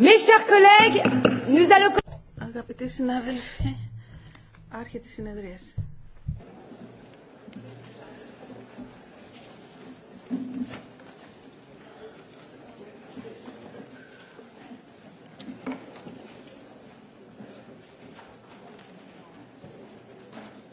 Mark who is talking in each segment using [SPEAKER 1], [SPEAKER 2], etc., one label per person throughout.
[SPEAKER 1] Mes chers collègues, nous allons... Αγαπητοί συνάδελφοι, άρχεται η συνεδρίαση.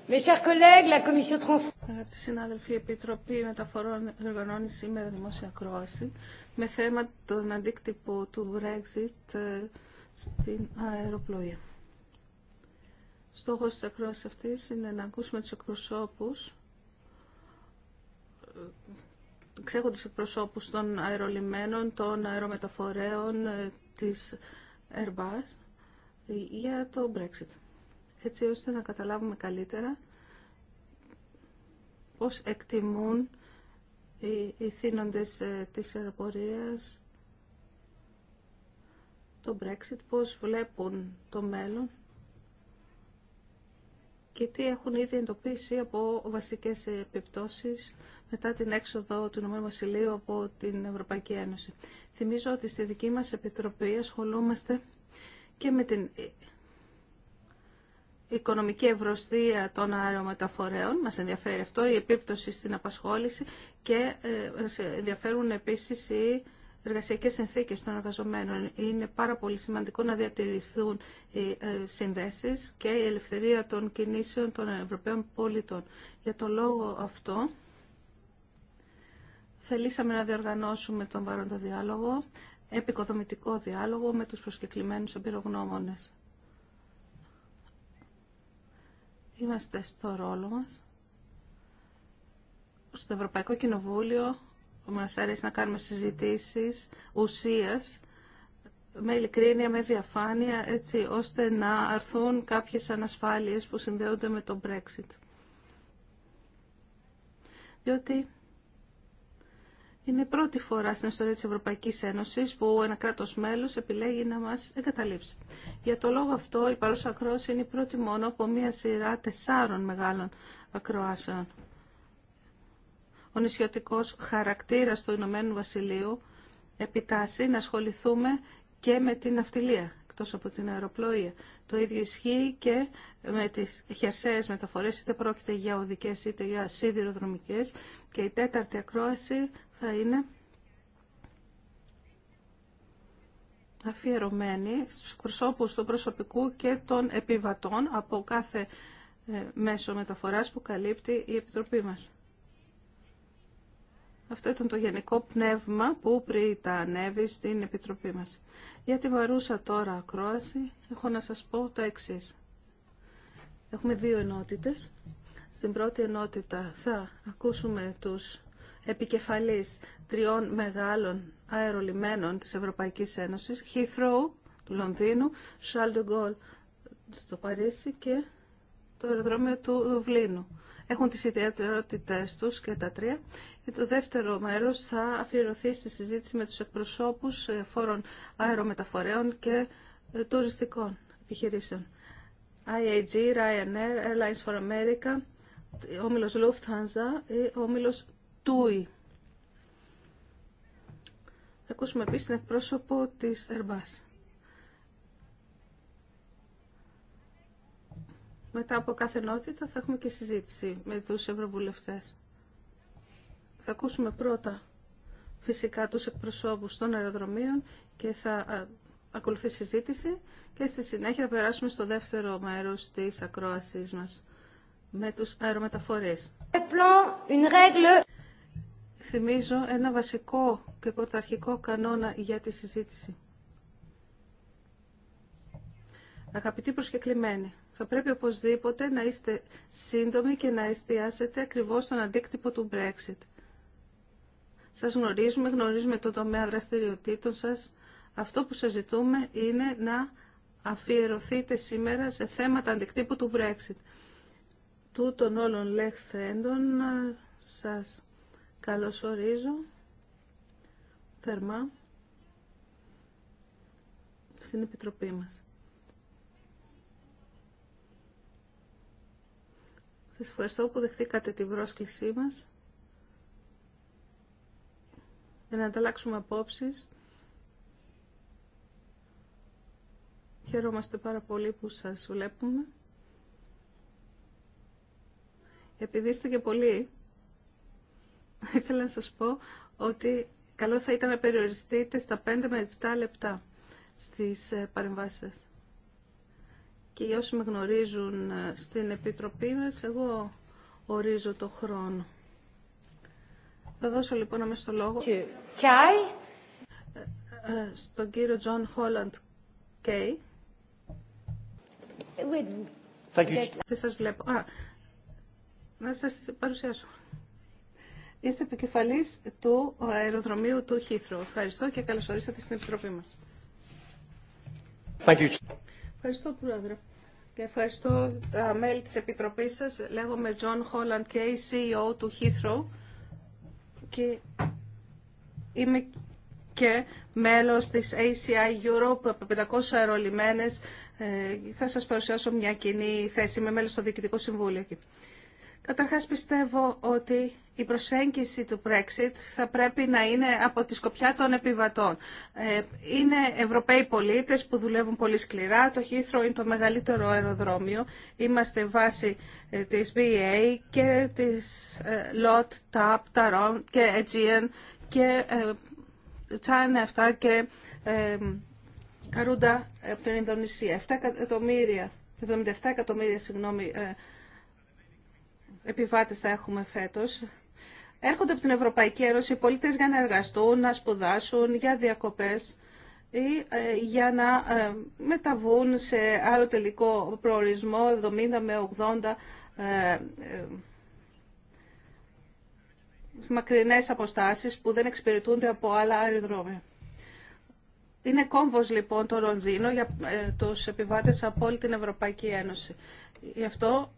[SPEAKER 1] Mes chers collègues, la commission transport τη συνάδελφοι, Επιτροπή Μεταφορών οργανώνει σήμερα δημόσια Κρόαση με θέμα τον αντίκτυπο του Brexit ε, στην αεροπλοεία. Στόχος της ακρόασης αυτής είναι να ακούσουμε τους εκπροσώπους ε, ξέχοντας εκπροσώπους των αερολιμένων, των αερομεταφορέων ε, της Airbus για το Brexit. Έτσι ώστε να καταλάβουμε καλύτερα πώς εκτιμούν οι θύνοντες ε, της αεροπορίας το Brexit, πώς βλέπουν το μέλλον και τι έχουν ήδη εντοπίσει από βασικές επιπτώσεις μετά την έξοδο του Ηνωμένου Βασιλείου από την Ευρωπαϊκή Ένωση. Θυμίζω ότι στη δική μας Επιτροπή ασχολούμαστε και με την οικονομική ευρωστία των αερομεταφορέων, μας ενδιαφέρει αυτό, η επίπτωση στην απασχόληση και ε, ενδιαφέρουν επίσης οι εργασιακές συνθήκες των εργαζομένων. Είναι πάρα πολύ σημαντικό να διατηρηθούν οι ε, συνδέσεις και η ελευθερία των κινήσεων των Ευρωπαίων πολιτών. Για τον λόγο αυτό, θελήσαμε να διοργανώσουμε τον παρόντο διάλογο, επικοδομητικό διάλογο με τους προσκεκλημένους εμπειρογνώμονες. Είμαστε στο ρόλο μας. Στο Ευρωπαϊκό Κοινοβούλιο μας αρέσει να κάνουμε συζητήσεις ουσίας με ειλικρίνεια, με διαφάνεια, έτσι ώστε να αρθούν κάποιες ανασφάλειες που συνδέονται με το Brexit. Διότι είναι η πρώτη φορά στην ιστορία της Ευρωπαϊκής Ένωσης που ένα κράτος μέλος επιλέγει να μας εγκαταλείψει. Για το λόγο αυτό η παρούσα ακρόαση είναι η πρώτη μόνο από μια σειρά τεσσάρων μεγάλων ακροάσεων. Ο νησιωτικός χαρακτήρας του Ηνωμένου Βασιλείου επιτάσσει να ασχοληθούμε και με την ναυτιλία, εκτός από την αεροπλοεία. Το ίδιο ισχύει και με τις χερσαίες μεταφορές, είτε πρόκειται για οδικές είτε για σιδηροδρομικές. Και η τέταρτη ακρόαση θα είναι αφιερωμένη στους προσώπους του προσωπικού και των επιβατών από κάθε ε, μέσο μεταφοράς που καλύπτει η Επιτροπή μας. Αυτό ήταν το γενικό πνεύμα που πριν τα ανέβει στην Επιτροπή μας. Για την παρούσα τώρα ακρόαση έχω να σας πω τα εξής. Έχουμε δύο ενότητες. Στην πρώτη ενότητα θα ακούσουμε τους επικεφαλής τριών μεγάλων αερολιμένων της Ευρωπαϊκής Ένωσης, Heathrow του Λονδίνου, Charles de Gaulle στο Παρίσι και το αεροδρόμιο του Δουβλίνου. Έχουν τις ιδιαιτερότητες τους και τα τρία. το δεύτερο μέρος θα αφιερωθεί στη συζήτηση με τους εκπροσώπους φόρων αερομεταφορέων και τουριστικών επιχειρήσεων. IAG, Ryanair, Airlines for America, Όμιλος Lufthansa ή Όμιλος Τούι. Θα ακούσουμε επίση την εκπρόσωπο της Ερμπά. Μετά από κάθε θα έχουμε και συζήτηση με τους ευρωβουλευτέ. Θα ακούσουμε πρώτα φυσικά τους εκπροσώπους των αεροδρομίων και θα ακολουθεί συζήτηση και στη συνέχεια θα περάσουμε στο δεύτερο μέρος της ακρόασής μας με τους αερομεταφορεί θυμίζω ένα βασικό και πρωταρχικό κανόνα για τη συζήτηση. Αγαπητοί προσκεκλημένοι, θα πρέπει οπωσδήποτε να είστε σύντομοι και να εστιάσετε ακριβώς στον αντίκτυπο του Brexit. Σας γνωρίζουμε, γνωρίζουμε το τομέα δραστηριοτήτων σας. Αυτό που σας ζητούμε είναι να αφιερωθείτε σήμερα σε θέματα αντικτύπου του Brexit. Τούτων όλων λεχθέντων σας καλωσορίζω θερμά στην Επιτροπή μας. Σας ευχαριστώ που δεχτήκατε την πρόσκλησή μας για να ανταλλάξουμε απόψεις. Χαιρόμαστε πάρα πολύ που σας βλέπουμε. Επειδή είστε και πολλοί, ήθελα να σας πω ότι καλό θα ήταν να περιοριστείτε στα 5 με 7 λεπτά στις ε, παρεμβάσεις σας. Και για όσοι με γνωρίζουν ε, στην Επιτροπή μας, εγώ ορίζω το χρόνο. Θα δώσω λοιπόν αμέσως το λόγο ε, στον κύριο Τζον Χόλαντ Κέι. Δεν σας βλέπω. Α, να σας παρουσιάσω. Είστε επικεφαλής του αεροδρομίου του Χήθρο. Ευχαριστώ και καλώς ορίσατε στην Επιτροπή μας. Ευχαριστώ, Πρόεδρε. Και ευχαριστώ τα μέλη της Επιτροπής σας. Λέγομαι John Holland K CEO του Heathrow και είμαι και μέλος της ACI Europe, 500 αερολιμένες. Ε, θα σας παρουσιάσω μια κοινή θέση. Είμαι μέλος στο Διοικητικό Συμβούλιο Καταρχάς πιστεύω ότι η προσέγγιση του Brexit θα πρέπει να είναι από τη σκοπιά των επιβατών. Ε, είναι Ευρωπαίοι πολίτες που δουλεύουν πολύ σκληρά. Το Heathrow είναι το μεγαλύτερο αεροδρόμιο. Είμαστε βάση ε, της BA και της ε, LOT, TAP, TARON και Aegean και China αυτά και Καρούντα από την Ινδονησία. 7 εκατομμύρια, 77 εκατομμύρια συγγνώμη, επιβάτες θα έχουμε φέτος έρχονται από την Ευρωπαϊκή Ένωση οι πολίτες για να εργαστούν, να σπουδάσουν, για διακοπές ή ε, για να ε, μεταβούν σε άλλο τελικό προορισμό 70 με 80 ε, μακρινές αποστάσεις που δεν εξυπηρετούνται από άλλα αεροδρόμια. Είναι κόμβος λοιπόν το Λονδίνο για τους επιβάτες από όλη την Ευρωπαϊκή Ένωση. Γι' αυτό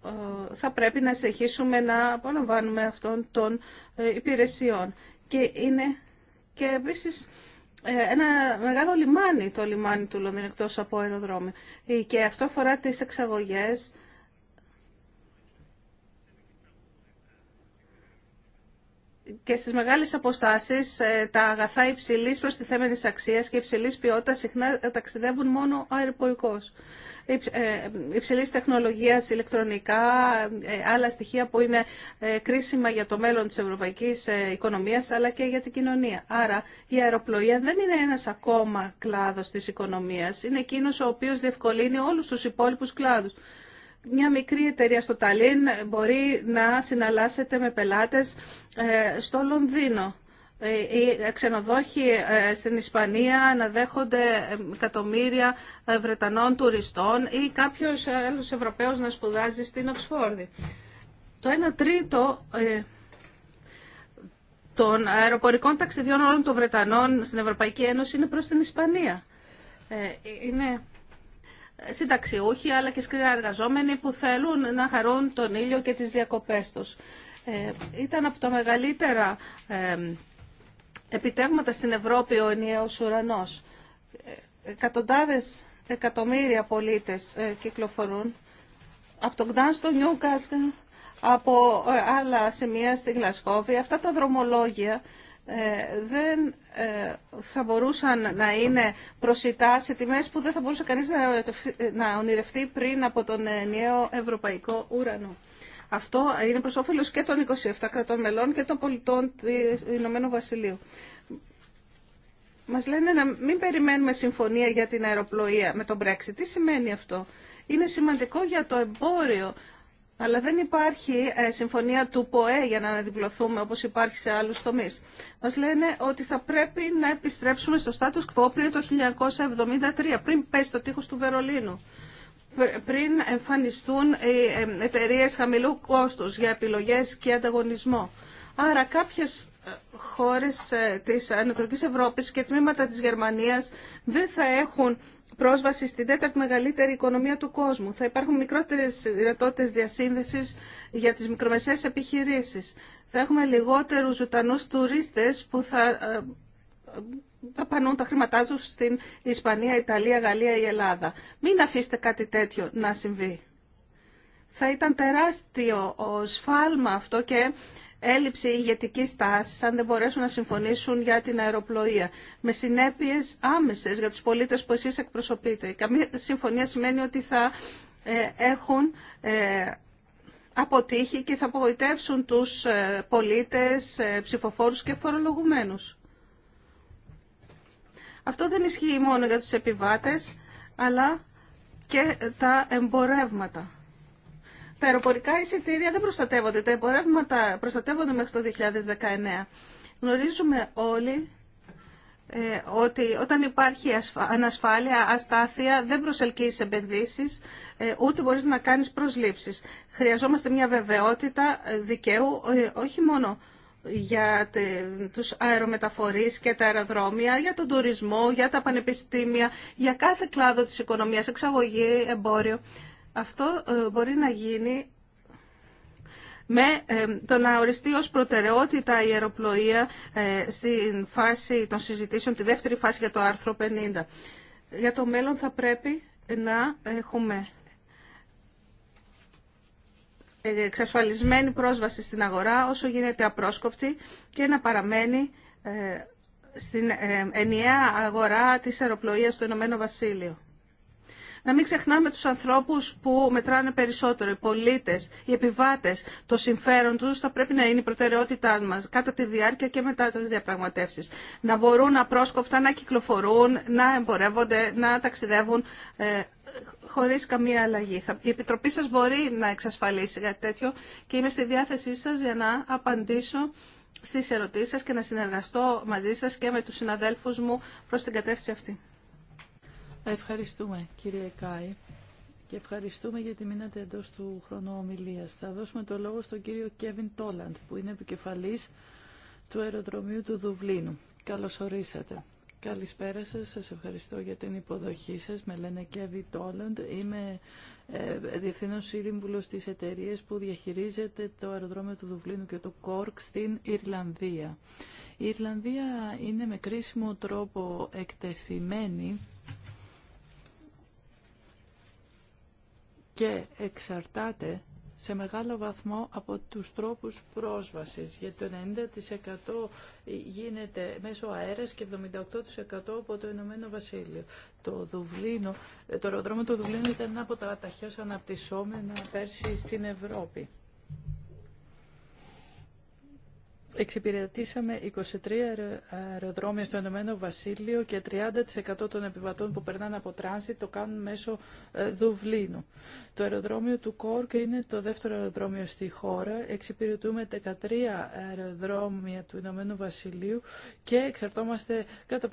[SPEAKER 1] ε, θα πρέπει να συνεχίσουμε να απολαμβάνουμε αυτών των ε, υπηρεσιών. Και είναι και επίση ε, ένα μεγάλο λιμάνι, το λιμάνι του Λονδίνου, εκτός από αεροδρόμιο. Και αυτό αφορά τις εξαγωγές, και στις μεγάλες αποστάσεις τα αγαθά υψηλής προστιθέμενης αξίας και υψηλής ποιότητας συχνά ταξιδεύουν μόνο αεροπορικός. Ε, Υψηλή τεχνολογίας ηλεκτρονικά, ε, άλλα στοιχεία που είναι ε, κρίσιμα για το μέλλον τη Ευρωπαϊκή Οικονομία, αλλά και για την κοινωνία. Άρα η αεροπλοεία δεν είναι ένα ακόμα κλάδο τη οικονομία, είναι εκείνο ο οποίο διευκολύνει όλους του υπόλοιπου κλάδου. Μια μικρή εταιρεία στο Ταλίν μπορεί να συναλλάσσεται με πελάτες στο Λονδίνο οι ξενοδόχοι ε, στην Ισπανία να δέχονται ε, εκατομμύρια ε, Βρετανών τουριστών ή κάποιος άλλος Ευρωπαίος να σπουδάζει στην Οξφόρδη. Το 1 τρίτο των αεροπορικών ταξιδιών όλων των Βρετανών στην Ευρωπαϊκή Ένωση είναι προς την Ισπανία. Είναι συνταξιούχοι αλλά και σκληρά εργαζόμενοι που θέλουν να χαρούν τον ήλιο και τις διακοπές τους. Ήταν από τα μεγαλύτερα Επιτέγματα στην Ευρώπη ο ενιαίος ουρανός. Ε, εκατοντάδες εκατομμύρια πολίτες ε, κυκλοφορούν από τον Γκτάν στο Κάσκα, από ε, άλλα σημεία στη Γλασκόβη. Αυτά τα δρομολόγια δεν θα μπορούσαν να είναι προσιτά σε τιμές που δεν θα μπορούσε κανείς να ονειρευτεί πριν από τον ενιαίο ευρωπαϊκό ουρανό. Αυτό είναι προς όφελος και των 27 κρατών μελών και των πολιτών του Ηνωμένου Βασιλείου. Μας λένε να μην περιμένουμε συμφωνία για την αεροπλοεία με τον Brexit. Τι σημαίνει αυτό. Είναι σημαντικό για το εμπόριο, αλλά δεν υπάρχει ε, συμφωνία του ΠΟΕ για να αναδιπλωθούμε όπως υπάρχει σε άλλους τομείς. Μας λένε ότι θα πρέπει να επιστρέψουμε στο status quo πριν το 1973, πριν πέσει το τείχος του Βερολίνου πριν εμφανιστούν οι εταιρείε χαμηλού κόστους για επιλογές και ανταγωνισμό. Άρα κάποιες ε, χώρες ε, της Ανατολικής Ευρώπης και τμήματα της Γερμανίας δεν θα έχουν πρόσβαση στην τέταρτη μεγαλύτερη οικονομία του κόσμου. Θα υπάρχουν μικρότερες δυνατότητες διασύνδεσης για τις μικρομεσαίες επιχειρήσεις. Θα έχουμε λιγότερους ζωντανούς τουρίστες που θα ε, δαπανούν τα χρήματά τους στην Ισπανία, Ιταλία, Γαλλία ή Ελλάδα. Μην αφήσετε κάτι τέτοιο να συμβεί. Θα ήταν τεράστιο σφάλμα αυτό και έλλειψη ηγετική τάση, αν δεν μπορέσουν να συμφωνήσουν για την αεροπλοεία, με συνέπειε άμεσε για του πολίτε που εσεί εκπροσωπείτε. Καμία συμφωνία σημαίνει ότι θα ε, έχουν ε, αποτύχει και θα απογοητεύσουν τους ε, πολίτες, ψηφοφόρους και φορολογουμένους. Αυτό δεν ισχύει μόνο για τους επιβάτες, αλλά και τα εμπορεύματα. Τα αεροπορικά εισιτήρια δεν προστατεύονται, τα εμπορεύματα προστατεύονται μέχρι το 2019. Γνωρίζουμε όλοι ε, ότι όταν υπάρχει ανασφάλεια, αστάθεια, δεν προσελκύεις επενδύσεις, ε, ούτε μπορείς να κάνεις προσλήψεις. Χρειαζόμαστε μια βεβαιότητα ε, δικαίου, όχι μόνο για τους αερομεταφορείς και τα αεροδρόμια, για τον τουρισμό, για τα πανεπιστήμια, για κάθε κλάδο της οικονομίας, εξαγωγή, εμπόριο. Αυτό ε, μπορεί να γίνει με ε, το να οριστεί ως προτεραιότητα η αεροπλοεία ε, στην φάση των συζητήσεων, τη δεύτερη φάση για το άρθρο 50. Για το μέλλον θα πρέπει να έχουμε εξασφαλισμένη πρόσβαση στην αγορά όσο γίνεται απρόσκοπτη και να παραμένει ε, στην ε, ενιαία αγορά της αεροπλοείας στο Ηνωμένο Βασίλειο. Να μην ξεχνάμε τους ανθρώπους που μετράνε περισσότερο, οι πολίτες, οι επιβάτες, το συμφέρον τους θα πρέπει να είναι η προτεραιότητά μας κατά τη διάρκεια και μετά τις διαπραγματεύσεις. Να μπορούν απρόσκοπτα να κυκλοφορούν, να εμπορεύονται, να ταξιδεύουν ε, χωρίς καμία αλλαγή. Η Επιτροπή σας μπορεί να εξασφαλίσει κάτι τέτοιο και είμαι στη διάθεσή σας για να απαντήσω στις ερωτήσεις σας και να συνεργαστώ μαζί σας και με τους συναδέλφους μου προς την κατεύθυνση αυτή.
[SPEAKER 2] Ευχαριστούμε κύριε Κάη και ευχαριστούμε γιατί μείνατε εντός του χρόνου Θα δώσουμε το λόγο στον κύριο Κέβιν Τόλαντ που είναι επικεφαλής του αεροδρομίου του Δουβλίνου. Καλώς ορίσατε. Καλησπέρα σας, σας ευχαριστώ για την υποδοχή σας. Με λένε Κέβι Τόλαντ, είμαι ε, διευθύνων σύμβουλος της εταιρεία που διαχειρίζεται το αεροδρόμιο του Δουβλίνου και το Κόρκ στην Ιρλανδία. Η Ιρλανδία είναι με κρίσιμο τρόπο εκτεθειμένη και εξαρτάται σε μεγάλο βαθμό από τους τρόπους πρόσβασης, γιατί το 90% γίνεται μέσω αέρας και 78% από το Ηνωμένο Βασίλειο. Το, Δουβλίνο, το αεροδρόμιο του Δουβλίνου ήταν ένα από τα ταχύως αναπτυσσόμενα πέρσι στην Ευρώπη. Εξυπηρετήσαμε 23 αεροδρόμια στο Ενωμένο Βασίλειο και 30% των επιβατών που περνάνε από τράνσιτ το κάνουν μέσω ε, Δουβλίνου. Το αεροδρόμιο του Κόρκ είναι το δεύτερο αεροδρόμιο στη χώρα. Εξυπηρετούμε 13 αεροδρόμια του Ηνωμένου Βασιλείου και εξαρτώμαστε κατά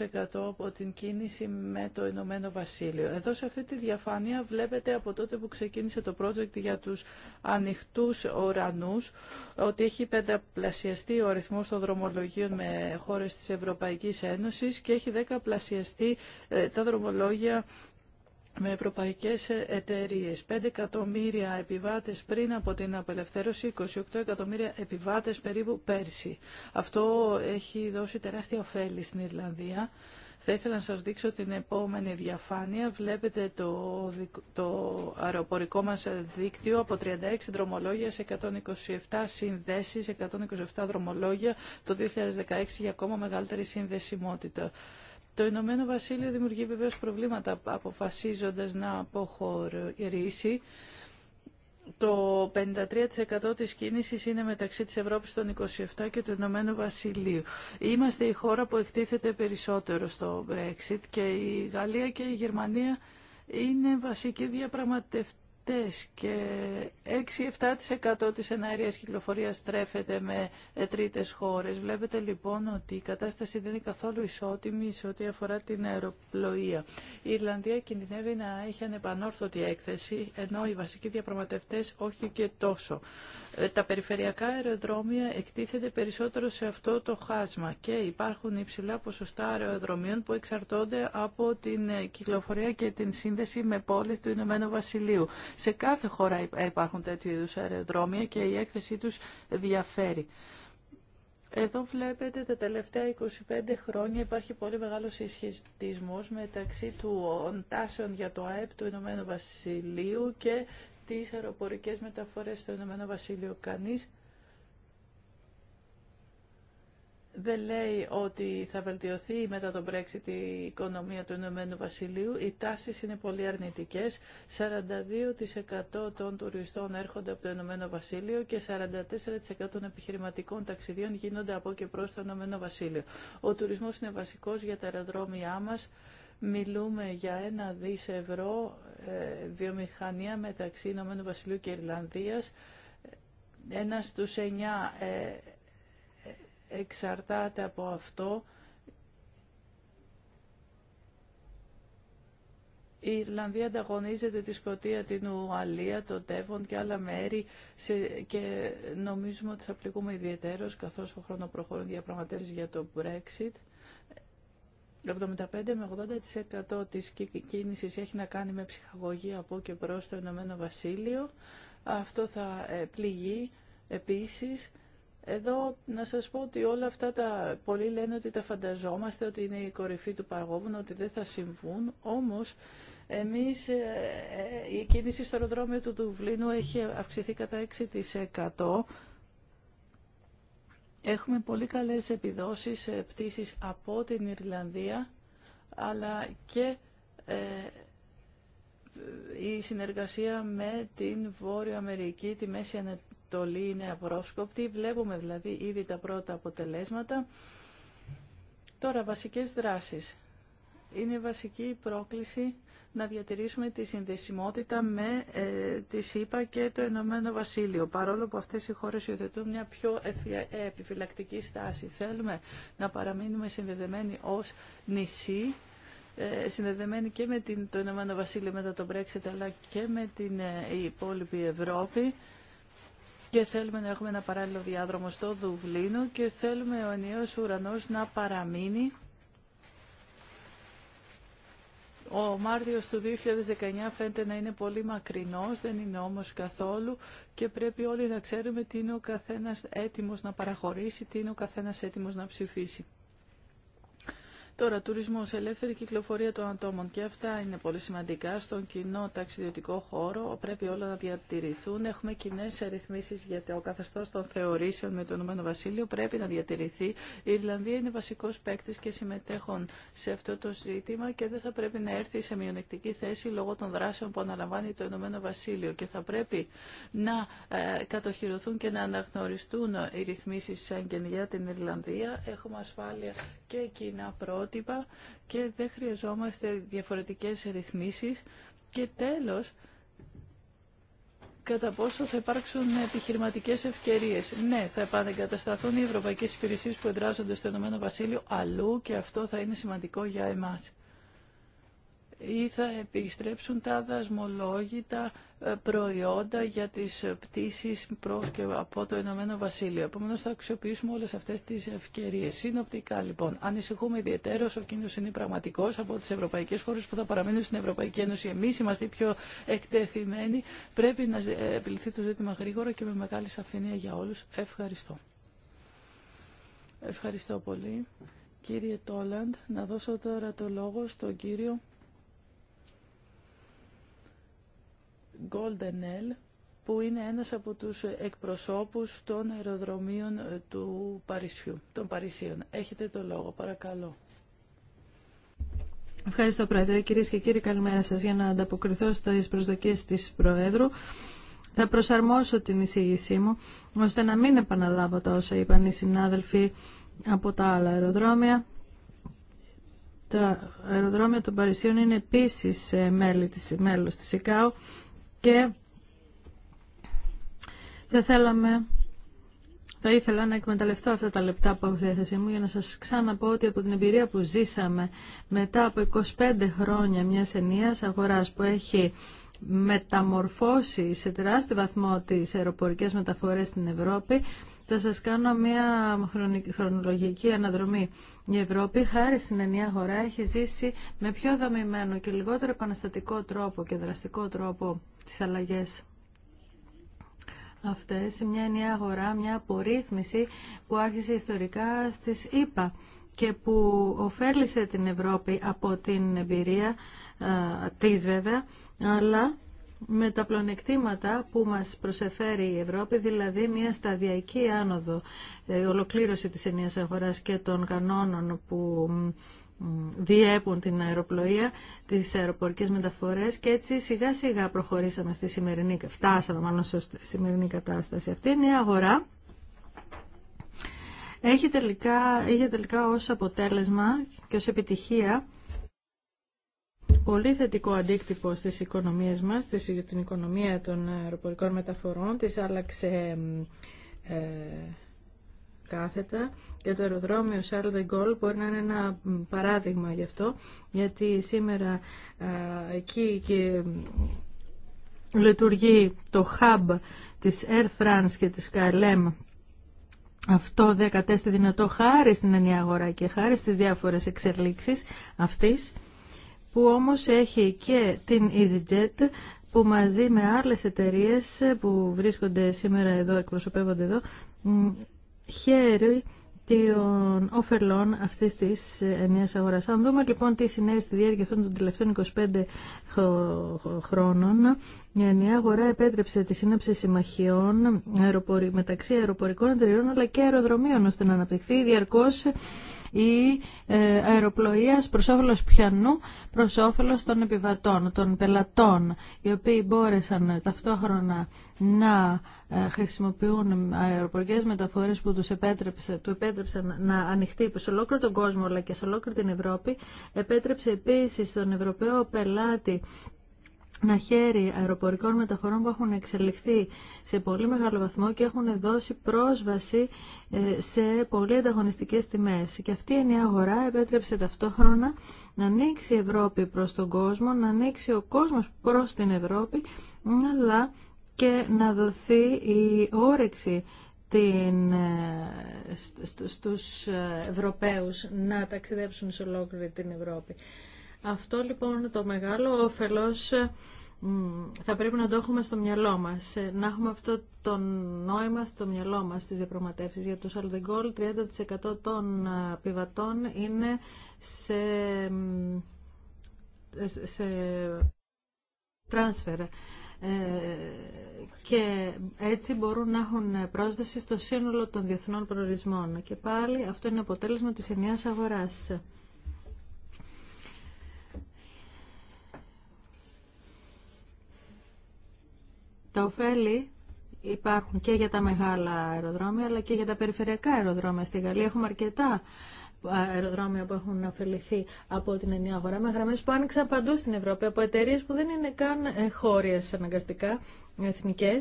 [SPEAKER 2] 58% από την κίνηση με το Ηνωμένο Βασίλειο. Εδώ σε αυτή τη διαφάνεια βλέπετε από τότε που ξεκίνησε το project για τους ανοιχτούς ουρανούς ότι έχει πέντε δεκαπλασιαστεί ο αριθμός των δρομολογίων με χώρες της Ευρωπαϊκής Ένωσης και έχει δεκαπλασιαστεί ε, τα δρομολόγια με ευρωπαϊκές ε, εταιρείες. 5 εκατομμύρια επιβάτες πριν από την απελευθέρωση, 28 εκατομμύρια επιβάτες περίπου πέρσι. Αυτό έχει δώσει τεράστια ωφέλη στην Ιρλανδία. Θα ήθελα να σας δείξω την επόμενη διαφάνεια. Βλέπετε το, το αεροπορικό μας δίκτυο από 36 δρομολόγια σε 127 συνδέσεις, 127 δρομολόγια το 2016 για ακόμα μεγαλύτερη συνδεσιμότητα. Το Ηνωμένο Βασίλειο δημιουργεί βεβαίως προβλήματα αποφασίζοντας να αποχωρήσει το 53% της κίνησης είναι μεταξύ της Ευρώπης των 27 και του Ηνωμένου Βασιλείου. Είμαστε η χώρα που εκτίθεται περισσότερο στο Brexit και η Γαλλία και η Γερμανία είναι βασικοί διαπραγματευτές και 6-7% της εναερίας κυκλοφορίας τρέφεται με τρίτες χώρες. Βλέπετε λοιπόν ότι η κατάσταση δεν είναι καθόλου ισότιμη σε ό,τι αφορά την αεροπλοεία. Η Ιρλανδία κινδυνεύει να έχει ανεπανόρθωτη έκθεση, ενώ οι βασικοί διαπραγματευτές όχι και τόσο τα περιφερειακά αεροδρόμια εκτίθεται περισσότερο σε αυτό το χάσμα και υπάρχουν υψηλά ποσοστά αεροδρομίων που εξαρτώνται από την ε, κυκλοφορία και την σύνδεση με πόλεις του Ηνωμένου Βασιλείου. Σε κάθε χώρα υπάρχουν τέτοιου είδους αεροδρόμια και η έκθεσή τους διαφέρει. Εδώ βλέπετε τα τελευταία 25 χρόνια υπάρχει πολύ μεγάλο συσχετισμός μεταξύ των τάσεων για το ΑΕΠ του Ηνωμένου Βασιλείου και τις αεροπορικές μεταφορές στο Ηνωμένο Βασίλειο. Κανείς δεν λέει ότι θα βελτιωθεί μετά τον Brexit η οικονομία του Ηνωμένου Βασιλείου. Οι τάσεις είναι πολύ αρνητικές. 42% των τουριστών έρχονται από το Ηνωμένο Βασίλειο και 44% των επιχειρηματικών ταξιδιών γίνονται από και προς το Ηνωμένο Βασίλειο. Ο τουρισμό είναι βασικό για τα αεροδρόμια μα. Μιλούμε για ένα δις ευρώ ε, βιομηχανία μεταξύ Ηνωμένου Βασιλείου και Ιρλανδίας. Ένα στους εννιά ε, ε, εξαρτάται από αυτό. Η Ιρλανδία ανταγωνίζεται τη Σκοτία, την Ουαλία, το Τέβον και άλλα μέρη και νομίζουμε ότι θα πληγούμε ιδιαίτερος καθώς ο χρόνο προχωρούν διαπραγματεύσεις για το Brexit. Το 75 με 80% της κίνησης έχει να κάνει με ψυχαγωγή από και προς το Ηνωμένο Βασίλειο. Αυτό θα ε, πληγεί επίσης. Εδώ να σας πω ότι όλα αυτά τα πολλοί λένε ότι τα φανταζόμαστε, ότι είναι η κορυφή του παραγόμου, ότι δεν θα συμβούν. Όμως εμείς ε, ε, η κίνηση στο αεροδρόμιο του Δουβλίνου έχει αυξηθεί κατά 6% Έχουμε πολύ καλές επιδόσεις ε, πτήσεις από την Ιρλανδία, αλλά και ε, η συνεργασία με την Βόρειο Αμερική, τη Μέση Ανατολή είναι απρόσκοπτη. Βλέπουμε δηλαδή ήδη τα πρώτα αποτελέσματα. Τώρα, βασικές δράσεις. Είναι βασική η πρόκληση να διατηρήσουμε τη συνδεσιμότητα με ε, τη ΣΥΠΑ και το Ηνωμένο Βασίλειο, παρόλο που αυτές οι χώρες υιοθετούν μια πιο ε, επιφυλακτική στάση. Θέλουμε να παραμείνουμε συνδεδεμένοι ως νησί, ε, συνδεδεμένοι και με την, το Ηνωμένο Βασίλειο μετά το Brexit, αλλά και με την ε, υπόλοιπη Ευρώπη και θέλουμε να έχουμε ένα παράλληλο διάδρομο στο Δουβλίνο και θέλουμε ο ενιαίος ουρανός να παραμείνει ο Μάρτιος του 2019 φαίνεται να είναι πολύ μακρινός, δεν είναι όμως καθόλου και πρέπει όλοι να ξέρουμε τι είναι ο καθένας έτοιμος να παραχωρήσει, τι είναι ο καθένας έτοιμος να ψηφίσει. Τώρα, τουρισμό ελεύθερη κυκλοφορία των ατόμων και αυτά είναι πολύ σημαντικά. Στον κοινό ταξιδιωτικό χώρο πρέπει όλα να διατηρηθούν. Έχουμε κοινέ ρυθμίσει για το καθεστώ των θεωρήσεων με το Ηνωμένο Βασίλειο. Πρέπει να διατηρηθεί. Η Ιρλανδία είναι βασικό παίκτη και συμμετέχων σε αυτό το ζήτημα και δεν θα πρέπει να έρθει σε μειονεκτική θέση λόγω των δράσεων που αναλαμβάνει το Ηνωμένο Βασίλειο και θα πρέπει να ε, κατοχυρωθούν και να αναγνωριστούν οι ρυθμίσει σαν για την Ιρλανδία. Έχουμε ασφάλεια και κοινά πρότυπα και δεν χρειαζόμαστε διαφορετικές ρυθμίσεις. Και τέλος, κατά πόσο θα υπάρξουν επιχειρηματικέ ευκαιρίες. Ναι, θα επανεγκατασταθούν οι ευρωπαϊκές υπηρεσίε που εδράζονται στο Ηνωμένο Βασίλειο αλλού και αυτό θα είναι σημαντικό για εμάς ή θα επιστρέψουν τα δασμολόγητα ε, προϊόντα για τις ε, πτήσεις προς και από το Ηνωμένο Βασίλειο. Επομένως θα αξιοποιήσουμε όλες αυτές τις ευκαιρίες. Συνοπτικά λοιπόν, ανησυχούμε ιδιαίτερως, ο κίνδυνος είναι πραγματικός από τις ευρωπαϊκές χώρες που θα παραμείνουν στην Ευρωπαϊκή Ένωση. Εμείς είμαστε οι πιο εκτεθειμένοι. Πρέπει να επιληθεί το ζήτημα γρήγορα και με μεγάλη σαφήνεια για όλους. Ευχαριστώ. Ευχαριστώ πολύ. Κύριε Τόλαντ, να δώσω τώρα το λόγο στον κύριο Golden που είναι ένας από τους εκπροσώπους των αεροδρομίων ε, του Παρισιού, των Παρισίων. Έχετε το λόγο, παρακαλώ.
[SPEAKER 1] Ευχαριστώ, Πρόεδρε. Κυρίες και κύριοι, καλημέρα σας. Για να ανταποκριθώ στις προσδοκίες της Προέδρου, θα προσαρμόσω την εισήγησή μου, ώστε να μην επαναλάβω τα όσα είπαν οι συνάδελφοι από τα άλλα αεροδρόμια. Τα αεροδρόμια των Παρισίων είναι επίσης ε, μέλη της, μέλος της και θα θέλαμε θα ήθελα να εκμεταλλευτώ αυτά τα λεπτά που έχω διάθεσή μου για να σας ξαναπώ ότι από την εμπειρία που ζήσαμε μετά από 25 χρόνια μιας ενίας αγοράς που έχει μεταμορφώσει σε τεράστιο βαθμό τις αεροπορικές μεταφορές στην Ευρώπη θα σας κάνω μια χρονολογική αναδρομή. Η Ευρώπη, χάρη στην ενιαία αγορά, έχει ζήσει με πιο δομημένο και λιγότερο επαναστατικό τρόπο και δραστικό τρόπο τις αλλαγές αυτές. Μια ενιαία αγορά, μια απορρίθμιση που άρχισε ιστορικά στις ΗΠΑ και που ωφέλησε την Ευρώπη από την εμπειρία της βέβαια, αλλά με τα πλονεκτήματα που μας προσεφέρει η Ευρώπη, δηλαδή μια σταδιακή άνοδο, ε, ολοκλήρωση της ενίας αγοράς και των κανόνων που διέπουν την αεροπλοεία, τις αεροπορικές μεταφορές και έτσι σιγά σιγά προχωρήσαμε στη σημερινή, φτάσαμε μάλλον στη σημερινή κατάσταση. Αυτή είναι η αγορά. Έχει τελικά, είχε τελικά ως αποτέλεσμα και ως επιτυχία πολύ θετικό αντίκτυπο στις οικονομίες μας, στις, την οικονομία των αεροπορικών μεταφορών, της άλλαξε ε, κάθετα και το αεροδρόμιο Charles de Gaulle μπορεί να είναι ένα παράδειγμα γι' αυτό, γιατί σήμερα εκεί και λειτουργεί το hub της Air France και της KLM αυτό κατέστη δυνατό χάρη στην ενιαγωρά και χάρη στις διάφορες εξελίξεις αυτής που όμως έχει και την EasyJet που μαζί με άλλες εταιρείες που βρίσκονται σήμερα εδώ, εκπροσωπεύονται εδώ, χαίρει των οφελών αυτής της ενιαίας αγοράς. Αν δούμε λοιπόν τι συνέβη στη διάρκεια αυτών των τελευταίων 25 χρόνων, η ενιαία αγορά επέτρεψε τη σύναψη συμμαχιών μεταξύ αεροπορικών εταιριών αλλά και αεροδρομίων ώστε να αναπτυχθεί διαρκώς η ε, αεροπλοείας προς όφελος πιανού, προς όφελος των επιβατών, των πελατών, οι οποίοι μπόρεσαν ταυτόχρονα να ε, χρησιμοποιούν αεροπορικές μεταφορές που τους, επέτρεψε, του επέτρεψαν να ανοιχτεί σε ολόκληρο τον κόσμο αλλά και σε ολόκληρη την Ευρώπη. Επέτρεψε επίσης τον Ευρωπαίο πελάτη να χέρι αεροπορικών μεταφορών που έχουν εξελιχθεί σε πολύ μεγάλο βαθμό και έχουν δώσει πρόσβαση ε, σε πολύ ανταγωνιστικές τιμές. Και αυτή η νέα αγορά επέτρεψε ταυτόχρονα να ανοίξει η Ευρώπη προς τον κόσμο, να ανοίξει ο κόσμος προς την Ευρώπη, αλλά και να δοθεί η όρεξη την, ε, στους ε, Ευρωπαίους να ταξιδέψουν σε ολόκληρη την Ευρώπη. Αυτό λοιπόν το μεγάλο όφελος θα πρέπει να το έχουμε στο μυαλό μας, ε, να έχουμε αυτό το νόημα στο μυαλό μας στις διαπραγματεύσεις. Για τους Αλδεγκόλ 30% των ε, πιβατών είναι σε, σε transfer ε, και έτσι μπορούν να έχουν πρόσβαση στο σύνολο των διεθνών προορισμών. Και πάλι αυτό είναι αποτέλεσμα της ενιαίας αγοράς. Τα ωφέλη υπάρχουν και για τα μεγάλα αεροδρόμια αλλά και για τα περιφερειακά αεροδρόμια. Στη Γαλλία έχουμε αρκετά αεροδρόμια που έχουν ωφεληθεί από την ενιαία αγορά με γραμμές που άνοιξαν παντού στην Ευρώπη από εταιρείε που δεν είναι καν ε, χώριε αναγκαστικά εθνικέ,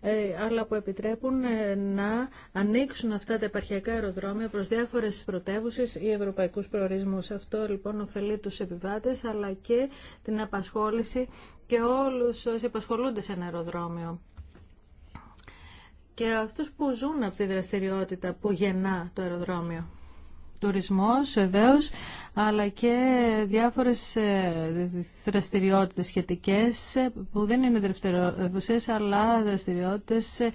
[SPEAKER 1] ε, αλλά που επιτρέπουν ε, να ανοίξουν αυτά τα επαρχιακά αεροδρόμια προς διάφορες πρωτεύουσε ή ευρωπαϊκούς προορισμούς. Αυτό λοιπόν ωφελεί του επιβάτε, αλλά και την απασχόληση και όλου όσοι απασχολούνται σε ένα αεροδρόμιο και αυτούς που ζουν από τη δραστηριότητα που γεννά το αεροδρόμιο τουρισμός βεβαίως, αλλά και διάφορες ε, δραστηριότητες σχετικές ε, που δεν είναι δευτερεύουσες, αλλά δραστηριότητες ε,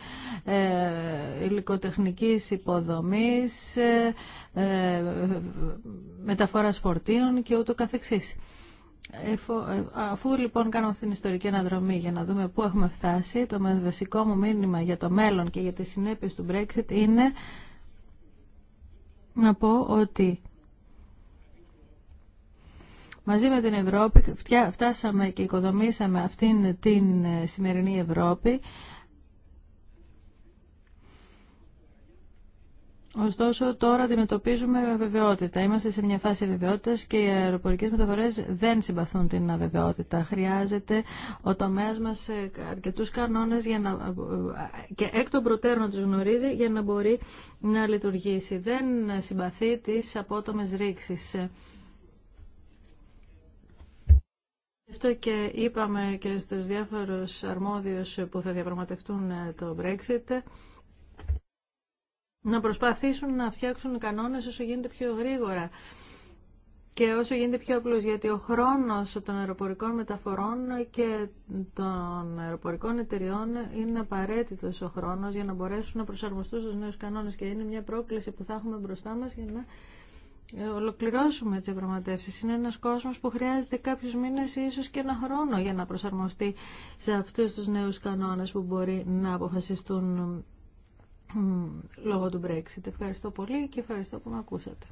[SPEAKER 1] υλικοτεχνικής υποδομής, μεταφοράς φορτίων και ούτω καθεξής. Αφού λοιπόν κάνουμε αυτήν την ιστορική αναδρομή για να δούμε πού έχουμε φτάσει, το βασικό μου μήνυμα για το μέλλον και για τις συνέπειε του Brexit είναι να πω ότι μαζί με την Ευρώπη φτάσαμε και οικοδομήσαμε αυτήν την ε, σημερινή Ευρώπη Ωστόσο, τώρα αντιμετωπίζουμε αβεβαιότητα. Είμαστε σε μια φάση αβεβαιότητα και οι αεροπορικέ μεταφορέ δεν συμπαθούν την αβεβαιότητα. Χρειάζεται ο τομέα μα αρκετού κανόνε να... και εκ των προτέρων του γνωρίζει για να μπορεί να λειτουργήσει. Δεν συμπαθεί τι απότομε ρήξει. Αυτό και είπαμε και στους διάφορους αρμόδιους που θα διαπραγματευτούν το Brexit να προσπαθήσουν να φτιάξουν κανόνες όσο γίνεται πιο γρήγορα και όσο γίνεται πιο απλώς. γιατί ο χρόνος των αεροπορικών μεταφορών και των αεροπορικών εταιριών είναι απαραίτητος ο χρόνος για να μπορέσουν να προσαρμοστούν στους νέους κανόνες και είναι μια πρόκληση που θα έχουμε μπροστά μας για να ολοκληρώσουμε τις διαπραγματεύσεις. Είναι ένας κόσμος που χρειάζεται κάποιους μήνες ή ίσως και ένα χρόνο για να προσαρμοστεί σε αυτούς τους νέους κανόνες που μπορεί να αποφασιστούν λόγω του Brexit. Ευχαριστώ πολύ και ευχαριστώ που με ακούσατε.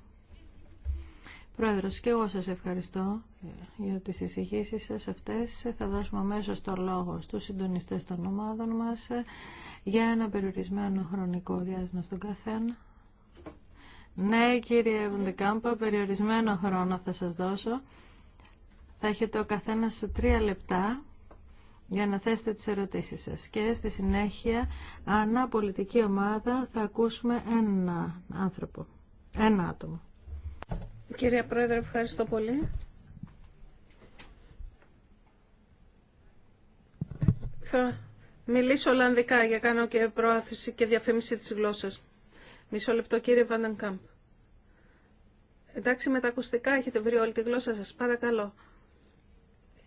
[SPEAKER 1] Πρόεδρος, και εγώ σας ευχαριστώ ε, για τις εισηγήσεις σας αυτές. Θα δώσουμε αμέσω το λόγο στους συντονιστές των ομάδων μας ε, για ένα περιορισμένο χρονικό διάστημα στον καθένα. Ναι, κύριε Βοντεκάμπα, περιορισμένο χρόνο θα σας δώσω. Θα έχετε ο καθένας τρία λεπτά για να θέσετε τις ερωτήσεις σας. Και στη συνέχεια, ανά πολιτική ομάδα, θα ακούσουμε ένα άνθρωπο, ένα άτομο. Κυρία Πρόεδρε, ευχαριστώ πολύ. Θα μιλήσω Ολλανδικά για κάνω και προάθηση και διαφήμιση της γλώσσας. Μισό λεπτό κύριε Βαντανκάμπ. Εντάξει με τα ακουστικά έχετε βρει όλη τη γλώσσα σας, παρακαλώ.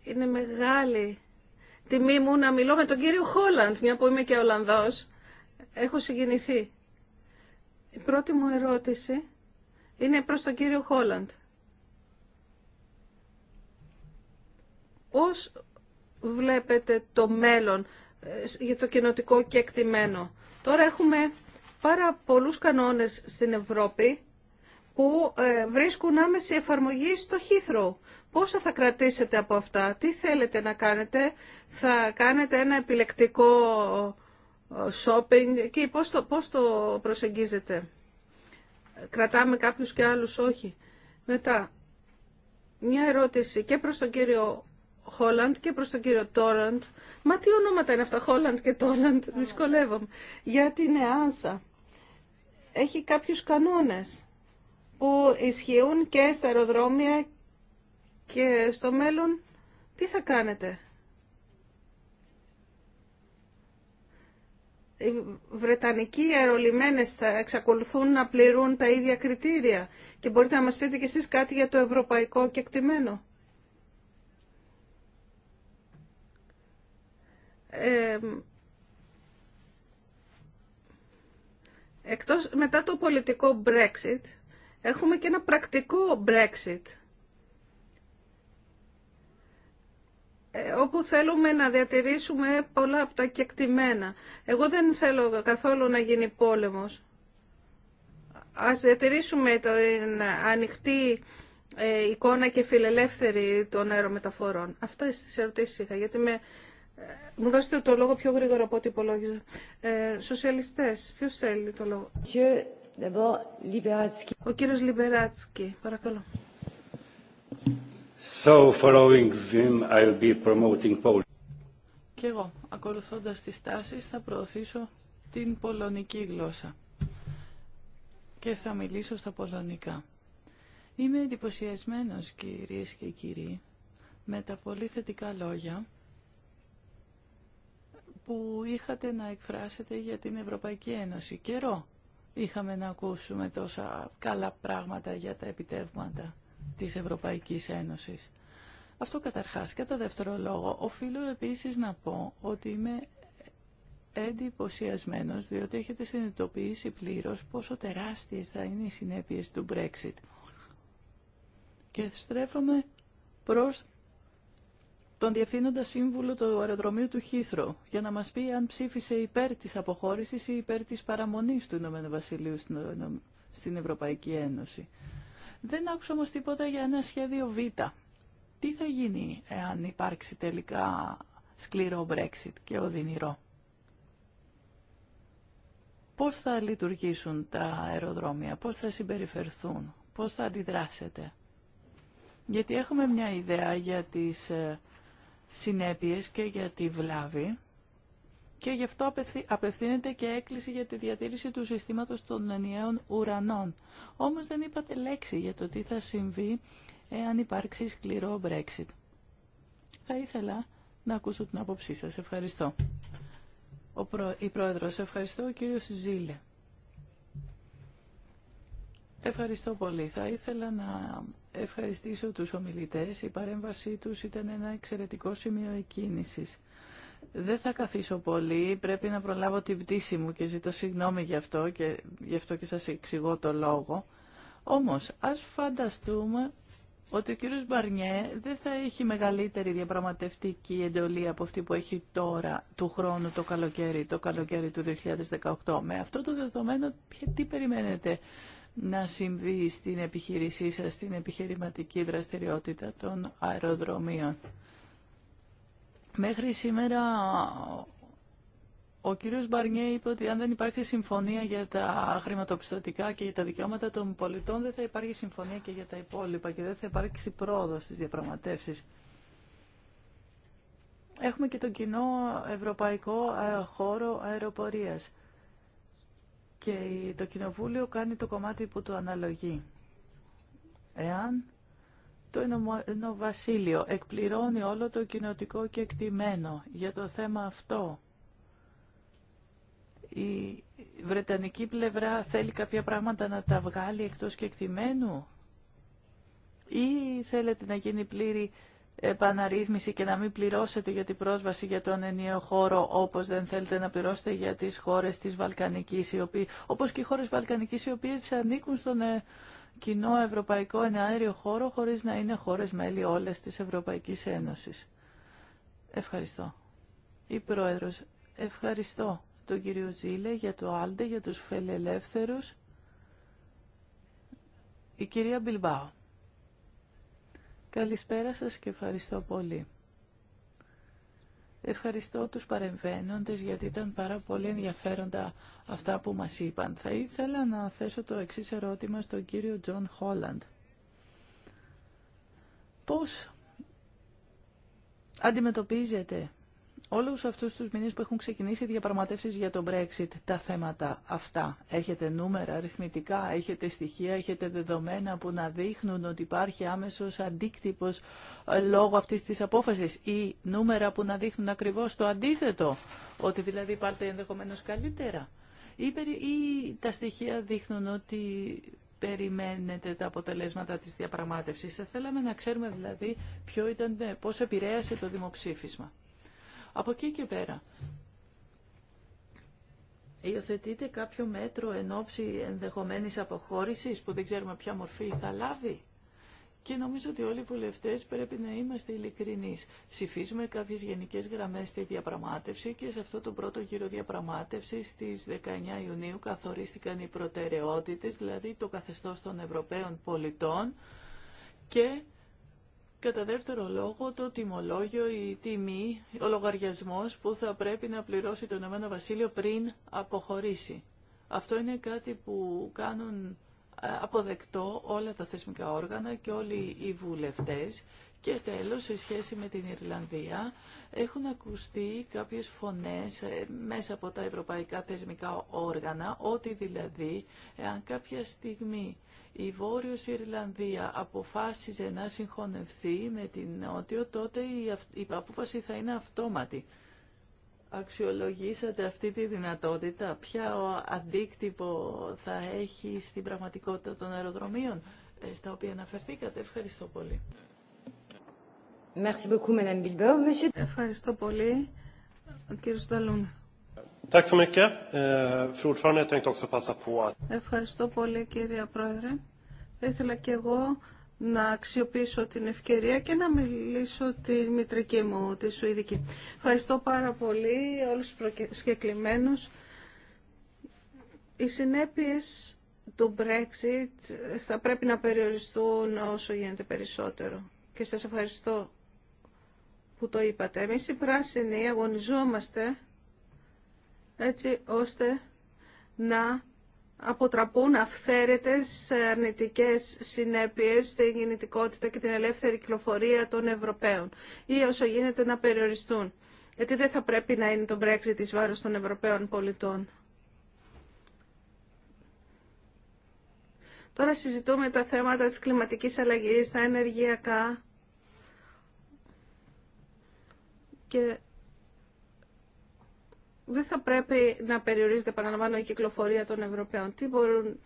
[SPEAKER 1] Είναι μεγάλη τιμή μου να μιλώ με τον κύριο Χόλαντ, μια που είμαι και Ολλανδός. Έχω συγκινηθεί. Η πρώτη μου ερώτηση είναι προς τον κύριο Χόλαντ. Πώς βλέπετε το μέλλον ε, για το κοινοτικό και εκτιμένο. Τώρα έχουμε πάρα πολλούς κανόνες στην Ευρώπη που ε, βρίσκουν άμεση εφαρμογή στο Heathrow. Πόσα θα κρατήσετε από αυτά, τι θέλετε να κάνετε, θα κάνετε ένα επιλεκτικό ε, shopping και πώς το, πώς το προσεγγίζετε. Κρατάμε κάποιους και άλλους, όχι. Μετά, μια ερώτηση και προς τον κύριο Χόλαντ και προς τον κύριο Τόραντ. Μα τι ονόματα είναι αυτά, Χόλαντ και Τόραντ, δυσκολεύομαι. γιατί είναι άσα; Έχει κάποιους κανόνες που ισχύουν και στα αεροδρόμια και στο μέλλον τι θα κάνετε. Οι Βρετανικοί αερολιμένες θα εξακολουθούν να πληρούν τα ίδια κριτήρια και μπορείτε να μας πείτε κι εσείς κάτι για το ευρωπαϊκό κεκτημένο. Ε, εκτός, μετά το πολιτικό Brexit, έχουμε και ένα πρακτικό Brexit. Ε, όπου θέλουμε να διατηρήσουμε πολλά από τα κεκτημένα. Εγώ δεν θέλω καθόλου να γίνει πόλεμος. Ας διατηρήσουμε την ανοιχτή ε, εικόνα και φιλελεύθερη των αερομεταφορών. Αυτά τις ερωτήσεις είχα, γιατί με... Ε, μου δώσετε το λόγο πιο γρήγορα από ό,τι υπολόγιζα. Ε, σοσιαλιστές, ποιος θέλει το λόγο. Ο κύριος Λιμπεράτσκι, παρακαλώ. So following I'll be promoting
[SPEAKER 2] Και εγώ, ακολουθώντας τις τάσεις, θα προωθήσω την πολωνική γλώσσα και θα μιλήσω στα πολωνικά. Είμαι εντυπωσιασμένο κυρίε και κύριοι, με τα πολύ θετικά λόγια που είχατε να εκφράσετε για την Ευρωπαϊκή Ένωση. Καιρό είχαμε να ακούσουμε τόσα καλά πράγματα για τα επιτεύγματα της Ευρωπαϊκής Ένωσης. Αυτό καταρχάς. Κατά δεύτερο λόγο, οφείλω επίσης να πω ότι είμαι εντυπωσιασμένο διότι έχετε συνειδητοποιήσει πλήρως πόσο τεράστιες θα είναι οι συνέπειες του Brexit. Και στρέφομαι προς τον Διευθύνοντα Σύμβουλο του αεροδρομίου του Χήθρο για να μας πει αν ψήφισε υπέρ της αποχώρησης ή υπέρ της παραμονής του Ηνωμένου Βασιλείου στην Ευρωπαϊκή Ένωση. Δεν άκουσα όμως τίποτα για ένα σχέδιο Β. Τι θα γίνει εάν υπάρξει τελικά σκληρό Brexit και οδυνηρό. Πώς θα λειτουργήσουν τα αεροδρόμια, πώς θα συμπεριφερθούν, πώς θα αντιδράσετε. Γιατί έχουμε μια ιδέα για τις ε, συνέπειες και για τη βλάβη και γι' αυτό απευθύνεται και έκκληση για τη διατήρηση του συστήματος των ενιαίων ουρανών. Όμως δεν είπατε λέξη για το τι θα συμβεί εάν υπάρξει σκληρό Brexit. Θα ήθελα να ακούσω την άποψή σας. Ευχαριστώ. Ο προ... Η Πρόεδρος, ευχαριστώ. Ο κύριος Ζήλε. Ευχαριστώ πολύ. Θα ήθελα να ευχαριστήσω τους ομιλητές. Η παρέμβασή τους ήταν ένα εξαιρετικό σημείο εκκίνησης. Δεν θα καθίσω πολύ, πρέπει να προλάβω την πτήση μου και ζητώ συγγνώμη γι' αυτό και, γι αυτό και σας εξηγώ το λόγο. Όμως, ας φανταστούμε ότι ο κύριος Μπαρνιέ δεν θα έχει μεγαλύτερη διαπραγματευτική εντολή από αυτή που έχει τώρα του χρόνου το καλοκαίρι, το καλοκαίρι του 2018. Με αυτό το δεδομένο, τι περιμένετε να συμβεί στην επιχείρησή σας, στην επιχειρηματική δραστηριότητα των αεροδρομίων. Μέχρι σήμερα ο κύριος Μπαρνιέ είπε ότι αν δεν υπάρχει συμφωνία για τα χρηματοπιστωτικά και για τα δικαιώματα των πολιτών, δεν θα υπάρχει συμφωνία και για τα υπόλοιπα και δεν θα υπάρξει πρόοδο στις διαπραγματεύσεις. Έχουμε και τον κοινό ευρωπαϊκό ε, χώρο αεροπορίας και το Κοινοβούλιο κάνει το κομμάτι που του αναλογεί. Εάν το Ηνωμένο Βασίλειο εκπληρώνει όλο το κοινοτικό και εκτιμένο για το θέμα αυτό. Η Βρετανική πλευρά θέλει κάποια πράγματα να τα βγάλει εκτός και εκτιμένου ή θέλετε να γίνει πλήρη επαναρρύθμιση και να μην πληρώσετε για την πρόσβαση για τον ενίο χώρο όπως δεν θέλετε να πληρώσετε για τις χώρες της Βαλκανικής, οι όπως και οι χώρες Βαλκανικής οι οποίες ανήκουν στον ε- κοινό ευρωπαϊκό εναέριο χώρο χωρίς να είναι χώρες μέλη όλες της Ευρωπαϊκής Ένωσης. Ευχαριστώ. Η Πρόεδρος, ευχαριστώ τον κύριο Ζήλε για το Άλντε, για τους φελελεύθερους. Η κυρία Μπιλμπάου. Καλησπέρα σας και ευχαριστώ πολύ. Ευχαριστώ τους παρεμβαίνοντες γιατί ήταν πάρα πολύ ενδιαφέροντα αυτά που μας είπαν. Θα ήθελα να θέσω το εξής ερώτημα στον κύριο Τζον Χόλαντ. Πώς αντιμετωπίζετε όλους αυτούς τους μήνες που έχουν ξεκινήσει διαπραγματεύσεις για το Brexit, τα θέματα αυτά. Έχετε νούμερα αριθμητικά, έχετε στοιχεία, έχετε δεδομένα που να δείχνουν ότι υπάρχει άμεσος αντίκτυπος ε, λόγω αυτής της απόφασης ή νούμερα που να δείχνουν ακριβώς το αντίθετο, ότι δηλαδή πάρτε ενδεχομένως καλύτερα. Ή, τα στοιχεία δείχνουν ότι περιμένετε τα αποτελέσματα της διαπραγμάτευσης. Θα θέλαμε να ξέρουμε δηλαδή ποιο ήταν, ε, πώς επηρέασε το δημοψήφισμα. Από εκεί και πέρα. Υιοθετείτε κάποιο μέτρο εν ώψη ενδεχομένης αποχώρησης που δεν ξέρουμε ποια μορφή θα λάβει. Και νομίζω ότι όλοι οι βουλευτέ πρέπει να είμαστε ειλικρινεί. Ψηφίζουμε κάποιε γενικέ γραμμέ στη διαπραγμάτευση και σε αυτό το πρώτο γύρο διαπραγμάτευση στι 19 Ιουνίου καθορίστηκαν οι προτεραιότητε, δηλαδή το καθεστώ των Ευρωπαίων πολιτών και Κατά δεύτερο λόγο, το τιμολόγιο, η τιμή, ο λογαριασμός που θα πρέπει να πληρώσει το Ηνωμένο Βασίλειο πριν αποχωρήσει. Αυτό είναι κάτι που κάνουν ε, αποδεκτό όλα τα θεσμικά όργανα και όλοι οι βουλευτές. Και τέλος, σε σχέση με την Ιρλανδία, έχουν ακουστεί κάποιες φωνές ε, μέσα από τα ευρωπαϊκά θεσμικά όργανα, ότι δηλαδή, εάν κάποια στιγμή η Βόρειος Ιρλανδία αποφάσιζε να συγχωνευτεί με την Νότιο, τότε η απόφαση θα είναι αυτόματη. Αξιολογήσατε αυτή τη δυνατότητα, ποια ο αντίκτυπο θα έχει στην πραγματικότητα των αεροδρομίων, ε, στα οποία αναφερθήκατε. Ευχαριστώ πολύ. Ευχαριστώ
[SPEAKER 1] πολύ, κύριε Σταλούν. Ευχαριστώ πολύ κύριε Πρόεδρε. Θα ήθελα και εγώ να αξιοποιήσω την ευκαιρία και να μιλήσω τη μητρική μου, τη Σουηδική. Ευχαριστώ πάρα πολύ όλους τους προσκεκλημένους. Οι συνέπειες του Brexit θα πρέπει να περιοριστούν όσο γίνεται περισσότερο. Και σας ευχαριστώ που το είπατε. Εμείς οι πράσινοι αγωνιζόμαστε έτσι ώστε να αποτραπούν αυθαίρετες αρνητικές συνέπειες στην γεννητικότητα και την ελεύθερη κυκλοφορία των Ευρωπαίων ή όσο γίνεται να περιοριστούν. Γιατί δεν θα πρέπει να είναι το Brexit εις βάρος των Ευρωπαίων πολιτών. Τώρα συζητούμε τα θέματα της κλιματικής αλλαγής, τα ενεργειακά και δεν θα πρέπει να περιορίζεται, επαναλαμβάνω, η κυκλοφορία των Ευρωπαίων. Τι μπορούν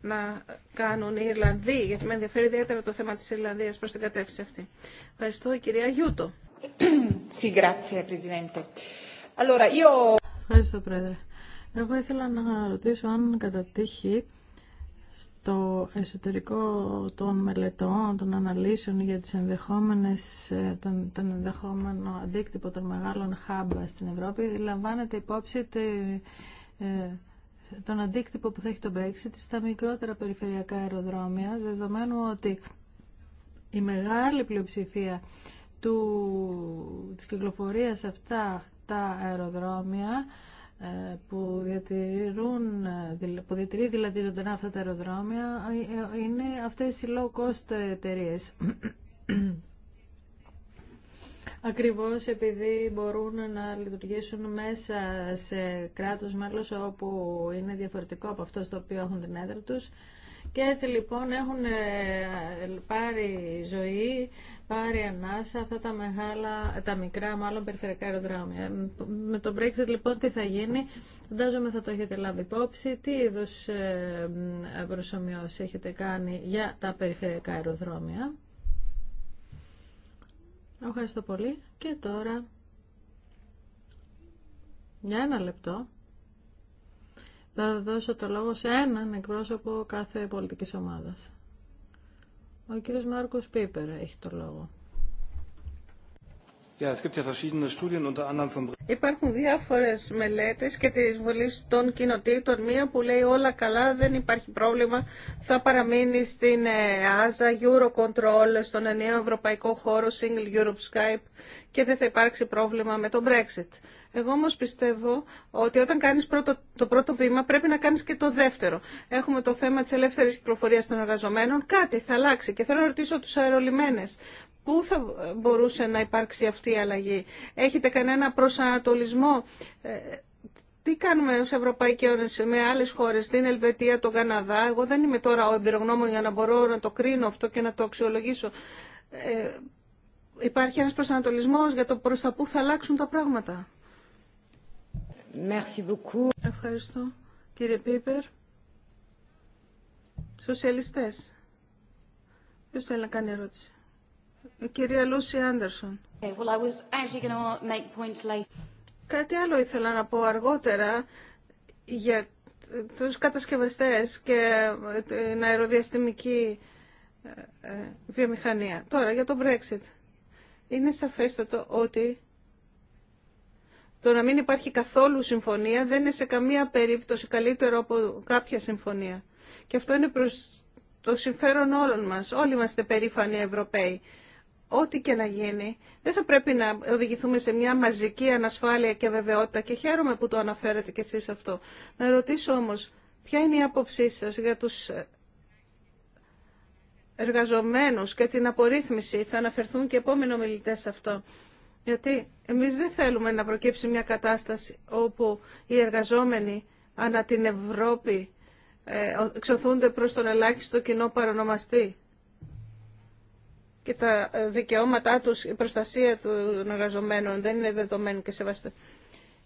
[SPEAKER 1] να κάνουν οι Ιρλανδοί, γιατί με ενδιαφέρει ιδιαίτερα το θέμα της Ιρλανδίας προς την κατεύθυνση αυτή. Ευχαριστώ, κυρία Γιούτο. Ευχαριστώ, Πρόεδρε. Εγώ ήθελα να ρωτήσω αν κατά το εσωτερικό των μελετών, των αναλύσεων για τις ενδεχόμενες, ε, τον, τον ενδεχόμενο αντίκτυπο των μεγάλων hub στην Ευρώπη, λαμβάνεται υπόψη τη, ε, τον αντίκτυπο που θα έχει το Brexit στα μικρότερα περιφερειακά αεροδρόμια, δεδομένου ότι η μεγάλη πλειοψηφία του, της κυκλοφορίας αυτά τα αεροδρόμια ε, που, διατηρούν, ε, που διατηρεί δηλαδή ζωντανά αυτά τα αεροδρόμια ε, είναι αυτές οι low cost εταιρείε. Ακριβώς επειδή μπορούν να λειτουργήσουν μέσα σε κράτος μέλος όπου είναι διαφορετικό από αυτό στο οποίο έχουν την έδρα τους και έτσι λοιπόν έχουν ε, πάρει ζωή, πάρει ανάσα αυτά τα μεγάλα, τα μικρά μάλλον περιφερειακά αεροδρόμια. Ε, με το Brexit λοιπόν τι θα γίνει, φαντάζομαι θα το έχετε λάβει υπόψη, τι είδους ε, προσωμιώσεις έχετε κάνει για τα περιφερειακά αεροδρόμια. Ευχαριστώ πολύ και τώρα για ένα λεπτό θα δώσω το λόγο σε έναν εκπρόσωπο κάθε πολιτικής ομάδας. Ο κύριος Μάρκος Πίπερ έχει το λόγο. Υπάρχουν διάφορες μελέτες και τις βολή των κοινοτήτων. Μία που λέει όλα καλά, δεν υπάρχει πρόβλημα, θα παραμείνει στην ΑΖΑ, ε, Eurocontrol, στον νέο ευρωπαϊκό χώρο, Single Europe Skype και δεν θα υπάρξει πρόβλημα με το Brexit. Εγώ όμως πιστεύω ότι όταν κάνεις το πρώτο βήμα πρέπει να κάνεις και το δεύτερο. Έχουμε το θέμα της ελεύθερης κυκλοφορίας των εργαζομένων. Κάτι θα αλλάξει και θέλω να ρωτήσω τους αερολιμένες. Πού θα μπορούσε να υπάρξει αυτή η αλλαγή. Έχετε κανένα προσανατολισμό. Ε, τι κάνουμε ως Ευρωπαϊκή Ένωση με άλλες χώρες, την Ελβετία, τον Καναδά. Εγώ δεν είμαι τώρα ο εμπειρογνώμων για να μπορώ να το κρίνω αυτό και να το αξιολογήσω. Ε, υπάρχει ένας προσανατολισμός για το προς τα πού θα αλλάξουν τα πράγματα. Ευχαριστώ. Κύριε Πίπερ, σοσιαλιστές, ποιος θέλει να κάνει ερώτηση. Η κυρία Λούση Άντερσον. Κάτι άλλο ήθελα να πω αργότερα για τους κατασκευαστές και την αεροδιαστημική ε, ε, βιομηχανία. Τώρα για το Brexit. Είναι σαφέστατο ότι το να μην υπάρχει καθόλου συμφωνία δεν είναι σε καμία περίπτωση καλύτερο από κάποια συμφωνία. Και αυτό είναι προς το συμφέρον όλων μας. Όλοι είμαστε περήφανοι Ευρωπαίοι. Ό,τι και να γίνει, δεν θα πρέπει να οδηγηθούμε σε μια μαζική ανασφάλεια και βεβαιότητα και χαίρομαι που το αναφέρετε κι εσείς αυτό. Να ρωτήσω όμως, ποια είναι η άποψή σας για τους εργαζομένους και την απορρίθμιση. Θα αναφερθούν και επόμενοι ομιλητές σε αυτό. Γιατί εμείς δεν θέλουμε να προκύψει μια κατάσταση όπου οι εργαζόμενοι ανά την Ευρώπη ε, εξωθούνται προς τον ελάχιστο κοινό παρονομαστή και τα ε, δικαιώματά τους, η προστασία των εργαζομένων δεν είναι δεδομένη και σεβαστή.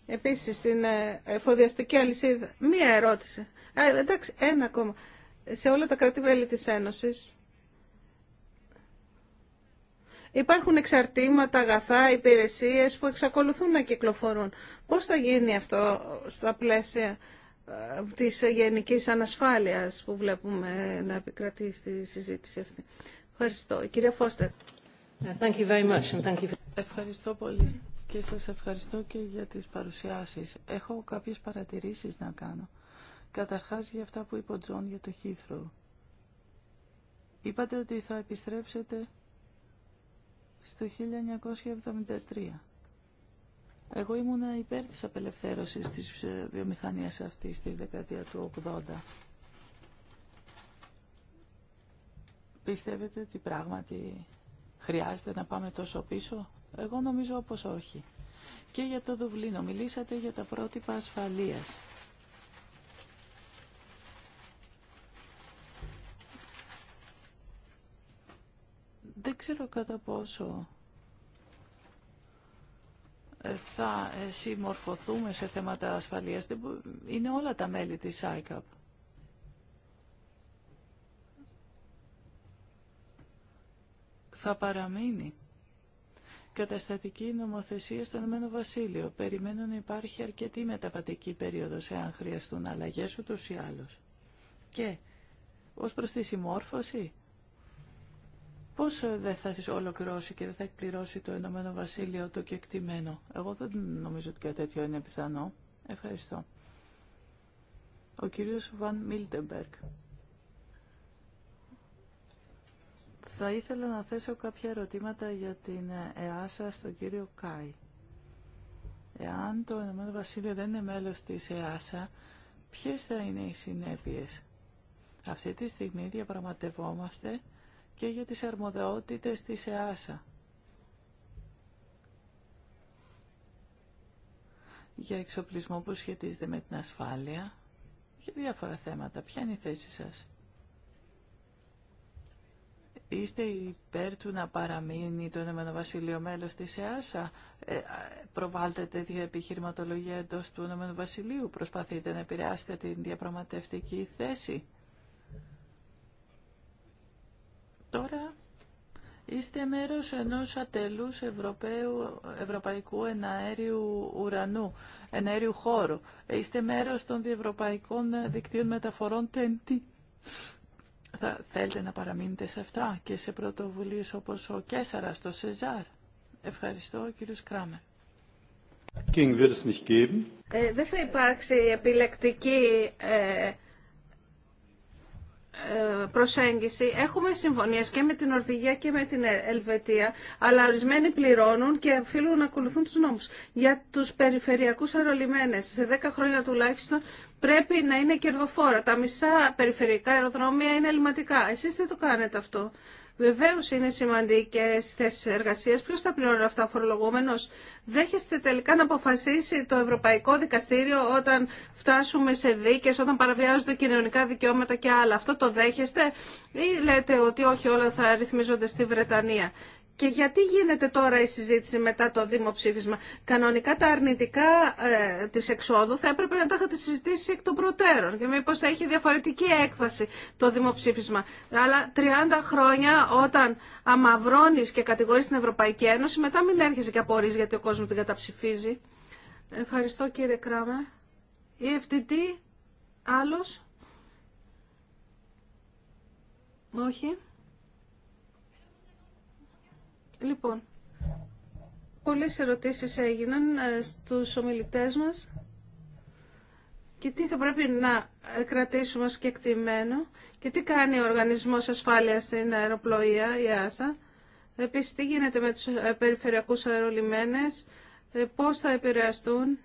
[SPEAKER 1] Επίσης, στην ε, εφοδιαστική αλυσίδα, μία ερώτηση. Α, εντάξει, ένα ακόμα. Σε όλα τα κρατη της Ένωσης, Υπάρχουν εξαρτήματα, αγαθά, υπηρεσίες που εξακολουθούν να κυκλοφορούν. Πώς θα γίνει αυτό στα πλαίσια ε, της γενικής ανασφάλειας που βλέπουμε να επικρατεί
[SPEAKER 2] στη συζήτηση αυτή. Ευχαριστώ. Κυρία Φώστερ. Thank you very much and Ευχαριστώ πολύ και σας ευχαριστώ και για τις παρουσιάσεις. Έχω κάποιες παρατηρήσεις να κάνω. Καταρχάς για αυτά που είπε ο Τζον για το Χήθρο. Είπατε ότι θα επιστρέψετε στο 1973. Εγώ ήμουν υπέρ της απελευθέρωσης της ε, βιομηχανίας αυτής στη δεκαετία του 80. Πιστεύετε ότι πράγματι χρειάζεται να πάμε τόσο πίσω. Εγώ νομίζω όπως όχι. Και για το Δουβλίνο μιλήσατε για τα πρότυπα ασφαλείας. Δεν ξέρω κατά πόσο ε, θα ε, συμμορφωθούμε σε θέματα ασφαλείας. Είναι όλα τα μέλη της ICAP. Θα παραμείνει καταστατική νομοθεσία στον Ενωμένο Βασίλειο. Περιμένω να υπάρχει αρκετή μεταβατική περίοδος εάν χρειαστούν αλλαγές ούτως ή άλλως. Και ως προς τη συμμόρφωση Πώς ε, δεν θα σα ολοκληρώσει και δεν θα εκπληρώσει το Ηνωμένο Βασίλειο το κεκτημένο. Εγώ δεν νομίζω ότι κάτι τέτοιο είναι πιθανό. Ευχαριστώ. Ο κύριος Βαν Μίλτεμπεργκ. Θα ήθελα να θέσω κάποια ερωτήματα για την ε, ΕΑΣΑ στον κύριο Κάι. Εάν το Ηνωμένο Βασίλειο δεν είναι μέλος της ΕΑΣΑ, ποιες θα είναι οι συνέπειες. Αυτή τη στιγμή διαπραγματευόμαστε και για τις αρμοδεότητες της ΕΑΣΑ. Για εξοπλισμό που σχετίζεται με την ασφάλεια και διάφορα θέματα. Ποια είναι η θέση σας. Είστε υπέρ του να παραμείνει το Ηνωμένο Βασίλειο μέλος της ΕΑΣΑ. Ε, προβάλλετε τέτοια επιχειρηματολογία εντός του Ηνωμένου Βασιλείου. Προσπαθείτε να επηρεάσετε την διαπραγματευτική θέση. Τώρα είστε μέρος ενός ατελούς ευρωπαϊκού εναέριου ουρανού, εναέριου χώρου. Είστε μέρος των διευρωπαϊκών δικτύων μεταφορών TNT. Θα θέλετε να παραμείνετε σε αυτά και σε πρωτοβουλίες όπως ο Κέσαρας, το Σεζάρ. Ευχαριστώ, κύριο Κράμε. Ε, δεν θα υπάρξει
[SPEAKER 1] επιλεκτική ε, προσέγγιση. Έχουμε συμφωνίες και με την Ορβηγία και με την Ελβετία, αλλά ορισμένοι πληρώνουν και αφήνουν να ακολουθούν τους νόμους. Για τους περιφερειακούς αερολιμένες, σε 10 χρόνια τουλάχιστον, πρέπει να είναι κερδοφόρα. Τα μισά περιφερειακά αεροδρόμια είναι ελληματικά. Εσείς δεν το κάνετε αυτό. Βεβαίω είναι σημαντικέ θέσει εργασία. Ποιο θα πληρώνει αυτά φορολογούμενο. Δέχεστε τελικά να αποφασίσει το Ευρωπαϊκό Δικαστήριο όταν φτάσουμε σε δίκες, όταν παραβιάζονται κοινωνικά δικαιώματα και άλλα. Αυτό το δέχεστε ή λέτε ότι όχι όλα θα ρυθμίζονται στη Βρετανία. Και γιατί γίνεται τώρα η συζήτηση μετά το δημοψήφισμα. Κανονικά τα αρνητικά ε, της εξόδου θα έπρεπε να τα είχατε συζητήσει εκ των προτέρων και μήπως θα έχει διαφορετική έκφαση το δημοψήφισμα. Αλλά 30 χρόνια όταν αμαυρώνεις και κατηγορείς την Ευρωπαϊκή Ένωση μετά μην έρχεσαι και απορείς γιατί ο κόσμος την καταψηφίζει. Ευχαριστώ κύριε Κράμα. Η ευθυντή άλλος. Όχι. Λοιπόν, πολλές ερωτήσεις έγιναν ε, στους ομιλητές μας και τι θα πρέπει να ε, κρατήσουμε ως κεκτημένο και τι κάνει ο Οργανισμός Ασφάλειας στην Αεροπλοεία, η ΆΣΑ. Επίσης, τι γίνεται με τους ε, περιφερειακούς αερολιμένες, πώς θα επηρεαστούν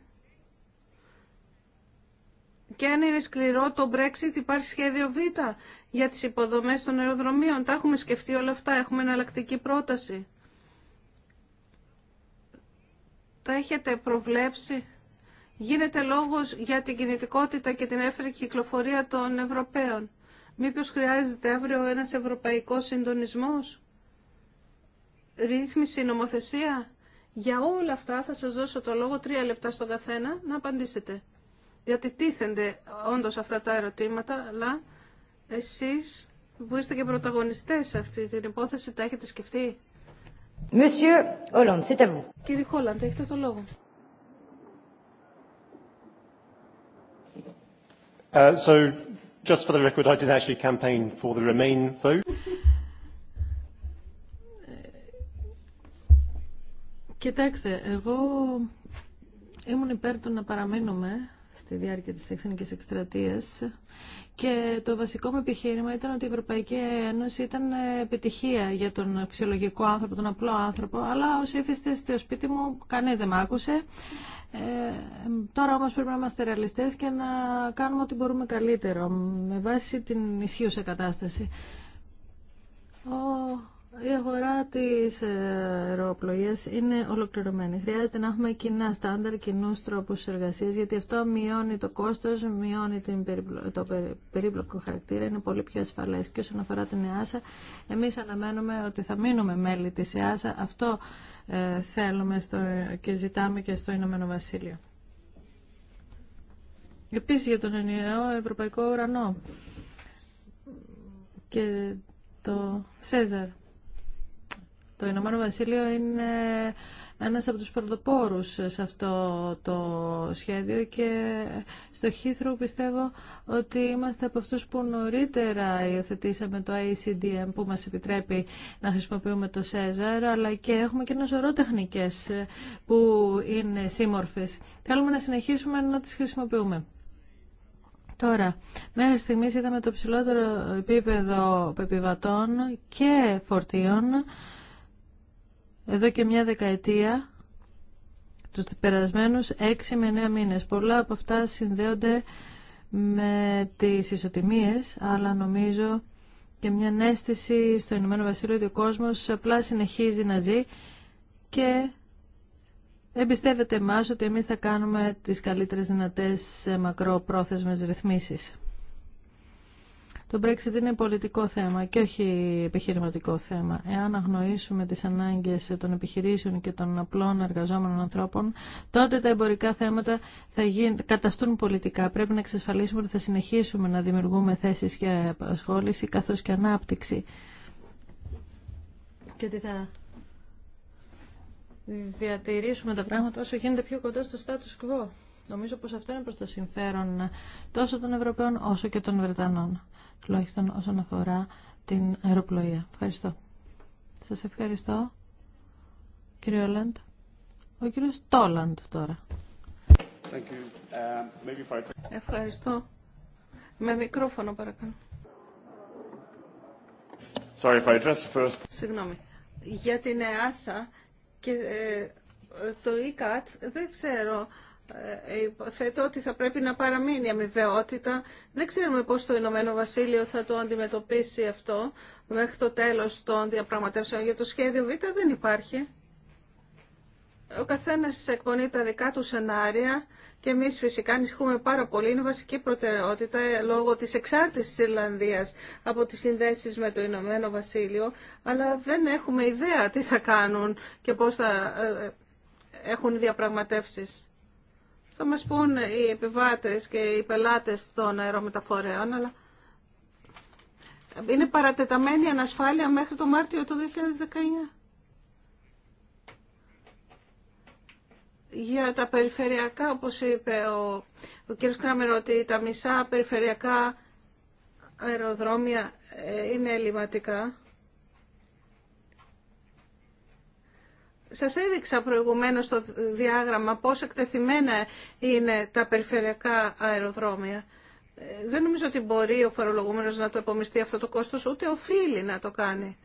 [SPEAKER 1] και αν είναι σκληρό το Brexit υπάρχει σχέδιο Β για τις υποδομές των αεροδρομίων. Τα έχουμε σκεφτεί όλα αυτά, έχουμε εναλλακτική πρόταση. τα έχετε προβλέψει. Γίνεται λόγος για την κινητικότητα και την εύθερη κυκλοφορία των Ευρωπαίων. Μήπως χρειάζεται αύριο ένας ευρωπαϊκός συντονισμός, ρύθμιση, νομοθεσία. Για όλα αυτά θα σας δώσω το λόγο τρία λεπτά στον καθένα να απαντήσετε. Γιατί τίθενται όντως αυτά τα ερωτήματα, αλλά εσείς που είστε και πρωταγωνιστές σε αυτή την υπόθεση τα έχετε σκεφτεί. Monsieur Hollande, c'est à vous. Κύριε Χόλαντ, έχετε το λόγο. Uh, so, just for the record, I did actually campaign for the Remain vote. Κοιτάξτε, εγώ ήμουν υπέρ του να παραμείνουμε στη διάρκεια της εθνικής εκστρατείας και το βασικό μου επιχείρημα ήταν ότι η Ευρωπαϊκή Ένωση ήταν ε, επιτυχία για τον φυσιολογικό άνθρωπο, τον απλό άνθρωπο, αλλά ως ήθιστε στο σπίτι μου κανείς δεν με άκουσε. Ε, τώρα όμως πρέπει να είμαστε ρεαλιστές και να κάνουμε ό,τι μπορούμε καλύτερο με βάση την ισχύουσα κατάσταση. Ο η αγορά της ε, αεροπλοεία είναι ολοκληρωμένη. Χρειάζεται να έχουμε κοινά στάνταρ, κοινού τρόπου εργασία, γιατί αυτό μειώνει το κόστος, μειώνει την το περίπλοκο χαρακτήρα, είναι πολύ πιο ασφαλές. Και όσον αφορά την ΕΑΣΑ, εμείς αναμένουμε ότι θα μείνουμε μέλη της ΕΑΣΑ. Αυτό ε, θέλουμε στο, και ζητάμε και στο Ηνωμένο Βασίλειο. Επίση για τον ενιαίο ευρωπαϊκό ουρανό και το Σέζαρ. Το Ηνωμένο Βασίλειο είναι ένας από τους πρωτοπόρους σε αυτό το σχέδιο και στο Χήθρο πιστεύω ότι είμαστε από αυτούς που νωρίτερα υιοθετήσαμε το ICDM που μας επιτρέπει να χρησιμοποιούμε το ΣΕΖΑΡ αλλά και έχουμε και ένα σωρό τεχνικές που είναι σύμμορφες. Θέλουμε να συνεχίσουμε να τις χρησιμοποιούμε. Τώρα, μέχρι στιγμής είδαμε το ψηλότερο επίπεδο πεπιβατών και φορτίων εδώ και μια δεκαετία τους περασμένους 6 με 9 μήνες. Πολλά από αυτά συνδέονται με τις ισοτιμίες, αλλά νομίζω και μια αίσθηση στο Ηνωμένο Βασίλειο ότι ο κόσμος απλά συνεχίζει να ζει και εμπιστεύεται εμά ότι εμείς θα κάνουμε τις καλύτερες δυνατές μακροπρόθεσμες ρυθμίσεις. Το Brexit είναι πολιτικό θέμα και όχι επιχειρηματικό θέμα. Εάν αγνοήσουμε τις ανάγκες των επιχειρήσεων και των απλών εργαζόμενων ανθρώπων, τότε τα εμπορικά θέματα θα καταστούν πολιτικά. Πρέπει να εξασφαλίσουμε ότι θα συνεχίσουμε να δημιουργούμε θέσεις για απασχόληση καθώς και ανάπτυξη. Και ότι θα διατηρήσουμε τα πράγματα όσο γίνεται πιο κοντά στο status quo. Νομίζω πως αυτό είναι προς το συμφέρον τόσο των Ευρωπαίων όσο και των Βρετανών τουλάχιστον όσον αφορά την αεροπλοεία. Ευχαριστώ. Σας ευχαριστώ, κύριε Όλαντ. Ο κύριος Τόλαντ τώρα. Uh, ευχαριστώ. Με μικρόφωνο παρακαλώ.
[SPEAKER 2] Sorry if I address first.
[SPEAKER 1] Συγγνώμη. Για την ΕΑΣΑ και ε, το ΙΚΑΤ δεν ξέρω ε, υποθέτω ότι θα πρέπει να παραμείνει αμοιβαιότητα. Δεν ξέρουμε πώς το Ηνωμένο Βασίλειο θα το αντιμετωπίσει αυτό μέχρι το τέλος των διαπραγματεύσεων. Για το σχέδιο Β δεν υπάρχει. Ο καθένας εκπονεί τα δικά του σενάρια και εμείς φυσικά ανησυχούμε πάρα πολύ. Είναι βασική προτεραιότητα ε, λόγω της εξάρτησης της Ιρλανδίας από τις συνδέσεις με το Ηνωμένο Βασίλειο, αλλά δεν έχουμε ιδέα τι θα κάνουν και πώς θα ε, έχουν θα μας πούν οι επιβάτες και οι πελάτες των αερομεταφορέων, αλλά είναι παρατεταμένη η ανασφάλεια μέχρι το Μάρτιο του 2019. Για τα περιφερειακά, όπως είπε ο, ο κ. Κράμερ, ότι τα μισά περιφερειακά αεροδρόμια ε, είναι ελληματικά. Σας έδειξα προηγουμένως στο διάγραμμα πώς εκτεθειμένα είναι τα περιφερειακά αεροδρόμια. Ε, δεν νομίζω ότι μπορεί ο φορολογούμενος να το επομιστεί αυτό το κόστος, ούτε οφείλει να το κάνει.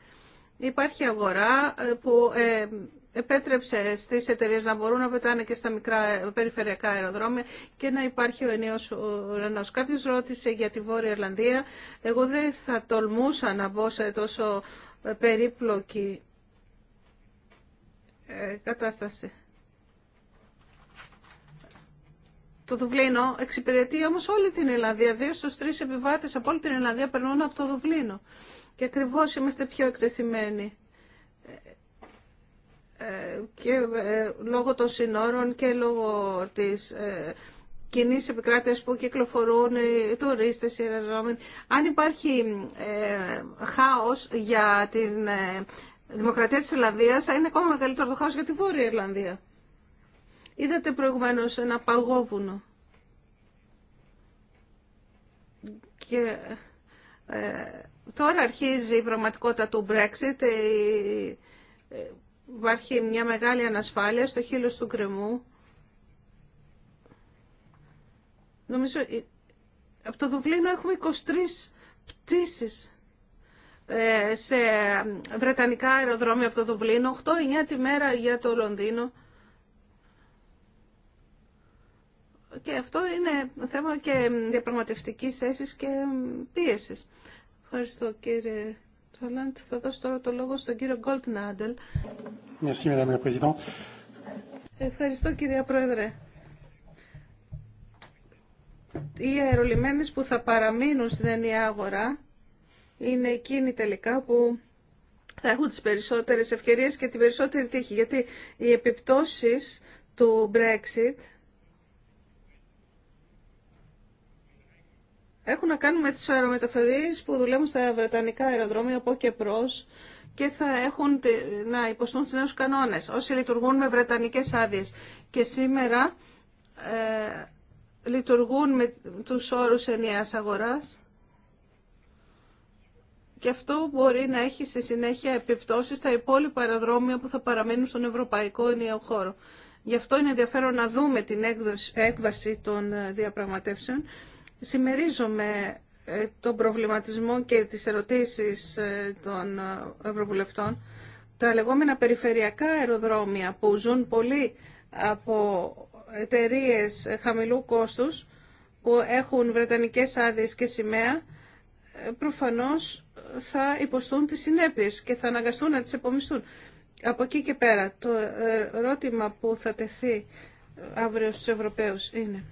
[SPEAKER 1] Υπάρχει αγορά ε, που ε, επέτρεψε στις εταιρείες να μπορούν να πετάνε και στα μικρά περιφερειακά αεροδρόμια και να υπάρχει ο ενίος ουρανός. Κάποιος ρώτησε για τη Βόρεια Ιρλανδία. Εγώ δεν θα τολμούσα να μπω σε τόσο περίπλοκη ε, κατάσταση. Το Δουβλίνο εξυπηρετεί όμως όλη την Ελλάδα. Δύο στους τρεις επιβάτες από όλη την Ελλάδα περνούν από το Δουβλίνο. Και ακριβώς είμαστε πιο εκτεθειμένοι. Ε, ε, και λόγω των συνόρων και λόγω της κοινή επικράτεια που κυκλοφορούν, οι τουρίστε, οι εργαζόμενοι. Αν υπάρχει ε, χάο για την η δημοκρατία της Ιρλανδίας θα είναι ακόμα μεγαλύτερο το χάος για τη Βόρεια Ιρλανδία. Είδατε προηγουμένως ένα παγόβουνο. Και ε, τώρα αρχίζει η πραγματικότητα του Brexit. Ε, ε υπάρχει μια μεγάλη ανασφάλεια στο χείλος του κρεμού. Νομίζω ε, από το Δουβλίνο έχουμε 23 πτήσεις. Ε, σε βρετανικά αεροδρόμια από το Δουβλίνο, 8-9 τη μέρα για το Λονδίνο. Και αυτό είναι θέμα και διαπραγματευτική θέση και πίεσης. Ευχαριστώ κύριε Τολάντ. Θα δώσω τώρα το λόγο στον κύριο Νάντελ. Ευχαριστώ κύριε Πρόεδρε. Οι αερολιμένες που θα παραμείνουν στην ενιαία αγορά είναι εκείνοι τελικά που θα έχουν τις περισσότερες ευκαιρίες και την περισσότερη τύχη, γιατί οι επιπτώσεις του Brexit έχουν να κάνουν με τις αερομεταφορίες που δουλεύουν στα βρετανικά αεροδρόμια από και προς και θα έχουν να υποστούν τους νέους κανόνες όσοι λειτουργούν με βρετανικές άδειε. Και σήμερα ε, λειτουργούν με τους όρους ενιαίας αγοράς και αυτό μπορεί να έχει στη συνέχεια επιπτώσεις στα υπόλοιπα αεροδρόμια που θα παραμείνουν στον ευρωπαϊκό ενιαίο χώρο. Γι' αυτό είναι ενδιαφέρον να δούμε την έκβαση των ε, διαπραγματεύσεων. Συμμερίζομαι ε, τον προβληματισμό και τις ερωτήσεις ε, των ευρωβουλευτών. Τα λεγόμενα περιφερειακά αεροδρόμια που ζουν πολύ από εταιρείε χαμηλού κόστους που έχουν βρετανικές άδειες και σημαία προφανώς θα υποστούν τις συνέπειες και θα αναγκαστούν να τις επομιστούν. Από εκεί και πέρα, το ερώτημα που θα τεθεί αύριο στους Ευρωπαίους είναι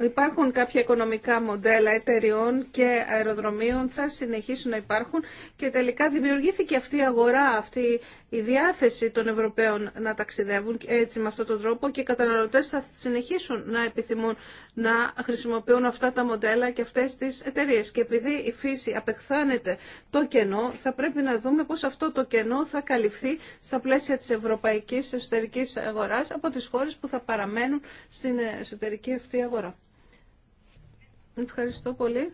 [SPEAKER 1] υπάρχουν κάποια οικονομικά μοντέλα εταιριών και αεροδρομίων, θα συνεχίσουν να υπάρχουν και τελικά δημιουργήθηκε αυτή η αγορά, αυτή η διάθεση των Ευρωπαίων να ταξιδεύουν έτσι με αυτόν τον τρόπο και οι καταναλωτές θα συνεχίσουν να επιθυμούν να χρησιμοποιούν αυτά τα μοντέλα και αυτές τις εταιρείες. Και επειδή η φύση απεχθάνεται το κενό, θα πρέπει να δούμε πώς αυτό το κενό θα καλυφθεί στα πλαίσια της ευρωπαϊκής εσωτερικής αγοράς από τις χώρες που θα παραμένουν στην εσωτερική αυτή αγορά. Ευχαριστώ πολύ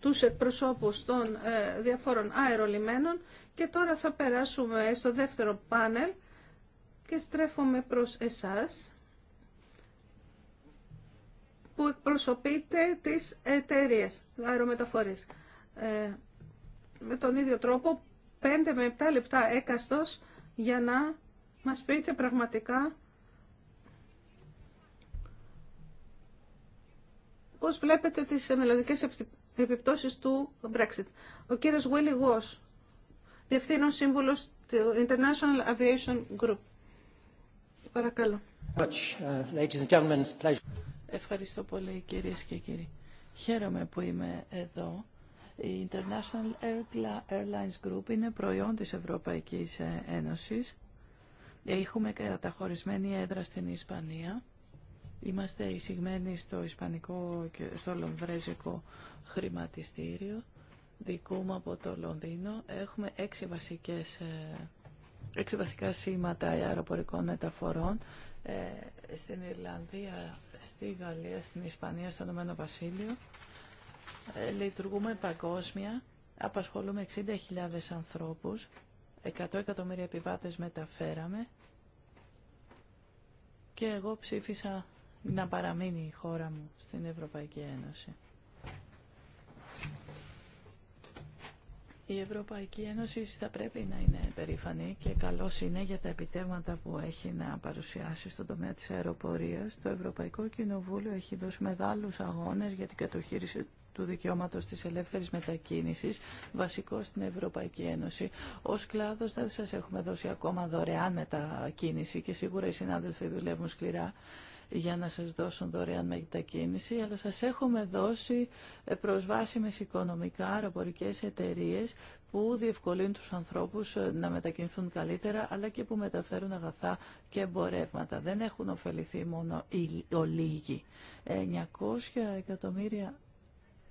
[SPEAKER 1] τους εκπροσώπους των ε, διαφόρων αερολιμένων και τώρα θα περάσουμε στο δεύτερο πάνελ και στρέφομαι προς εσάς που εκπροσωπείτε τις εταιρείε αερομεταφορής. Ε, με τον ίδιο τρόπο, 5 με 7 λεπτά έκαστος για να μας πείτε πραγματικά πώς βλέπετε τις μελλοντικές επιπτώσεις του Brexit. Ο κύριος Willy Walsh Διευθύνων Σύμβουλο του International Aviation
[SPEAKER 2] Group. Παρακαλώ. Uh, Ευχαριστώ πολύ κυρίες και κύριοι. Χαίρομαι που είμαι εδώ. Η International Airlines Group είναι προϊόν της Ευρωπαϊκής ε, Ένωσης. Έχουμε καταχωρισμένη έδρα στην Ισπανία. Είμαστε εισηγμένοι στο Ισπανικό και στο Λομβρέζικο χρηματιστήριο δικού μου από το Λονδίνο έχουμε έξι, βασικές, ε, έξι βασικά σήματα αεροπορικών μεταφορών ε, στην Ιρλανδία, στη Γαλλία, στην Ισπανία, στο Ηνωμένο Βασίλειο. Ε, λειτουργούμε παγκόσμια, απασχολούμε 60.000 ανθρώπους, 100 εκατομμύρια επιβάτες μεταφέραμε και εγώ ψήφισα να παραμείνει η χώρα μου στην Ευρωπαϊκή Ένωση. Η Ευρωπαϊκή Ένωση θα πρέπει να είναι περήφανη και καλό είναι για τα επιτεύγματα που έχει να παρουσιάσει στον τομέα της αεροπορίας. Το Ευρωπαϊκό Κοινοβούλιο έχει δώσει μεγάλους αγώνες για την κατοχήρηση του δικαιώματος της ελεύθερης μετακίνησης, βασικό στην Ευρωπαϊκή Ένωση. Ως κλάδος δεν σας έχουμε δώσει ακόμα δωρεάν μετακίνηση και σίγουρα οι συνάδελφοι δουλεύουν σκληρά για να σας δώσουν δωρεάν μετακίνηση, αλλά σας έχουμε δώσει ε, προσβάσιμες οικονομικά αεροπορικές εταιρείες που διευκολύνουν τους ανθρώπους ε, να μετακινηθούν καλύτερα, αλλά και που μεταφέρουν αγαθά και εμπορεύματα. Δεν έχουν ωφεληθεί μόνο οι λίγοι. 900 εκατομμύρια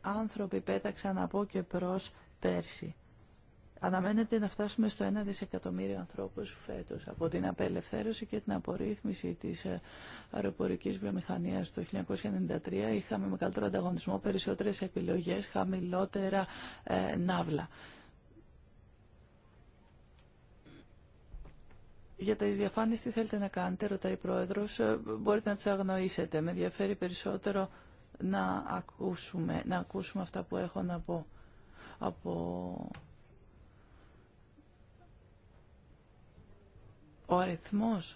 [SPEAKER 2] άνθρωποι πέταξαν από και προς πέρσι. Αναμένεται να φτάσουμε στο 1 δισεκατομμύριο ανθρώπους φέτος από την απελευθέρωση και την απορρίθμιση της ε, αεροπορικής βιομηχανίας το 1993. Είχαμε με καλύτερο ανταγωνισμό, περισσότερες επιλογές, χαμηλότερα ε, ναύλα. Για τα εισδιαφάνειες τι θέλετε να κάνετε, ρωτάει η Πρόεδρος, ε, μπορείτε να τις αγνοήσετε. Με ενδιαφέρει περισσότερο να ακούσουμε, αυτά που έχω να πω από Ο αριθμός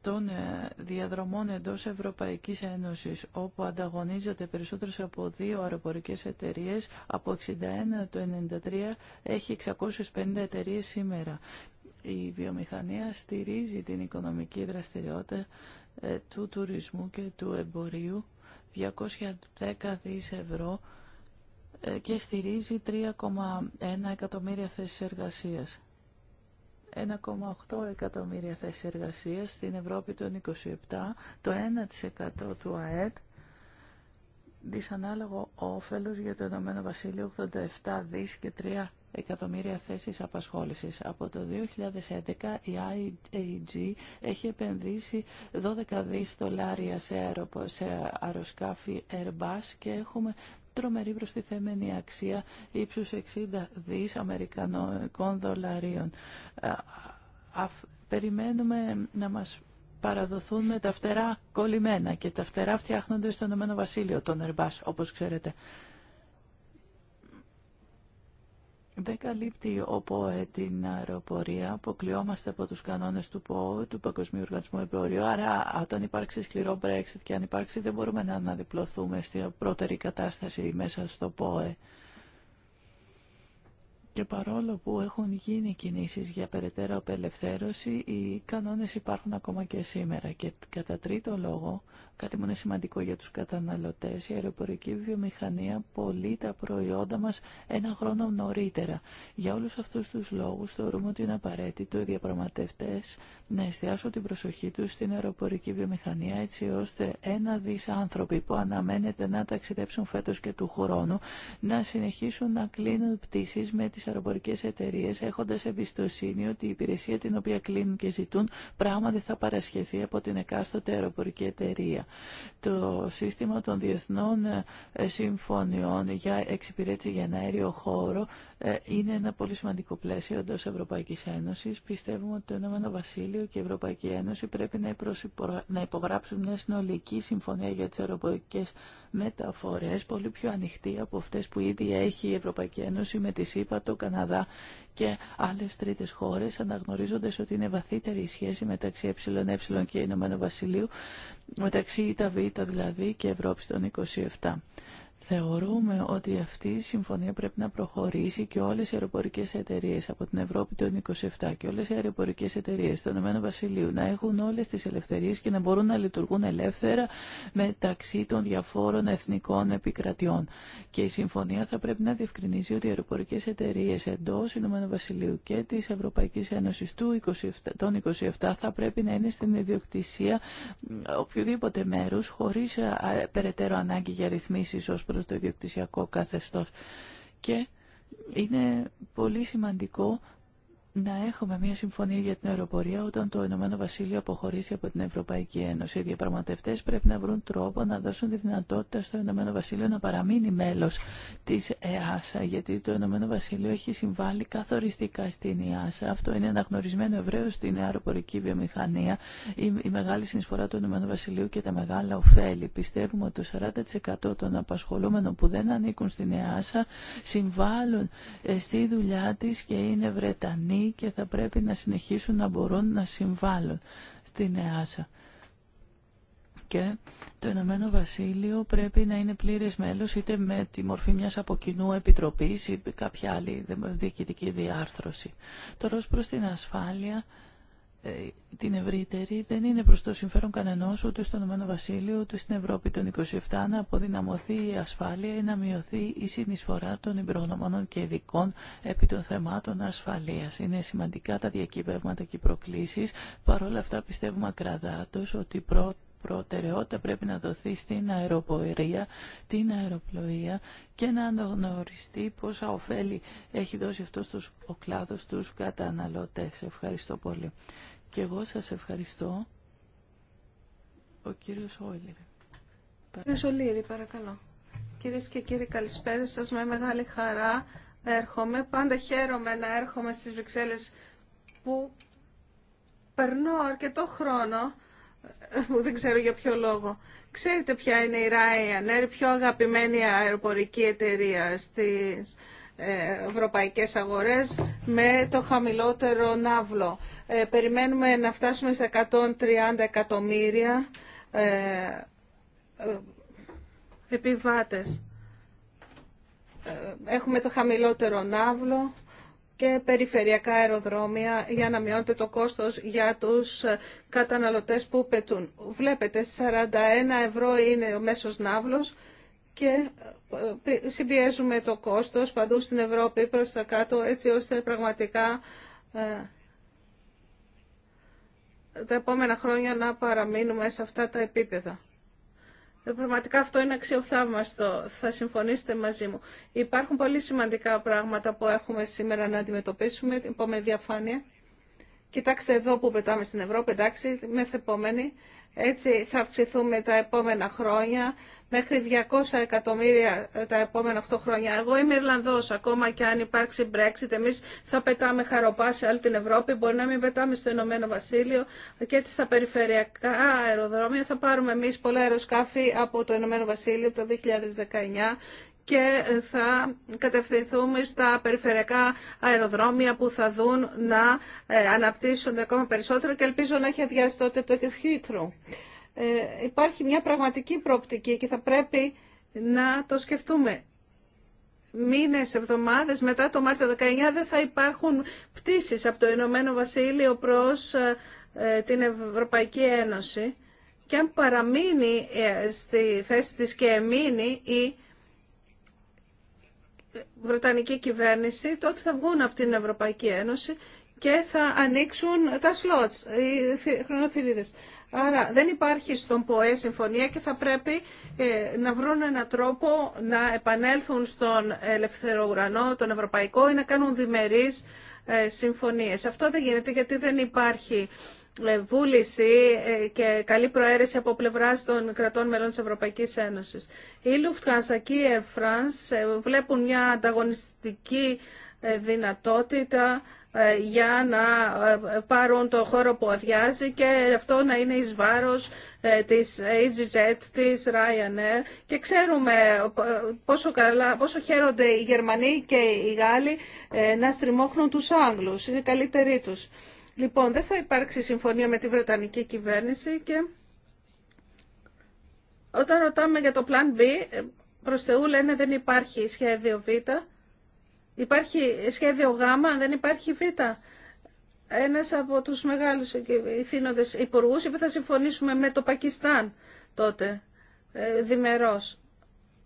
[SPEAKER 2] των ε, διαδρομών εντός Ευρωπαϊκής Ένωσης όπου ανταγωνίζονται περισσότερες από δύο αεροπορικές εταιρείες από 61 το 93 έχει 650 εταιρείες σήμερα. Η βιομηχανία στηρίζει την οικονομική δραστηριότητα ε, του τουρισμού και του εμπορίου 210 δις ευρώ ε, και στηρίζει 3,1 εκατομμύρια θέσεις εργασίας. 1,8 εκατομμύρια θέσεις εργασίας στην Ευρώπη των 27, το 1% του ΑΕΤ, δυσανάλογο όφελος για το Ηνωμένο Βασίλειο 87 δις και 3 εκατομμύρια θέσεις απασχόλησης. Από το 2011 η IAG έχει επενδύσει 12 δις δολάρια σε, αεροσκάφη Airbus και έχουμε τρομερή προστιθέμενη αξία ύψους 60 δις Αμερικανικών δολαρίων. Περιμένουμε να μας παραδοθούν με τα φτερά κολλημένα και τα φτερά φτιάχνονται στο Ηνωμένο Βασίλειο των Ερμπάς, όπως ξέρετε δεν καλύπτει ο ΠΟΕ την αεροπορία, αποκλειόμαστε από τους κανόνες του ΠΟΕ, του Παγκοσμίου Οργανισμού Εμπορίου, άρα όταν υπάρξει σκληρό Brexit και αν υπάρξει δεν μπορούμε να αναδιπλωθούμε στην πρώτερη κατάσταση μέσα στο ΠΟΕ. Και παρόλο που έχουν γίνει κινήσεις για περαιτέρω απελευθέρωση, οι κανόνες υπάρχουν ακόμα και σήμερα. Και κατά τρίτο λόγο, κάτι που είναι σημαντικό για τους καταναλωτές, η αεροπορική βιομηχανία πωλεί τα προϊόντα μας ένα χρόνο νωρίτερα. Για όλους αυτούς τους λόγους θεωρούμε ότι είναι απαραίτητο οι διαπραγματευτές να εστιάσουν την προσοχή τους στην αεροπορική βιομηχανία έτσι ώστε ένα δις άνθρωποι που αναμένεται να ταξιδέψουν φέτος και του χρόνου να συνεχίσουν να κλείνουν πτήσεις με τις αεροπορικές εταιρείες έχοντας εμπιστοσύνη ότι η υπηρεσία την οποία κλείνουν και ζητούν πράγματι θα παρασχεθεί από την εκάστοτε αεροπορική εταιρεία. Το σύστημα των διεθνών ε, συμφωνιών για εξυπηρέτηση για ένα αέριο χώρο ε, είναι ένα πολύ σημαντικό πλαίσιο εντό Ευρωπαϊκή Ένωση. Πιστεύουμε ότι το Ηνωμένο Βασίλειο και η Ευρωπαϊκή Ένωση πρέπει να υπογράψουν μια συνολική συμφωνία για τι αεροπορικέ μεταφορέ, πολύ πιο ανοιχτή από αυτέ που ήδη έχει η Ευρωπαϊκή Ένωση με τη ΣΥΠΑ, το Καναδά και άλλε τρίτε χώρε αναγνωρίζοντας ότι είναι βαθύτερη η σχέση μεταξύ ΕΕ και Ηνωμένου Βασιλείου μεταξύ ΙΤΑΒ δηλαδή και Ευρώπη των 27. Θεωρούμε ότι αυτή η συμφωνία πρέπει να προχωρήσει και όλες οι αεροπορικές εταιρείες από την Ευρώπη των 27 και όλες οι αεροπορικές εταιρείες των ΗΠΑ Βασιλείου να έχουν όλες τις ελευθερίες και να μπορούν να λειτουργούν ελεύθερα μεταξύ των διαφόρων εθνικών επικρατιών. Και η συμφωνία θα πρέπει να διευκρινίζει ότι οι αεροπορικές εταιρείες εντός Ηνωμένων Βασιλείου και της Ευρωπαϊκής Ένωσης του 27, των 27 θα πρέπει να είναι στην ιδιοκτησία οποιοδήποτε μέρους χωρίς ε, περαιτέρω ανάγκη για ρυθμίσεις ως προς το ιδιοκτησιακό καθεστώς. Και είναι πολύ σημαντικό να έχουμε μια συμφωνία για την αεροπορία όταν το Ηνωμένο Βασίλειο αποχωρήσει από την Ευρωπαϊκή Ένωση. Οι διαπραγματευτέ πρέπει να βρουν τρόπο να δώσουν τη δυνατότητα στο Ηνωμένο Βασίλειο να παραμείνει μέλο τη ΕΑΣΑ, γιατί το Ηνωμένο Βασίλειο έχει συμβάλει καθοριστικά στην ΕΑΣΑ. Αυτό είναι αναγνωρισμένο ευρέω στην αεροπορική βιομηχανία, η, η μεγάλη συνεισφορά του Ηνωμένου Βασιλείου και τα μεγάλα ωφέλη. Πιστεύουμε ότι το 40% των απασχολούμενων που δεν ανήκουν στην ΕΑΣΑ συμβάλλουν ε, στη δουλειά τη και είναι Βρετανοί και θα πρέπει να συνεχίσουν να μπορούν να συμβάλλουν στην ΕΑΣΑ. Και το Ηνωμένο Βασίλειο πρέπει να είναι πλήρες μέλος είτε με τη μορφή μιας από κοινού επιτροπής ή κάποια άλλη διοικητική διάρθρωση. Τώρα προς την ασφάλεια ε, την ευρύτερη δεν είναι προς το συμφέρον κανενός ούτε στον Ηνωμένο ούτε στην Ευρώπη των 27 να αποδυναμωθεί η ασφάλεια ή να μειωθεί η συνεισφορά των υπρογνωμόνων και ειδικών επί των θεμάτων ασφαλείας. Είναι σημαντικά τα διακύβευματα και οι προκλήσεις. Παρ' όλα αυτά πιστεύουμε ακραδάτως ότι πρώτα προτεραιότητα πρέπει να δοθεί στην αεροπορία, την αεροπλοεία και να αναγνωριστεί πόσα ωφέλη έχει δώσει αυτό ο κλάδος τους καταναλωτές. Ευχαριστώ πολύ. Και εγώ σας ευχαριστώ. Ο κύριος Ολύρη.
[SPEAKER 1] Κύριος Όλιρη, παρακαλώ. Κυρίες και κύριοι, καλησπέρα σας. Με μεγάλη χαρά έρχομαι. Πάντα χαίρομαι να έρχομαι στις Βρυξέλλες που περνώ αρκετό χρόνο που δεν ξέρω για ποιο λόγο. Ξέρετε ποια είναι η Ryanair, πιο αγαπημένη αεροπορική εταιρεία στις ευρωπαϊκές αγορές με το χαμηλότερο ναύλο. Ε, περιμένουμε να φτάσουμε στα 130 εκατομμύρια ε, ε επιβάτες. Ε, έχουμε το χαμηλότερο ναύλο και περιφερειακά αεροδρόμια για να μειώνεται το κόστος για τους καταναλωτές που πετούν. Βλέπετε, 41 ευρώ είναι ο μέσος ναύλος και ε, συμπιέζουμε το κόστος παντού στην Ευρώπη προς τα κάτω έτσι ώστε πραγματικά ε, τα επόμενα χρόνια να παραμείνουμε σε αυτά τα επίπεδα. Ε, πραγματικά αυτό είναι αξιοθαύμαστο. Θα συμφωνήσετε μαζί μου. Υπάρχουν πολύ σημαντικά πράγματα που έχουμε σήμερα να αντιμετωπίσουμε. Την επόμενη διαφάνεια. Κοιτάξτε εδώ που πετάμε στην Ευρώπη, εντάξει, μεθεπόμενη. Έτσι θα αυξηθούμε τα επόμενα χρόνια μέχρι 200 εκατομμύρια τα επόμενα 8 χρόνια. Εγώ είμαι Ιρλανδός, ακόμα και αν υπάρξει Brexit, εμείς θα πετάμε χαροπά σε όλη την Ευρώπη, μπορεί να μην πετάμε στο Ηνωμένο Βασίλειο και στα περιφερειακά αεροδρόμια. Θα πάρουμε εμείς πολλά αεροσκάφη από το Ηνωμένο Βασίλειο το 2019 και θα κατευθυνθούμε στα περιφερειακά αεροδρόμια που θα δουν να ε, αναπτύσσονται ακόμα περισσότερο και ελπίζω να έχει αδειάσει τότε το Χίθρο. Ε, υπάρχει μια πραγματική προοπτική και θα πρέπει να το σκεφτούμε. Μήνες, εβδομάδες μετά το Μάρτιο 19 δεν θα υπάρχουν πτήσεις από το Ηνωμένο Βασίλειο προς ε, ε, την Ευρωπαϊκή Ένωση και αν παραμείνει στη θέση της και εμείνει η Βρετανική κυβέρνηση, τότε θα βγουν από την Ευρωπαϊκή Ένωση και θα ανοίξουν τα σλότς, οι χρονοθυρίδες. Άρα δεν υπάρχει στον ΠΟΕ συμφωνία και θα πρέπει ε, να βρουν έναν τρόπο να επανέλθουν στον ελευθερό ουρανό, τον ευρωπαϊκό ή να κάνουν διμερείς ε, συμφωνίες. Αυτό δεν γίνεται γιατί δεν υπάρχει ε, βούληση ε, και καλή προαίρεση από πλευρά των κρατών μελών της Ευρωπαϊκής Ένωσης. Η Lufthansa και Air France ε, βλέπουν μια ανταγωνιστική δυνατότητα για να πάρουν το χώρο που αδειάζει και αυτό να είναι εις βάρος της AGZ, της Ryanair και ξέρουμε πόσο, καλά, πόσο χαίρονται οι Γερμανοί και οι Γάλλοι να στριμώχνουν τους Άγγλους, είναι καλύτεροι τους. Λοιπόν, δεν θα υπάρξει συμφωνία με τη Βρετανική κυβέρνηση και όταν ρωτάμε για το Plan B, προς Θεού λένε δεν υπάρχει σχέδιο Β, υπάρχει σχέδιο Γ, δεν υπάρχει Β. Ένας από τους μεγάλους θύνοντες υπουργού είπε θα συμφωνήσουμε με το Πακιστάν τότε, ε, διμερός.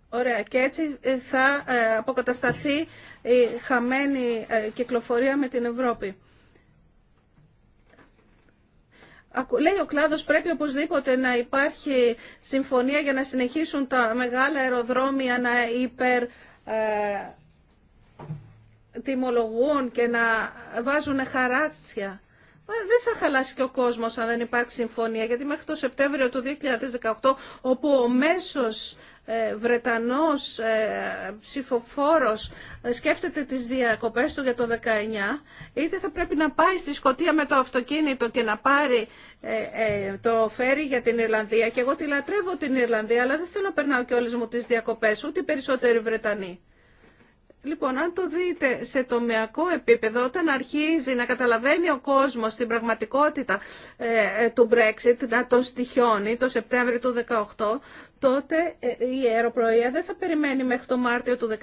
[SPEAKER 1] Ωραία. Και έτσι ε, θα ε, αποκατασταθεί η χαμένη κυκλοφορία με την Ευρώπη. Λέει ο κλάδος πρέπει οπωσδήποτε να υπάρχει συμφωνία για να συνεχίσουν τα μεγάλα αεροδρόμια να υπερ ε, και να βάζουν χαράτσια. δεν θα χαλάσει και ο κόσμος αν δεν υπάρχει συμφωνία, γιατί μέχρι το Σεπτέμβριο του 2018, όπου ο μέσος ε, Βρετανός ε, ψηφοφόρος ε, σκέφτεται τις διακοπές του για το 19, είτε θα πρέπει να πάει στη Σκοτία με το αυτοκίνητο και να πάρει το φέρι για την Ιρλανδία και εγώ τη λατρεύω την Ιρλανδία αλλά δεν θέλω να περνάω και όλες μου τις διακοπές ούτε οι περισσότεροι Βρετανοί. Λοιπόν, αν το δείτε σε τομεακό επίπεδο, όταν αρχίζει να καταλαβαίνει ο κόσμος την πραγματικότητα ε, ε, του Brexit, να τον στοιχιώνει το Σεπτέμβριο του 2018, τότε ε, η αεροπροϊά δεν θα περιμένει μέχρι το Μάρτιο του 2019.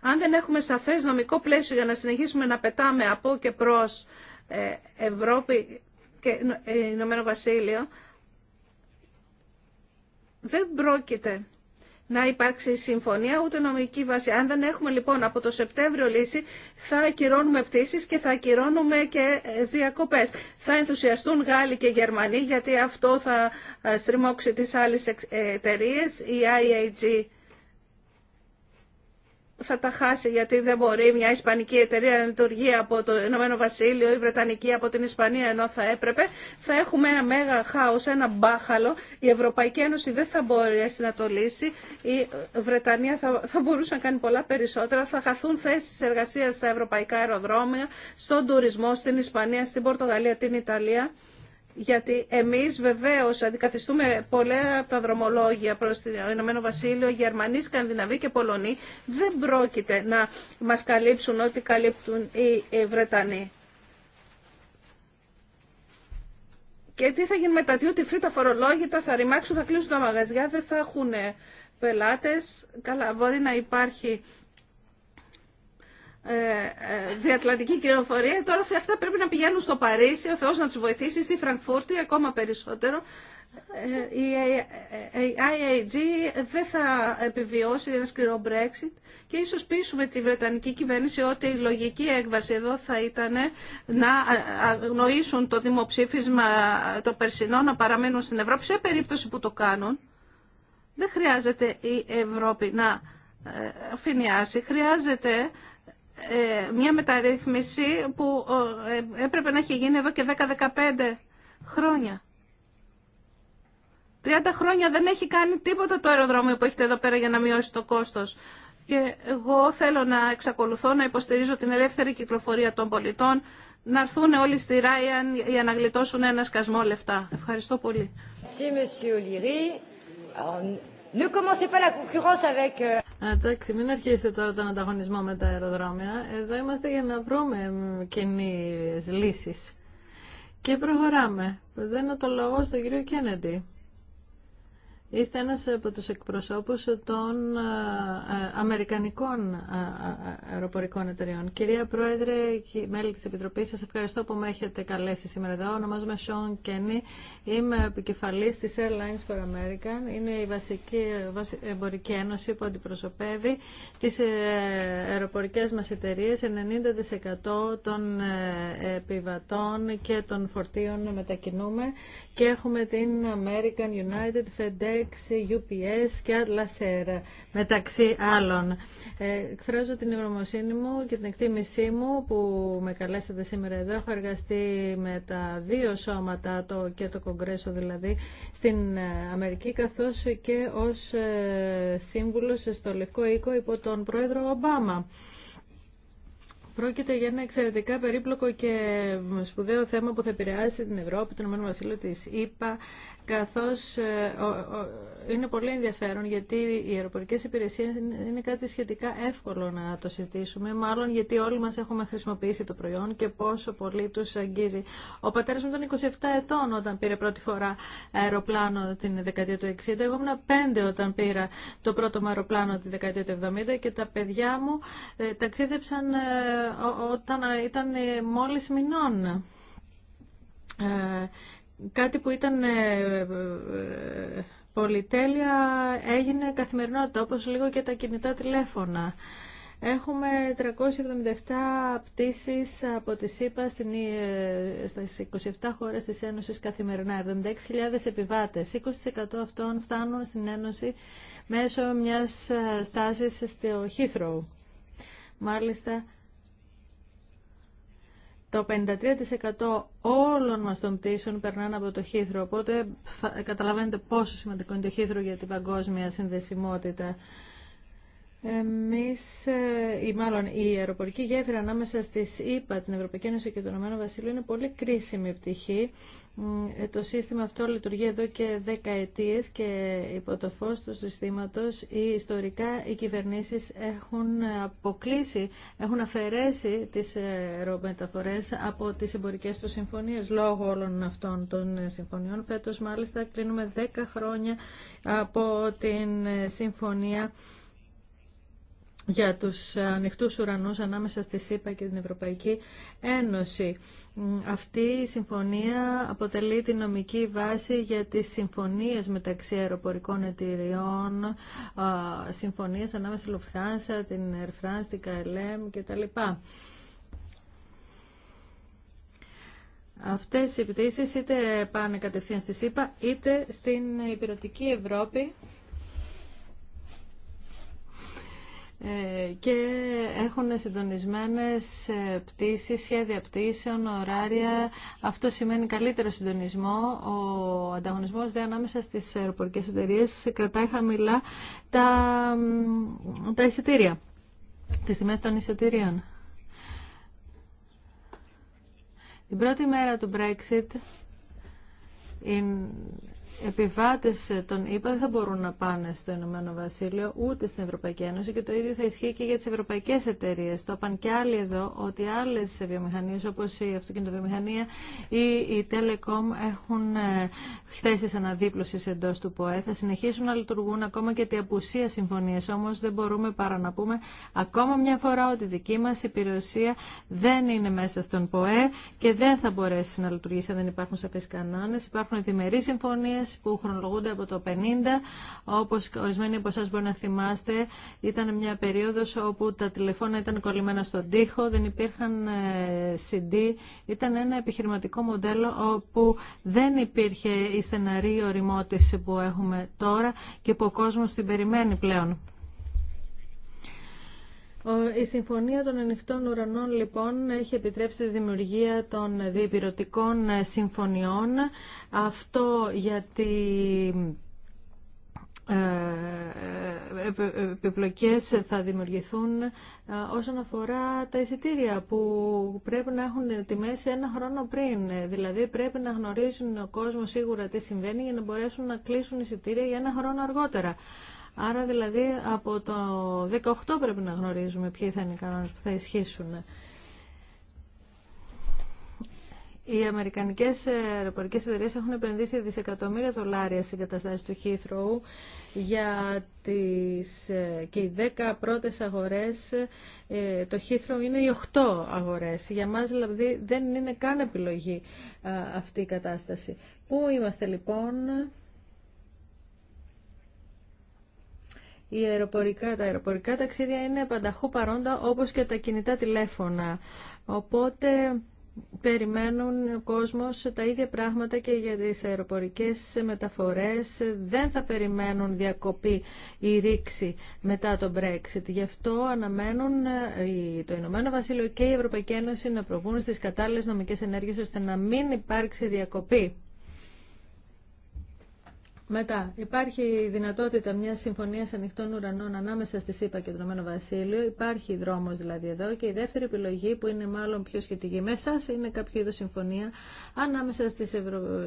[SPEAKER 1] Αν δεν έχουμε σαφές νομικό πλαίσιο για να συνεχίσουμε να πετάμε από και προς Ευρώπη και Ηνωμένο Βασίλειο, δεν πρόκειται να υπάρξει συμφωνία ούτε νομική βάση. Αν δεν έχουμε λοιπόν από το Σεπτέμβριο λύση, θα ακυρώνουμε πτήσεις και θα ακυρώνουμε και ε, διακοπές. Θα ενθουσιαστούν Γάλλοι και Γερμανοί γιατί αυτό θα ε, στριμώξει τις άλλες ε, εταιρείε, η IAG θα τα χάσει γιατί δεν μπορεί μια ισπανική εταιρεία να λειτουργεί από το Ηνωμένο Βασίλειο ή Βρετανική από την Ισπανία ενώ θα έπρεπε, θα έχουμε ένα μέγα χάος, ένα μπάχαλο. Η Ευρωπαϊκή Ένωση δεν θα μπορέσει να το λύσει. Η Βρετανία θα, θα μπορούσε να κάνει πολλά περισσότερα. Θα χαθούν θέσεις εργασία στα ευρωπαϊκά αεροδρόμια, στον τουρισμό, στην Ισπανία, στην Πορτογαλία, την Ιταλία γιατί εμείς βεβαίως αντικαθιστούμε πολλά από τα δρομολόγια προς το Ηνωμένο Βασίλειο, Γερμανοί, Σκανδιναβοί και Πολωνοί δεν πρόκειται να μας καλύψουν ό,τι καλύπτουν οι Βρετανοί. Και τι θα γίνει μετά, τι ότι φρύ φορολόγητα θα ρημάξουν, θα κλείσουν τα μαγαζιά, δεν θα έχουν πελάτες. Καλά, μπορεί να υπάρχει ε, ε, διατλαντική κυριοφορία. Ε, τώρα αυτά πρέπει να πηγαίνουν στο Παρίσι, ο Θεός να τους βοηθήσει, στη Φραγκφούρτη ακόμα περισσότερο. Η IAG δεν θα επιβιώσει ένα σκληρό Brexit και ίσως πείσουμε τη Βρετανική κυβέρνηση ότι η λογική έκβαση εδώ θα ήταν να αγνοήσουν το δημοψήφισμα το περσινό να παραμείνουν στην Ευρώπη σε περίπτωση που το κάνουν. Δεν χρειάζεται η Ευρώπη να αφηνιάσει. Χρειάζεται ε, μια μεταρρύθμιση που ε, ε, έπρεπε να έχει γίνει εδώ και 10-15 χρόνια. 30 χρόνια δεν έχει κάνει τίποτα το αεροδρόμιο που έχετε εδώ πέρα για να μειώσει το κόστος. Και εγώ θέλω να εξακολουθώ να υποστηρίζω την ελεύθερη κυκλοφορία των πολιτών, να έρθουν όλοι στη Ράιαν για να γλιτώσουν ένα σκασμό λεφτά. Ευχαριστώ πολύ. Εντάξει, μην αρχίσετε τώρα τον ανταγωνισμό με τα αεροδρόμια. Εδώ είμαστε για να βρούμε κοινέ λύσεις. Και προχωράμε. Δεν το λόγο στον κύριο Κέννεντι. Είστε ένας από τους εκπροσώπους των ε, Αμερικανικών ε, ε, αεροπορικών εταιριών. Κυρία Πρόεδρε, μέλη της Επιτροπής, σας ευχαριστώ που με έχετε καλέσει σήμερα εδώ. Ονομάζομαι Σον Κένι, είμαι επικεφαλής της Airlines for American. Είναι η βασική εμπορική ένωση που αντιπροσωπεύει τις αεροπορικές μας εταιρείες, 90% των επιβατών και των φορτίων μετακινούμε και έχουμε την American United UPS και Atlas μεταξύ άλλων. Ε, εκφράζω την ευγνωμοσύνη μου και την εκτίμησή μου που με καλέσατε σήμερα εδώ. Έχω εργαστεί με τα δύο σώματα το και το Κογκρέσο δηλαδή στην ε, Αμερική καθώς και ως ε, σύμβουλος στο Λευκό Οίκο υπό τον πρόεδρο Ομπάμα. Πρόκειται για ένα εξαιρετικά περίπλοκο και σπουδαίο θέμα που θα επηρεάσει την Ευρώπη, τον Ηνωμένο Βασίλειο της ήπα, καθώς ε, είναι πολύ ενδιαφέρον γιατί οι αεροπορικέ υπηρεσίε είναι κάτι σχετικά εύκολο να το συζητήσουμε, μάλλον γιατί όλοι μας έχουμε χρησιμοποιήσει το προϊόν και πόσο πολύ του αγγίζει. Ο πατέρας μου ήταν 27 ετών όταν πήρε πρώτη φορά αεροπλάνο την δεκαετία του 60, εγώ ήμουν 5 όταν πήρα το πρώτο μου αεροπλάνο την δεκαετία του 70 και τα παιδιά μου ε, ταξίδεψαν ε, όταν ε, ήταν μόλι μηνών κάτι που ήταν πολυτέλεια έγινε καθημερινότητα, όπως λίγο και τα κινητά τηλέφωνα. Έχουμε 377 πτήσεις από τη ΣΥΠΑ ε, στις 27 χώρες της Ένωσης καθημερινά, 76.000 επιβάτες. 20% αυτών φτάνουν στην Ένωση μέσω μιας ε, στάσης στο Heathrow. Μάλιστα, το 53% όλων μας των πτήσεων περνάνε από το χήθρο, οπότε καταλαβαίνετε πόσο σημαντικό είναι το χήθρο για την παγκόσμια συνδεσιμότητα. Εμείς, ε, ή μάλλον η αεροπορική γέφυρα ανάμεσα στις ΗΠΑ, την Ευρωπαϊκή Ένωση και το Ηνωμένο Βασίλειο είναι πολύ κρίσιμη πτυχή ε, το σύστημα αυτό λειτουργεί εδώ και δεκαετίες και υπό το φως του συστήματος οι ιστορικά οι κυβερνήσεις έχουν αποκλείσει, έχουν αφαιρέσει τις αερομεταφορές από τις εμπορικές του συμφωνίες λόγω όλων αυτών των ε, συμφωνιών. Φέτος μάλιστα κλείνουμε 10 χρόνια από την ε, συμφωνία για τους ε, ανοιχτούς ουρανούς ανάμεσα στη ΣΥΠΑ και την Ευρωπαϊκή Ένωση. Αυτή η συμφωνία αποτελεί τη νομική βάση για τις συμφωνίες μεταξύ αεροπορικών εταιριών, συμφωνίες ανάμεσα στη Λουφθάνσα, την Air την Καελέμ κτλ. Αυτές οι επιτήσεις είτε πάνε κατευθείαν στη ΣΥΠΑ είτε στην υπηρετική Ευρώπη Ε, και έχουν συντονισμένες ε, πτήσεις, σχέδια πτήσεων, ωράρια. Αυτό σημαίνει καλύτερο συντονισμό. Ο ανταγωνισμός δε ανάμεσα στις αεροπορικές εταιρείε. κρατάει χαμηλά τα, τα εισιτήρια, τις τιμές των εισιτήριων. Την πρώτη μέρα του Brexit Επιβάτε ε, των ΗΠΑ δεν θα μπορούν να πάνε στο Ηνωμένο Βασίλειο ούτε στην Ευρωπαϊκή Ένωση και το ίδιο θα ισχύει και για τι ευρωπαϊκέ εταιρείε. Το είπαν και άλλοι εδώ ότι άλλε βιομηχανίε, όπω η αυτοκινητοβιομηχανία ή η Telecom έχουν χθέσει ε, αναδίπλωση εντό του ΠΟΕ. Θα συνεχίσουν να λειτουργούν ακόμα και τη απουσία συμφωνίε, όμω δεν μπορούμε παρά να πούμε ακόμα μια φορά ότι η δική μα υπηρεσία δεν είναι μέσα στον ΠΟΕ και δεν θα μπορέσει να λειτουργήσει αν δεν υπάρχουν σαφεί κανόνε. Υπάρχουν συμφωνίε που χρονολογούνται από το 50, όπως ορισμένοι από εσάς μπορεί να θυμάστε, ήταν μια περίοδος όπου τα τηλεφώνα ήταν κολλημένα στον τοίχο, δεν υπήρχαν CD, ε, ήταν ένα επιχειρηματικό μοντέλο όπου δεν υπήρχε η στεναρή οριμότηση που έχουμε τώρα και που ο κόσμος την περιμένει πλέον. Η Συμφωνία των Ανοιχτών Ουρανών λοιπόν έχει επιτρέψει τη δημιουργία των διεπηρωτικών ε, συμφωνιών. Αυτό γιατί ε, ε, επιπλοκές θα δημιουργηθούν όσον αφορά τα εισιτήρια που πρέπει να έχουν τιμές ένα χρόνο πριν. Δηλαδή πρέπει να γνωρίζουν ο κόσμος σίγουρα τι συμβαίνει για να μπορέσουν να κλείσουν εισιτήρια για ένα χρόνο αργότερα. Άρα δηλαδή από το 18 πρέπει να γνωρίζουμε ποιοι θα είναι οι κανόνες που θα ισχύσουν. Οι αμερικανικές αεροπορικέ εταιρείες έχουν επενδύσει δισεκατομμύρια δολάρια στην καταστάση του Heathrow για τις, ε, και οι 10 πρώτες αγορέ. Ε, το Heathrow είναι οι 8 αγορέ. Για μας δηλαδή δεν είναι καν επιλογή αυτή η κατάσταση. Πού είμαστε λοιπόν οι αεροπορικά, τα αεροπορικά ταξίδια είναι πανταχού παρόντα όπως και τα κινητά τηλέφωνα. Οπότε περιμένουν ο κόσμος τα ίδια πράγματα και για τις αεροπορικές μεταφορές. Δεν θα περιμένουν διακοπή ή ρήξη μετά το Brexit. Γι' αυτό αναμένουν ε, το Ηνωμένο Βασίλειο και η Ευρωπαϊκή Ένωση να προβούν στις κατάλληλες νομικές ενέργειες ώστε να μην υπάρξει διακοπή. Μετά, υπάρχει η δυνατότητα μια συμφωνία ανοιχτών ουρανών ανάμεσα στη ΣΥΠΑ και το Ηνωμένο Βασίλειο. Υπάρχει δρόμο δηλαδή εδώ. Και η δεύτερη επιλογή, που είναι μάλλον πιο σχετική μέσα είναι κάποια είδο συμφωνία ανάμεσα στις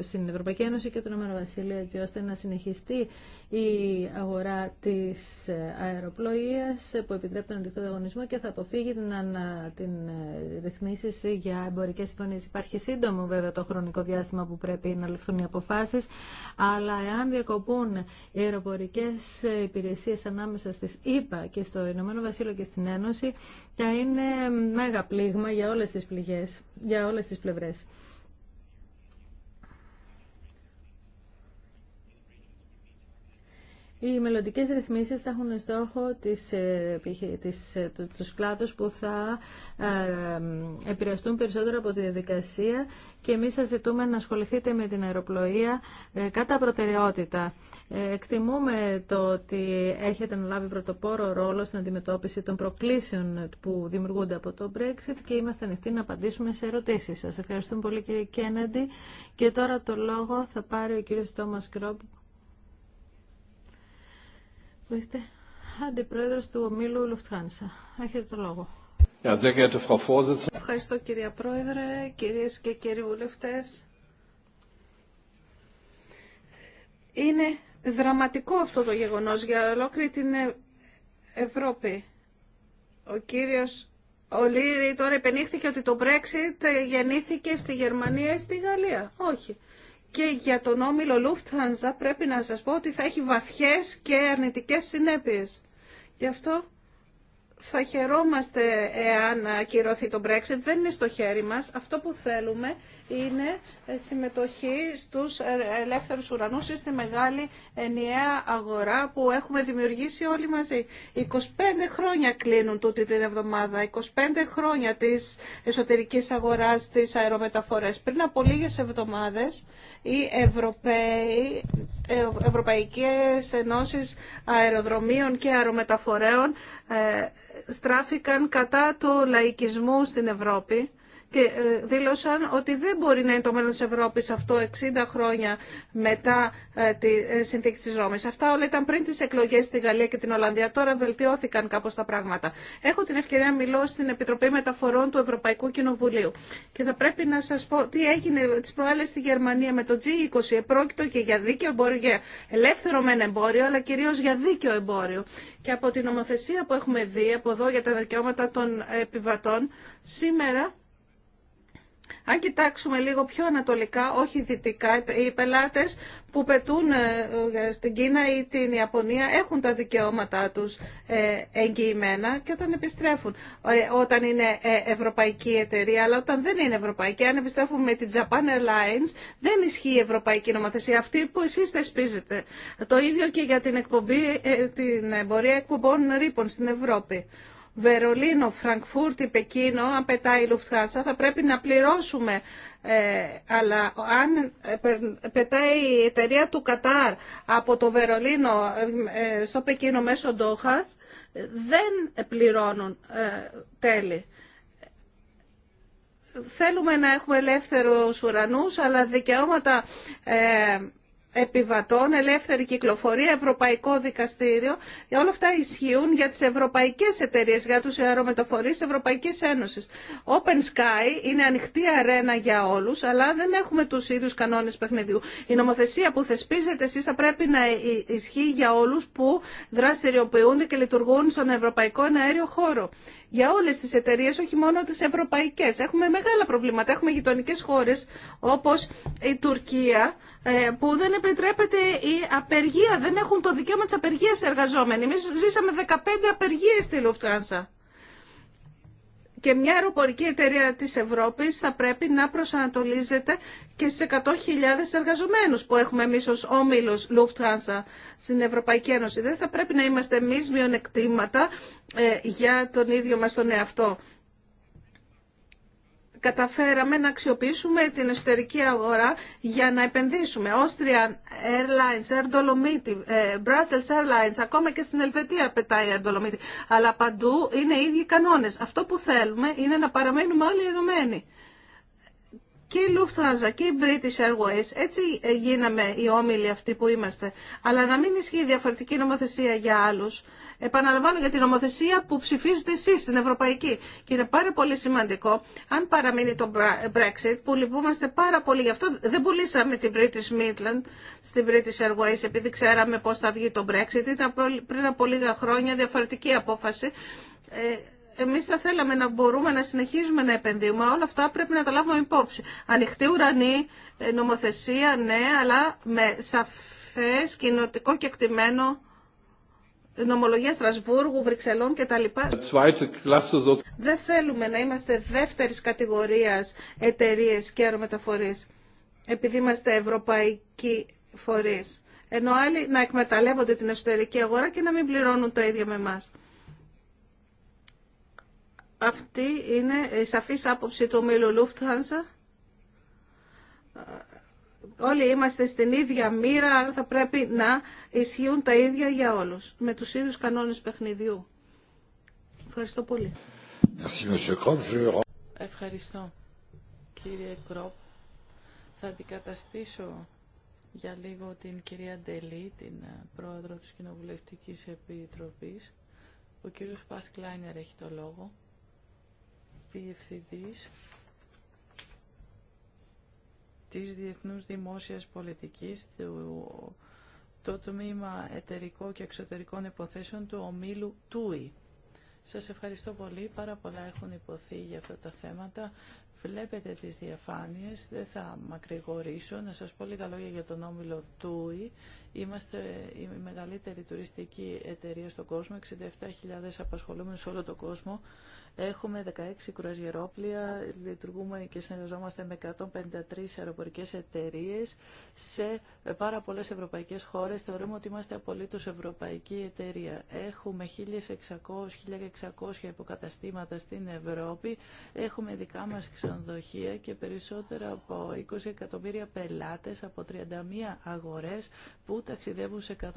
[SPEAKER 1] στην Ευρωπαϊκή Ένωση και το Ηνωμένο Βασίλειο, έτσι ώστε να συνεχιστεί η αγορά της αεροπλοΐας που επιτρέπει τον ανοιχτό και θα αποφύγει την, ανα, την ε, ρυθμίσεις για εμπορικές συμφωνίε. Υπάρχει σύντομο βέβαια το χρονικό διάστημα που πρέπει να ληφθούν οι αποφάσεις, αλλά εάν διακοπούν οι αεροπορικές υπηρεσίες ανάμεσα στις ΗΠΑ και στο Ηνωμένο Βασίλειο και στην Ένωση, θα είναι μέγα πλήγμα για όλες τις πληγές, για όλες τις πλευρές. Οι μελλοντικές ρυθμίσεις θα έχουν στόχο τις, ε, τις, ε, τους κλάδους που θα ε, επηρεαστούν περισσότερο από τη διαδικασία και εμείς σας ζητούμε να ασχοληθείτε με την αεροπλοεία κατά προτεραιότητα. εκτιμούμε το ότι έχετε αναλάβει πρωτοπόρο ρόλο στην αντιμετώπιση των προκλήσεων που δημιουργούνται από το Brexit και είμαστε ανοιχτοί να απαντήσουμε σε ερωτήσεις σας. Ευχαριστούμε πολύ κύριε Κέννεντι και τώρα το λόγο θα πάρει ο κύριος Τόμας Κρόμπ Ορίστε. είστε του ομίλου Λουφτχάνησα. Έχετε το λόγο. Ευχαριστώ κυρία Πρόεδρε, κυρίες και κύριοι βουλευτές. Είναι δραματικό αυτό το γεγονός για ολόκληρη την ε, Ευρώπη. Ο κύριος Ολύρη τώρα επενήχθηκε ότι το Brexit γεννήθηκε στη Γερμανία ή στη Γαλλία. Όχι και για τον όμιλο Lufthansa πρέπει να σας πω ότι θα έχει βαθιές και αρνητικές συνέπειες. Γι' αυτό θα χαιρόμαστε εάν ακυρωθεί το Brexit. Δεν είναι στο χέρι μας. Αυτό που θέλουμε είναι ε, συμμετοχή στους ε, ελεύθερους ουρανούς στη μεγάλη ενιαία αγορά που έχουμε δημιουργήσει όλοι μαζί. 25 χρόνια κλείνουν τούτη την εβδομάδα, 25 χρόνια της εσωτερικής αγοράς της αερομεταφορές. Πριν από λίγες εβδομάδες οι Ευρωπαίοι, ε, Ευρωπαϊκές Ενώσεις Αεροδρομίων και Αερομεταφορέων στράφηκαν κατά του λαϊκισμού στην Ευρώπη και ε, δήλωσαν ότι δεν μπορεί να είναι το μέλλον της Ευρώπης αυτό 60 χρόνια μετά ε, τη ε, συνθήκη της Ρώμης. Αυτά όλα ήταν πριν τις εκλογές στη Γαλλία και την Ολλανδία. Τώρα βελτιώθηκαν κάπως τα πράγματα. Έχω την ευκαιρία να μιλώ στην Επιτροπή Μεταφορών του Ευρωπαϊκού Κοινοβουλίου και θα πρέπει να σας πω τι έγινε τις προάλλες στη Γερμανία με το G20. Επρόκειτο και για δίκαιο εμπόριο, για ελεύθερο μεν εμπόριο, αλλά κυρίως για δίκαιο εμπόριο. Και από την νομοθεσία που έχουμε δει από εδώ για τα δικαιώματα των επιβατών, σήμερα αν κοιτάξουμε λίγο πιο ανατολικά, όχι δυτικά, οι πελάτες που πετούν ε, ε, στην Κίνα ή την Ιαπωνία έχουν τα δικαιώματά τους ε, εγγυημένα και όταν επιστρέφουν. Όταν είναι ευρωπαϊκή εταιρεία, αλλά όταν δεν είναι ευρωπαϊκή, αν επιστρέφουν με την Japan Airlines, δεν ισχύει η ευρωπαϊκή νομοθεσία αυτή που εσείς θεσπίζετε. Το ίδιο και για την, εκπομπή, την εμπορία εκπομπών ρήπων στην Ευρώπη. Βερολίνο, Φραγκφούρτη, Πεκίνο, αν πετάει η Λουφθάσα θα πρέπει να πληρώσουμε. Ε, αλλά αν πετάει η εταιρεία του Κατάρ από το Βερολίνο ε, στο Πεκίνο μέσω Ντόχας, δεν πληρώνουν ε, τέλη. Θέλουμε να έχουμε ελεύθερους ουρανούς, αλλά δικαιώματα επιβατών, ελεύθερη κυκλοφορία, ευρωπαϊκό δικαστήριο. Όλα αυτά ισχύουν για τις ευρωπαϊκές εταιρείες, για τους αερομεταφορείς Ευρωπαϊκής Ένωσης. Open Sky είναι ανοιχτή αρένα για όλους, αλλά δεν έχουμε τους ίδιους κανόνες παιχνιδιού. Η νομοθεσία που θεσπίζετε εσείς θα πρέπει να ισχύει για όλους που δραστηριοποιούνται και λειτουργούν στον ευρωπαϊκό αέριο χώρο για όλες τις εταιρείες, όχι μόνο τις ευρωπαϊκές. Έχουμε μεγάλα προβλήματα. Έχουμε γειτονικές χώρες όπως η Τουρκία ε, που δεν επιτρέπεται η απεργία. Δεν έχουν το δικαίωμα της απεργίας εργαζόμενοι. Εμείς ζήσαμε 15 απεργίες στη Λουφτάνσα και μια αεροπορική εταιρεία της Ευρώπης θα πρέπει να προσανατολίζεται και στις 100.000 εργαζομένους που έχουμε εμείς ως όμιλος Lufthansa στην Ευρωπαϊκή Ένωση. Δεν θα πρέπει να είμαστε εμείς μειονεκτήματα ε, για τον ίδιο μας τον εαυτό καταφέραμε να αξιοποιήσουμε την εσωτερική αγορά για να επενδύσουμε. Austrian Airlines, Air Dolomiti, ε, Brussels Airlines, ακόμα και στην Ελβετία πετάει Air Dolomiti. Αλλά παντού είναι οι ίδιοι κανόνες. Αυτό που θέλουμε είναι να παραμένουμε όλοι ενωμένοι και η Λουφθάνζα και η British Airways. Έτσι ε, γίναμε οι όμιλοι αυτοί που είμαστε. Αλλά να μην ισχύει διαφορετική νομοθεσία για άλλους. Επαναλαμβάνω για την νομοθεσία που ψηφίζετε εσείς στην Ευρωπαϊκή. Και είναι πάρα πολύ σημαντικό, αν παραμείνει το Brexit, που λυπούμαστε πάρα πολύ. Γι' αυτό δεν πουλήσαμε την British Midland στην British Airways, επειδή ξέραμε πώς θα βγει το Brexit. Ήταν πριν από λίγα χρόνια διαφορετική απόφαση ε, εμείς θα θέλαμε να μπορούμε να συνεχίζουμε να επενδύουμε. Όλα αυτά πρέπει να τα λάβουμε υπόψη. Ανοιχτή ουρανή, ε, νομοθεσία, ναι, αλλά με σαφές κοινοτικό εκτιμένο ε, νομολογία Στρασβούργου, Βρυξελών κτλ. Δεν θέλουμε να είμαστε δεύτερης κατηγορίας εταιρείε και αερομεταφορείς, επειδή είμαστε ευρωπαϊκοί φορείς. Ενώ άλλοι να εκμεταλλεύονται την εσωτερική αγορά και να μην πληρώνουν το ίδιο με εμάς. Αυτή είναι η σαφής άποψη του ομίλου Lufthansa. Όλοι είμαστε στην ίδια μοίρα, αλλά θα πρέπει να ισχύουν τα ίδια για όλους, με τους ίδιους κανόνες παιχνιδιού. Ευχαριστώ πολύ.
[SPEAKER 2] Ευχαριστώ, κύριε Κρόπ. Θα αντικαταστήσω για λίγο την κυρία Ντελή, την ε, πρόεδρο της Κοινοβουλευτικής Επιτροπής. Ο κύριος Πασκλάινερ έχει το λόγο διευθυντής της Διεθνούς Δημόσιας Πολιτικής του, το Τμήμα Εταιρικών και Εξωτερικών Υποθέσεων του Ομίλου ΤΟΥΙ. Σας ευχαριστώ πολύ. Πάρα πολλά έχουν υποθεί για αυτά τα θέματα. Βλέπετε τις διαφάνειες, δεν θα μακρηγορήσω. Να σας πω λίγα λόγια για τον όμιλο ΤΟΥΙ. Είμαστε η μεγαλύτερη τουριστική εταιρεία στον κόσμο, 67.000 απασχολούμενοι σε όλο τον κόσμο. Έχουμε 16 κρουαζιερόπλια, λειτουργούμε και συνεργαζόμαστε με 153 αεροπορικές εταιρείες σε πάρα πολλές ευρωπαϊκές χώρες. Θεωρούμε ότι είμαστε απολύτως ευρωπαϊκή εταιρεία. Έχουμε 1.600-1.600 υποκαταστήματα στην Ευρώπη. Έχουμε δικά μας ξενοδοχεία και περισσότερα από 20 εκατομμύρια πελάτες από 31 αγορές που ταξιδεύουν σε 180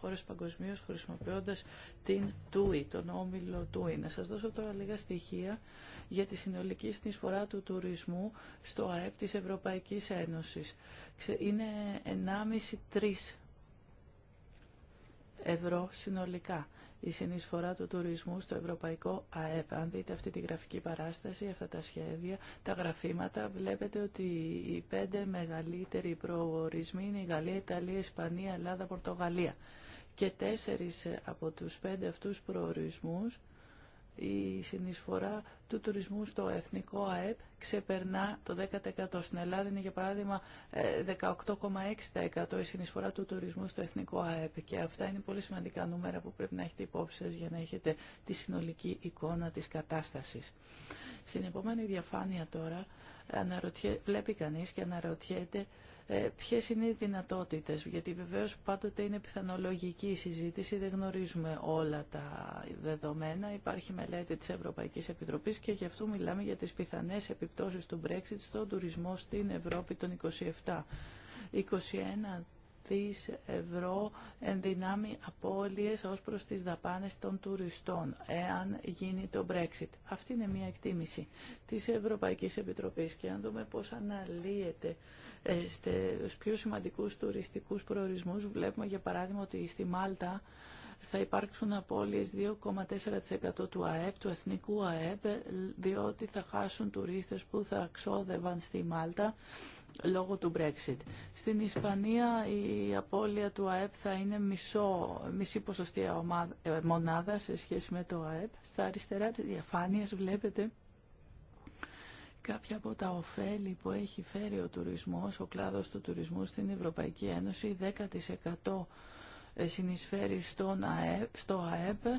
[SPEAKER 2] χώρες παγκοσμίως χρησιμοποιώντας την TUI, τον όμιλο ΤΟΥΙ. Να σας δώσω τώρα λίγα στοιχεία για τη συνολική συνεισφορά του τουρισμού στο ΑΕΠ της Ευρωπαϊκής Ένωσης. Είναι 1,5-3 ευρώ συνολικά η συνεισφορά του τουρισμού στο ευρωπαϊκό ΑΕΠ. Αν δείτε αυτή τη γραφική παράσταση, αυτά τα σχέδια, τα γραφήματα, βλέπετε ότι οι πέντε μεγαλύτεροι προορισμοί είναι η Γαλλία, Ιταλία, Ισπανία, Ελλάδα, Πορτογαλία. Και τέσσερις από τους πέντε αυτούς προορισμούς η συνεισφορά του τουρισμού στο εθνικό ΑΕΠ ξεπερνά το 10%. Στην Ελλάδα είναι για παράδειγμα 18,6% ε, η συνεισφορά του τουρισμού στο εθνικό ΑΕΠ και αυτά είναι πολύ σημαντικά νούμερα που πρέπει να έχετε υπόψη σας για να έχετε τη συνολική εικόνα της κατάστασης. Στην επόμενη διαφάνεια τώρα βλέπει κανείς και αναρωτιέται ε, ποιες είναι οι δυνατότητες, γιατί βεβαίως πάντοτε είναι πιθανολογική η συζήτηση, δεν γνωρίζουμε όλα τα δεδομένα. Υπάρχει μελέτη της Ευρωπαϊκής Επιτροπής και γι' αυτό μιλάμε για τις πιθανές επιπτώσεις του Brexit στον τουρισμό στην Ευρώπη των 27. 21 δις ευρώ ενδυνάμει απώλειες ως προς τις δαπάνες των τουριστών, εάν γίνει το Brexit. Αυτή είναι μια εκτίμηση της Ευρωπαϊκής Επιτροπής και αν δούμε πώς αναλύεται ε, στους πιο σημαντικούς τουριστικούς προορισμούς, βλέπουμε για παράδειγμα ότι στη Μάλτα θα υπάρξουν απώλειες 2,4% του ΑΕΠ, του εθνικού ΑΕΠ, ε, διότι θα χάσουν τουρίστες που θα ξόδευαν στη Μάλτα λόγω του Brexit. Στην Ισπανία η απώλεια του ΑΕΠ θα είναι μισό, μισή ποσοστία ε, μονάδα σε σχέση με το ΑΕΠ. Στα αριστερά της διαφάνειας βλέπετε κάποια από τα ωφέλη που έχει φέρει ο τουρισμός, ο κλάδος του τουρισμού στην Ευρωπαϊκή Ένωση, 10% ε, συνεισφέρει στον ΑΕΠ, στο ΑΕΠ, ε,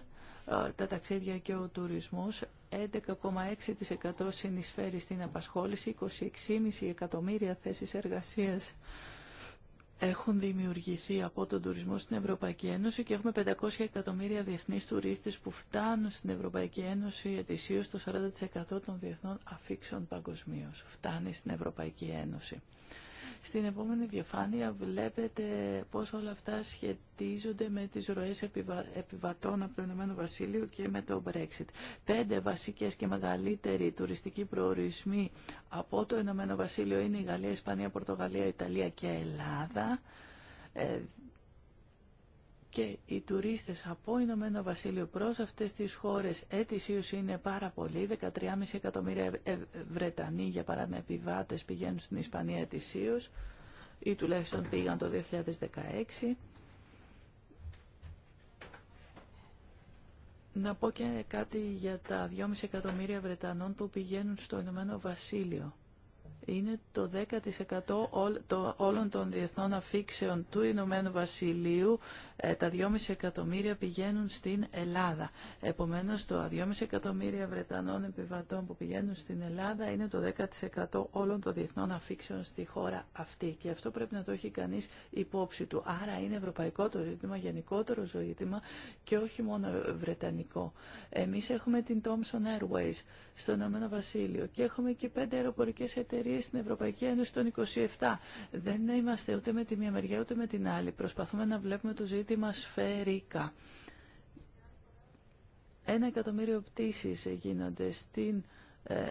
[SPEAKER 2] τα ταξίδια και ο τουρισμός 11,6% συνεισφέρει στην απασχόληση, 26,5 εκατομμύρια θέσεις εργασίας έχουν δημιουργηθεί από τον τουρισμό στην Ευρωπαϊκή Ένωση και έχουμε 500 εκατομμύρια διεθνείς τουρίστες που φτάνουν στην Ευρωπαϊκή Ένωση ετησίω το 40% των διεθνών αφήξεων παγκοσμίω. Φτάνει στην Ευρωπαϊκή Ένωση. Στην επόμενη διαφάνεια βλέπετε πώς όλα αυτά σχετίζονται με τις ροές επιβατών από το Ηνωμένο Βασίλειο και με το Brexit. Πέντε βασικές και μεγαλύτεροι τουριστικοί προορισμοί από το Ηνωμένο Βασίλειο είναι η Γαλλία, η Ισπανία, η Πορτογαλία, η Ιταλία και η Ελλάδα. Ε, και οι τουρίστες από Ηνωμένο Βασίλειο προς αυτές τις χώρες ετησίως είναι πάρα πολλοί. 13,5 εκατομμύρια Βρετανοί για παρανεπιβάτες πηγαίνουν στην Ισπανία ετησίως ή τουλάχιστον πήγαν το 2016. Να πω και κάτι για τα 2,5 εκατομμύρια Βρετανών που πηγαίνουν στο Ηνωμένο Βασίλειο. Είναι το 10% όλων των διεθνών αφήξεων του Ηνωμένου Βασιλείου ε, τα 2,5 εκατομμύρια πηγαίνουν στην Ελλάδα. Επομένως, το 2,5 εκατομμύρια Βρετανών επιβατών που πηγαίνουν στην Ελλάδα είναι το 10% όλων των διεθνών αφήξεων στη χώρα αυτή. Και αυτό πρέπει να το έχει κανείς υπόψη του. Άρα είναι ευρωπαϊκό το ζήτημα, γενικότερο ζήτημα και όχι μόνο βρετανικό. Εμείς έχουμε την Thomson Airways στο Ηνωμένο Βασίλειο και έχουμε και πέντε αεροπορικές εταιρείες στην Ευρωπαϊκή Ένωση των 27. Δεν είμαστε ούτε με τη μία μεριά ούτε με την άλλη. Προσπαθούμε να βλέπουμε το ζήτημα μας σφαιρικά. Ένα εκατομμύριο πτήσεις γίνονται στην, ε,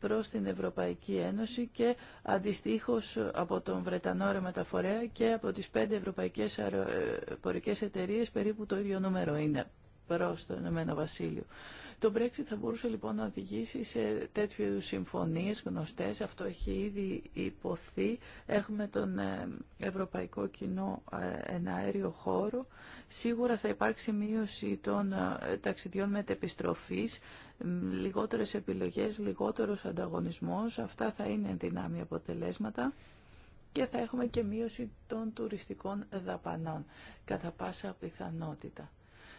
[SPEAKER 2] προς την Ευρωπαϊκή Ένωση και αντιστοίχως από τον Βρετανό Ρεμεταφορέα και από τις πέντε ευρωπαϊκές ε, πορικές εταιρείες περίπου το ίδιο νούμερο είναι προς το Ηνωμένο Βασίλειο. Το Brexit θα μπορούσε λοιπόν να οδηγήσει σε τέτοιου είδου συμφωνίες γνωστές. Αυτό έχει ήδη υποθεί. Έχουμε τον ε, Ευρωπαϊκό Κοινό Εναέριο Χώρο. Σίγουρα θα υπάρξει μείωση των ε, ταξιδιών μετεπιστροφής, λιγότερες επιλογές, λιγότερος ανταγωνισμός. Αυτά θα είναι δυνάμει αποτελέσματα και θα έχουμε και μείωση των τουριστικών δαπανών κατά πάσα πιθανότητα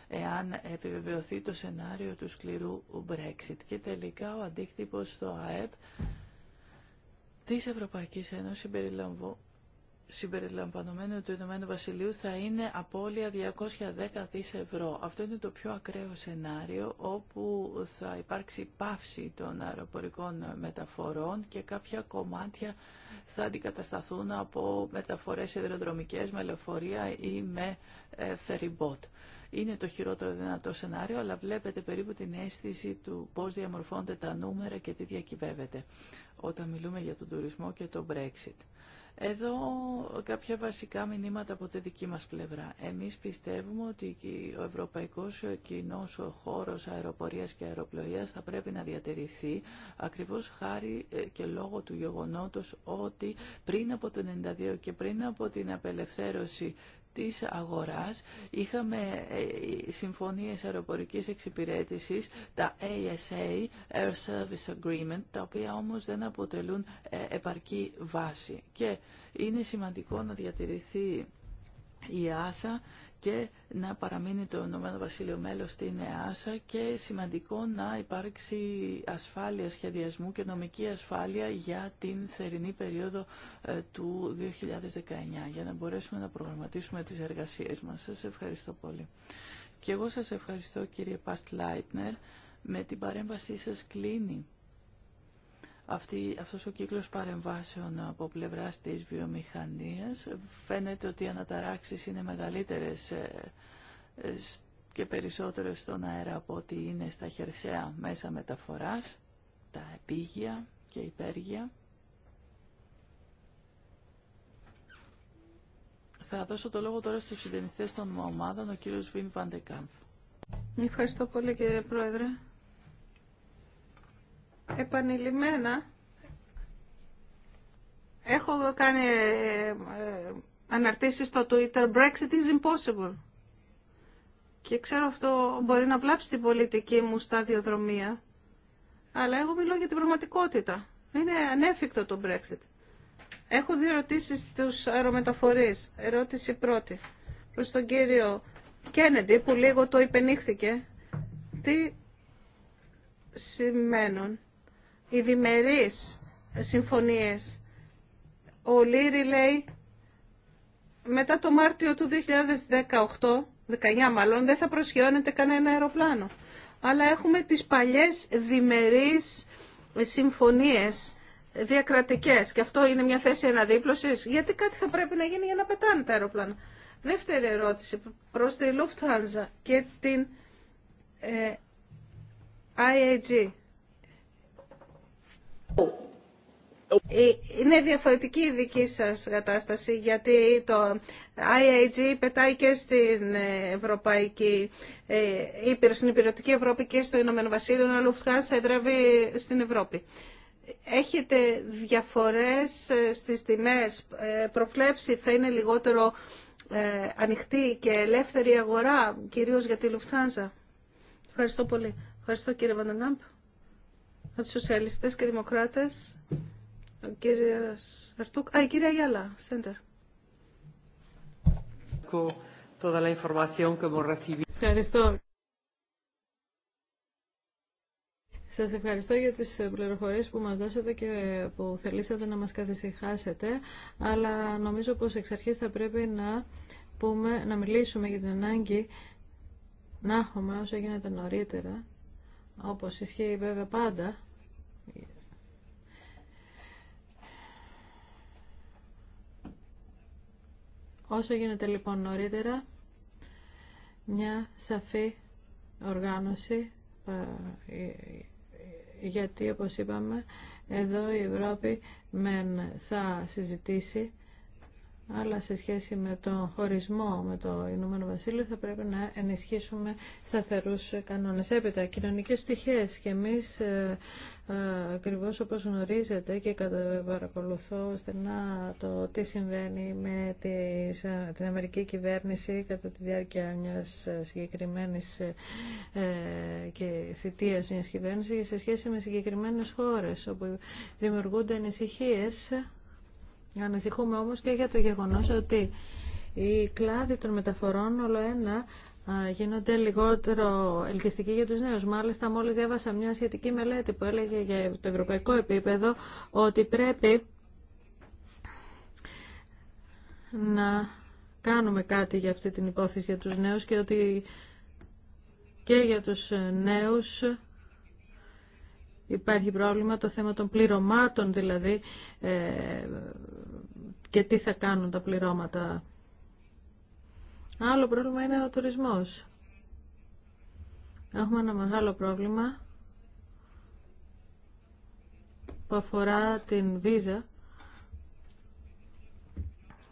[SPEAKER 2] εάν επιβεβαιωθεί το σενάριο του σκληρού Brexit. Και τελικά ο αντίκτυπος στο ΑΕΠ της Ευρωπαϊκής Ένωσης συμπεριλαμβανωμένου του Ηνωμένου Βασιλείου θα είναι απώλεια 210 δις ευρώ. Αυτό είναι το πιο ακραίο σενάριο όπου θα υπάρξει πάυση των αεροπορικών μεταφορών και κάποια κομμάτια θα αντικατασταθούν από μεταφορές ιδεροδρομικές με λεωφορεία ή με φεριμπότ είναι το χειρότερο δυνατό σενάριο, αλλά βλέπετε περίπου την αίσθηση του πώς διαμορφώνται τα νούμερα και τι διακυβεύεται όταν μιλούμε για τον τουρισμό και το Brexit. Εδώ κάποια βασικά μηνύματα από τη δική μας πλευρά. Εμείς πιστεύουμε ότι ο ευρωπαϊκός κοινό χώρος αεροπορίας και αεροπλοείας θα πρέπει να διατηρηθεί ακριβώς χάρη ε, και λόγω του γεγονότος ότι πριν από το 1992 και πριν από την απελευθέρωση της αγοράς. Είχαμε ε, συμφωνίες αεροπορικής εξυπηρέτησης, τα ASA, Air Service Agreement, τα οποία όμως δεν αποτελούν ε, επαρκή βάση. Και είναι σημαντικό να διατηρηθεί η ΆΣΑ και να παραμείνει το Ηνωμένο Βασίλειο μέλος στην ΕΑΣΑ και σημαντικό να υπάρξει ασφάλεια σχεδιασμού και νομική ασφάλεια για την θερινή περίοδο ε, του 2019 για να μπορέσουμε να προγραμματίσουμε τις εργασίες μας. Σας ευχαριστώ πολύ. Και εγώ σας ευχαριστώ κύριε Παστ Λάιτνερ. Με την παρέμβασή σας κλείνει αυτή, αυτός ο κύκλος παρεμβάσεων από πλευράς της βιομηχανίας φαίνεται ότι οι αναταράξεις είναι μεγαλύτερες ε, ε, και περισσότερες στον αέρα από ότι είναι στα χερσαία μέσα μεταφοράς, τα επίγεια και υπέργεια. Θα δώσω το λόγο τώρα στους συντενιστές των ομάδων, ο κύριος Βιν Βαντεκάμπ.
[SPEAKER 1] Ευχαριστώ πολύ κύριε Πρόεδρε επανειλημμένα έχω κάνει ε, ε, αναρτήσεις στο Twitter Brexit is impossible. Και ξέρω αυτό μπορεί να βλάψει την πολιτική μου σταδιοδρομία. Αλλά εγώ μιλώ για την πραγματικότητα. Είναι ανέφικτο το Brexit. Έχω δύο ερωτήσεις στους αερομεταφορείς. Ερώτηση πρώτη. Προς τον κύριο Κέννεντι που λίγο το υπενήχθηκε. Τι σημαίνουν οι διμερείς συμφωνίες. Ο Λύρη λέει μετά το Μάρτιο του 2018, 19 μάλλον, δεν θα προσγειώνεται κανένα αεροπλάνο. Αλλά έχουμε τις παλιές διμερείς συμφωνίες διακρατικές και αυτό είναι μια θέση αναδίπλωσης. Γιατί κάτι θα πρέπει να γίνει για να πετάνε τα αεροπλάνα. Δεύτερη ερώτηση προς τη Lufthansa και την ε, IAG. Ε, είναι διαφορετική η δική σας κατάσταση γιατί το IAG πετάει και στην Ευρωπαϊκή ε, Ήπειρο, στην Υπηρετική Ευρώπη και στο Ηνωμένο Βασίλειο, αλλά Lufthansa εδρεύει στην Ευρώπη. Έχετε διαφορές ε, στις τιμές, προβλέψει θα είναι λιγότερο ανοιχτή και ελεύθερη αγορά, κυρίως για τη Lufthansa. Ευχαριστώ πολύ. Ευχαριστώ κύριε από τους Σοσιαλιστές και Δημοκράτες, ο κύριος α, η κυρία Γιάλα, Σέντερ. Ευχαριστώ. Σας ευχαριστώ για τις πληροφορίες που μας δώσατε και που θελήσατε να μας καθησυχάσετε, αλλά νομίζω πως εξ αρχής θα πρέπει να, πούμε, να μιλήσουμε για την ανάγκη να έχουμε όσο γίνεται νωρίτερα όπως ισχύει βέβαια πάντα, Όσο γίνεται λοιπόν νωρίτερα, μια σαφή οργάνωση, ε, ε, γιατί όπως είπαμε, εδώ η Ευρώπη μεν θα συζητήσει αλλά σε σχέση με το χωρισμό με το Ηνωμένο Βασίλειο θα πρέπει να ενισχύσουμε σταθερούς κανόνες. Έπειτα, κοινωνικές πτυχές και εμείς ε, ε ακριβώ όπως γνωρίζετε και παρακολουθώ στενά το τι συμβαίνει με ε, την Αμερική κυβέρνηση κατά τη διάρκεια μιας ε, συγκεκριμένης ε, και θητείας μιας κυβέρνησης σε σχέση με συγκεκριμένες χώρες όπου δημιουργούνται ανησυχίες Ανησυχούμε όμως και για το γεγονός ότι οι κλάδοι των μεταφορών όλο ένα γίνονται λιγότερο ελκυστικοί για τους νέους. Μάλιστα, μόλις διάβασα μια σχετική μελέτη που έλεγε για το ευρωπαϊκό επίπεδο ότι πρέπει να κάνουμε κάτι για αυτή την υπόθεση για τους νέους και ότι και για τους νέους υπάρχει πρόβλημα, το θέμα των πληρωμάτων δηλαδή ε, και τι θα κάνουν τα πληρώματα. Άλλο πρόβλημα είναι ο τουρισμός. Έχουμε ένα μεγάλο πρόβλημα που αφορά την βίζα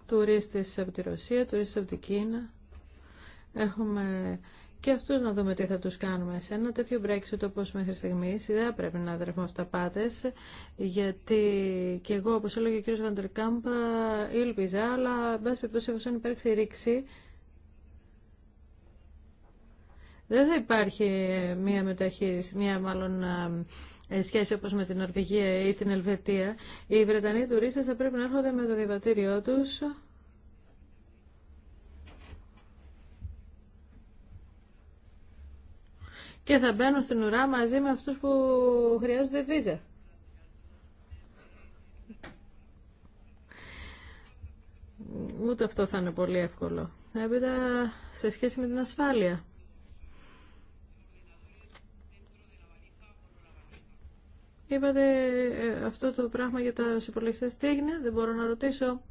[SPEAKER 1] τουρίστες από τη Ρωσία, τουρίστες από την Κίνα. Έχουμε και αυτού να δούμε τι θα του κάνουμε. Σε ένα τέτοιο Brexit όπω μέχρι στιγμή δεν πρέπει να δρεύουμε αυταπάτε. γιατί και εγώ όπω έλεγε ο κ. Βαντερκάμπ ήλπιζα αλλά εν πάση περιπτώσει εφόσον υπάρξει ρήξη δεν θα υπάρχει ε, μία μεταχείριση, μία μάλλον ε, σχέση όπως με την Νορβηγία ή την Ελβετία. Οι Βρετανοί τουρίστε θα πρέπει να έρχονται με το διαβατήριό τους και θα μπαίνω στην ουρά μαζί με αυτούς που χρειάζονται βίζα. Ούτε αυτό θα είναι πολύ εύκολο. Έπειτα σε σχέση με την ασφάλεια. Είπατε ε, αυτό το πράγμα για τα συμπολίστε. τι έγινε, δεν μπορώ να ρωτήσω.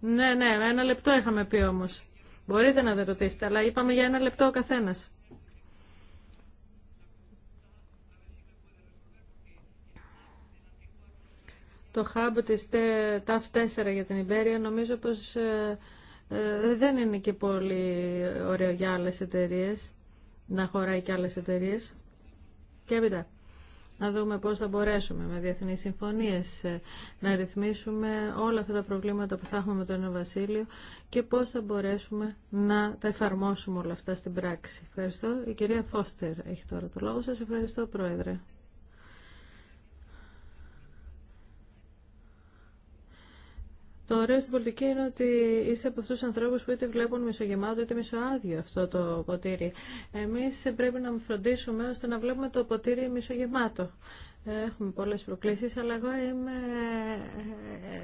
[SPEAKER 1] Ναι, ναι, ένα λεπτό είχαμε πει όμως. Μπορείτε να δεν ρωτήσετε, αλλά είπαμε για ένα λεπτό ο καθένας. Το hub της TAF4 για την Ιμπέρια νομίζω πως ε, ε, δεν είναι και πολύ ωραίο για άλλες εταιρείες, να χωράει και άλλες εταιρείες. Και έπειτα, να δούμε πώς θα μπορέσουμε με διεθνείς συμφωνίες ε, να ρυθμίσουμε όλα αυτά τα προβλήματα που θα έχουμε με τον Βασίλειο και πώς θα μπορέσουμε να τα εφαρμόσουμε όλα αυτά στην πράξη. Ευχαριστώ. Η κυρία Φώστερ έχει τώρα το λόγο. Σας ευχαριστώ, Πρόεδρε. Το ωραίο στην πολιτική είναι ότι είσαι από αυτού του ανθρώπου που είτε βλέπουν μισογεμάτο είτε μισοάδιο αυτό το ποτήρι. Εμεί πρέπει να φροντίσουμε ώστε να βλέπουμε το ποτήρι μισογεμάτο. Έχουμε πολλές προκλήσεις, αλλά εγώ είμαι,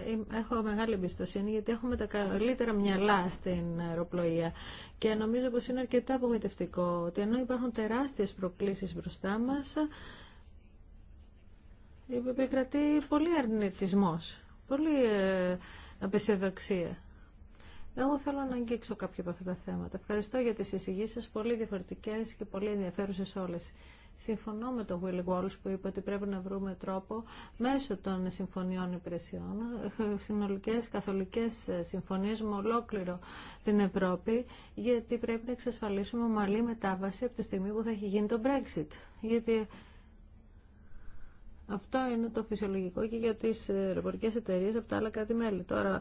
[SPEAKER 1] ε, ε, ε, έχω μεγάλη εμπιστοσύνη, γιατί έχουμε τα καλύτερα μυαλά στην αεροπλοεία. Και νομίζω πως είναι αρκετά απογοητευτικό, ότι ενώ υπάρχουν τεράστιες προκλήσεις μπροστά μας, επικρατεί πολύ αρνητισμός, πολύ απεσιοδοξία. Εγώ θέλω να αγγίξω κάποια από αυτά τα θέματα. Ευχαριστώ για τις εισηγήσεις, πολύ διαφορετικές και πολύ ενδιαφέρουσες όλες. Συμφωνώ με τον Will Walsh που είπε ότι πρέπει να βρούμε τρόπο μέσω των συμφωνιών υπηρεσιών, συνολικές καθολικές συμφωνίες με ολόκληρο την Ευρώπη, γιατί πρέπει να εξασφαλίσουμε ομαλή μετάβαση από τη στιγμή που θα έχει γίνει το Brexit. Γιατί αυτό είναι το φυσιολογικό και για τις ρεπορικές εταιρείε από τα άλλα κράτη-μέλη. Τώρα,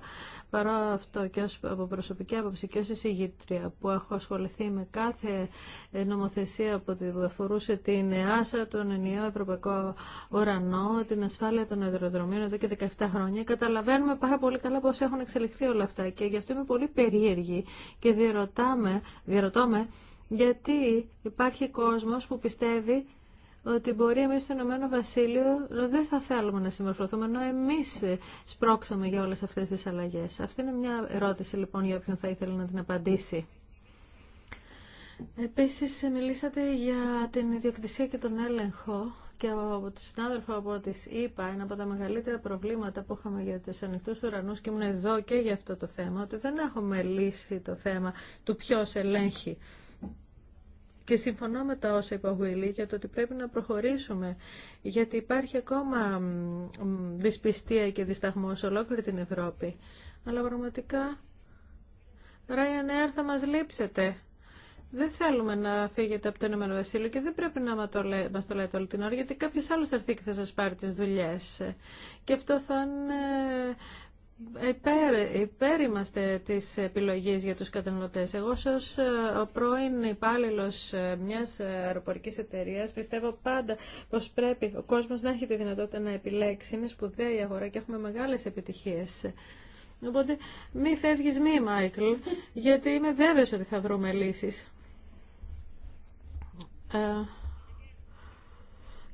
[SPEAKER 1] παρά αυτό και ως, από προσωπική άποψη και ως εισηγήτρια που έχω ασχοληθεί με κάθε ε, νομοθεσία που αφορούσε την ΕΑΣΑ, τον Ενιό Ευρωπαϊκό Ουρανό, την ασφάλεια των αεροδρομίων εδώ και 17 χρόνια, καταλαβαίνουμε πάρα πολύ καλά πώς έχουν εξελιχθεί όλα αυτά και γι' αυτό είμαι πολύ περίεργη και διαρωτώ με γιατί υπάρχει κόσμος που πιστεύει ότι μπορεί εμείς στο Ηνωμένο Βασίλειο δεν θα θέλουμε να συμμορφωθούμε, ενώ εμείς σπρώξαμε για όλες αυτές τις αλλαγές. Αυτή είναι μια ερώτηση λοιπόν για όποιον θα ήθελε να την απαντήσει. Επίσης μιλήσατε για την ιδιοκτησία και τον έλεγχο και από τον συνάδελφο από τη είπα ένα από τα μεγαλύτερα προβλήματα που είχαμε για τους ανοιχτούς ουρανούς και ήμουν εδώ και για αυτό το θέμα, ότι δεν έχουμε λύσει το θέμα του ποιος ελέγχει. Και συμφωνώ με τα όσα είπα ο για το ότι πρέπει να προχωρήσουμε, γιατί υπάρχει ακόμα δυσπιστία και δισταγμό σε ολόκληρη την Ευρώπη. Αλλά πραγματικά, Νέα, θα μας λείψετε. Δεν θέλουμε να φύγετε από το Ηνωμένο Βασίλειο και δεν πρέπει να μα το λέτε όλη την ώρα, γιατί κάποιο άλλο θα έρθει και θα σα πάρει τι δουλειέ. Και αυτό θα είναι υπέρ, υπέρ είμαστε της επιλογής για τους καταναλωτές. Εγώ ως ε, ο πρώην υπάλληλο ε, μιας αεροπορικής εταιρείας πιστεύω πάντα πως πρέπει ο κόσμος να έχει τη δυνατότητα να επιλέξει. Είναι σπουδαία η αγορά και έχουμε μεγάλες επιτυχίες. Οπότε μη φεύγεις μη Μάικλ, γιατί είμαι βέβαιος ότι θα βρούμε λύσεις. Ε,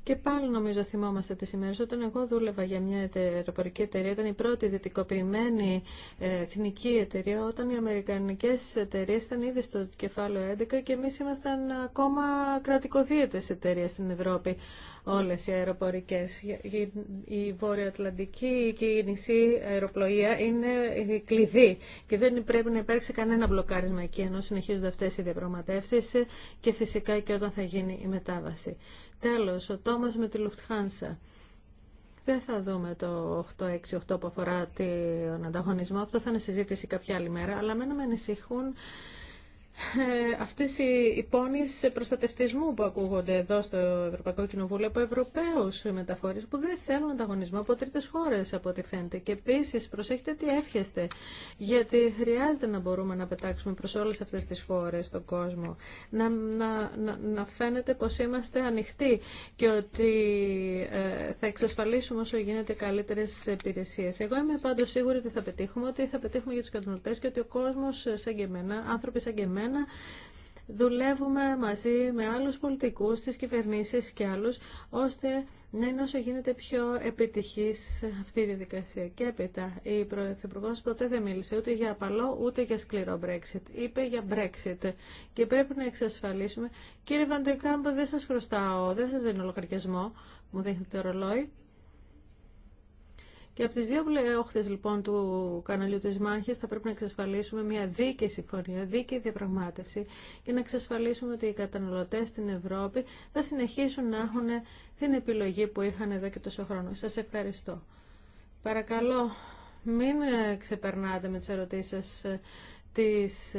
[SPEAKER 1] και πάλι νομίζω θυμόμαστε τις ημέρες όταν εγώ δούλευα για μια αεροπορική εταιρεία, ήταν η πρώτη δυτικοποιημένη ε, εθνική εταιρεία, όταν οι αμερικανικές εταιρείες ήταν ήδη στο κεφάλαιο 11 και εμείς ήμασταν ακόμα κρατικοδίαιτες εταιρείες στην Ευρώπη όλες οι αεροπορικές. Η Ατλαντική και η νησί αεροπλοεία είναι κλειδί και δεν πρέπει να υπάρξει κανένα μπλοκάρισμα εκεί ενώ συνεχίζονται αυτές οι διαπραγματεύσεις και φυσικά και όταν θα γίνει η μετάβαση. Τέλος, ο Τόμας με τη Λουφτχάνσα. Δεν θα δούμε το 8-6-8 που αφορά τον ανταγωνισμό. Αυτό θα είναι συζήτηση κάποια άλλη μέρα. Αλλά μένα με ανησυχούν ε, αυτές οι, οι πόνοι προστατευτισμού που ακούγονται εδώ στο Ευρωπαϊκό Κοινοβούλιο από Ευρωπαίους μεταφορείς που δεν θέλουν ανταγωνισμό από τρίτες χώρες από ό,τι φαίνεται. Και επίσης προσέχετε τι εύχεστε, γιατί χρειάζεται να μπορούμε να πετάξουμε προς όλες αυτές τις χώρες στον κόσμο. Να, να, να, να φαίνεται πως είμαστε ανοιχτοί και ότι ε, θα εξασφαλίσουμε όσο γίνεται καλύτερες υπηρεσίε. Εγώ είμαι πάντως σίγουρη ότι θα πετύχουμε, ότι θα πετύχουμε για τους κατανοητές και ότι ο κόσμος ε, σαν και εμένα, άνθρωποι σαν και δουλεύουμε μαζί με άλλους πολιτικούς, τις κυβερνήσεις και άλλους, ώστε να είναι όσο γίνεται πιο επιτυχής αυτή η διαδικασία. Και έπειτα, η Πρωθυπουργό ποτέ δεν μίλησε ούτε για απαλό ούτε για σκληρό Brexit. Είπε για Brexit. Και πρέπει να εξασφαλίσουμε. Κύριε Βαντεκάμπο, δεν σας χρωστάω, δεν σας δίνω λογαριασμό, μου δείχνει το ρολόι. Και από τι δύο πλεόχθε λοιπόν του καναλιού τη μάχη θα πρέπει να εξασφαλίσουμε μια δίκαιη συμφωνία, δίκαιη διαπραγμάτευση και να εξασφαλίσουμε ότι οι καταναλωτές στην Ευρώπη θα συνεχίσουν να έχουν την επιλογή που είχαν εδώ και τόσο χρόνο. Σα ευχαριστώ. Παρακαλώ μην ξεπερνάτε με τι ερωτήσει σα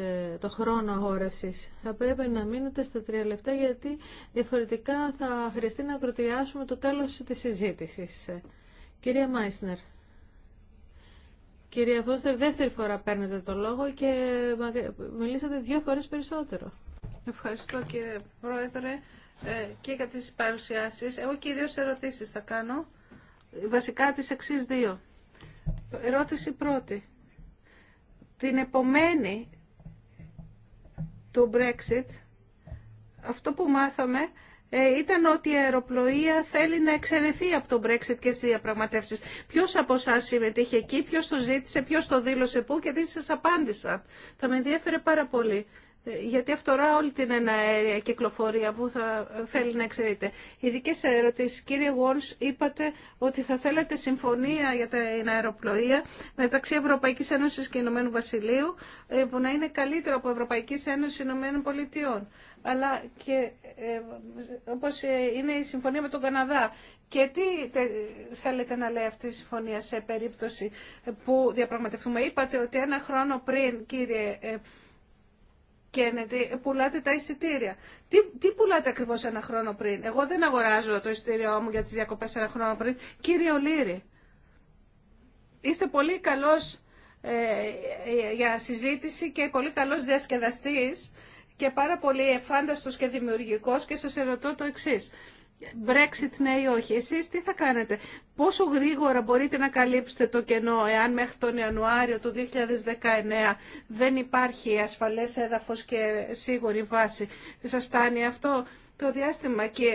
[SPEAKER 1] ε, το χρόνο αγόρευσης. Θα πρέπει να μείνετε στα τρία λεπτά γιατί διαφορετικά θα χρειαστεί να κροτιάσουμε το τέλος της συζήτησης. Κυρία Μάισνερ. Κυρία Φώστερ, δεύτερη φορά παίρνετε το λόγο και μιλήσατε δύο φορές περισσότερο. Ευχαριστώ κύριε Πρόεδρε ε, και για τις παρουσιάσεις. Εγώ κυρίως ερωτήσεις θα κάνω. Βασικά τις εξή δύο. Ερώτηση πρώτη. Την επομένη του Brexit, αυτό που μάθαμε ε, ήταν ότι η αεροπλοεία θέλει να εξαιρεθεί από τον Brexit και τι διαπραγματεύσει. Ποιο από εσά συμμετείχε εκεί, ποιο το ζήτησε, ποιο το δήλωσε πού και τι σα απάντησαν. Θα με ενδιαφέρε πάρα πολύ. Ε, γιατί αυτορά όλη την εναέρια κυκλοφορία που θα ε, θέλει να εξαιρείται. Ειδικέ ερωτήσει, κύριε Walsh, είπατε ότι θα θέλατε συμφωνία για την αεροπλοεία μεταξύ Ευρωπαϊκή Ένωση και Ηνωμένου Βασιλείου, που να είναι καλύτερο από Ευρωπαϊκή Ένωση Ηνωμένων Πολιτειών αλλά και ε, όπως ε, είναι η συμφωνία με τον Καναδά. Και τι θέλετε να λέει αυτή η συμφωνία σε περίπτωση που διαπραγματευτούμε. Είπατε ότι ένα χρόνο πριν, κύριε ε, Κέννετη, πουλάτε τα εισιτήρια. Τι, τι πουλάτε ακριβώς ένα χρόνο πριν. Εγώ δεν αγοράζω το εισιτήριό μου για τις διακοπές ένα χρόνο πριν. Κύριε Ολύρη, είστε πολύ καλός ε, ε για συζήτηση και πολύ καλός διασκεδαστής και πάρα πολύ εφάνταστος και δημιουργικός και σας ερωτώ το εξής. Brexit ναι ή όχι. Εσείς τι θα κάνετε. Πόσο γρήγορα μπορείτε να καλύψετε το κενό εάν μέχρι τον Ιανουάριο του 2019 δεν υπάρχει ασφαλές έδαφος και σίγουρη βάση. Σας φτάνει αυτό το διάστημα και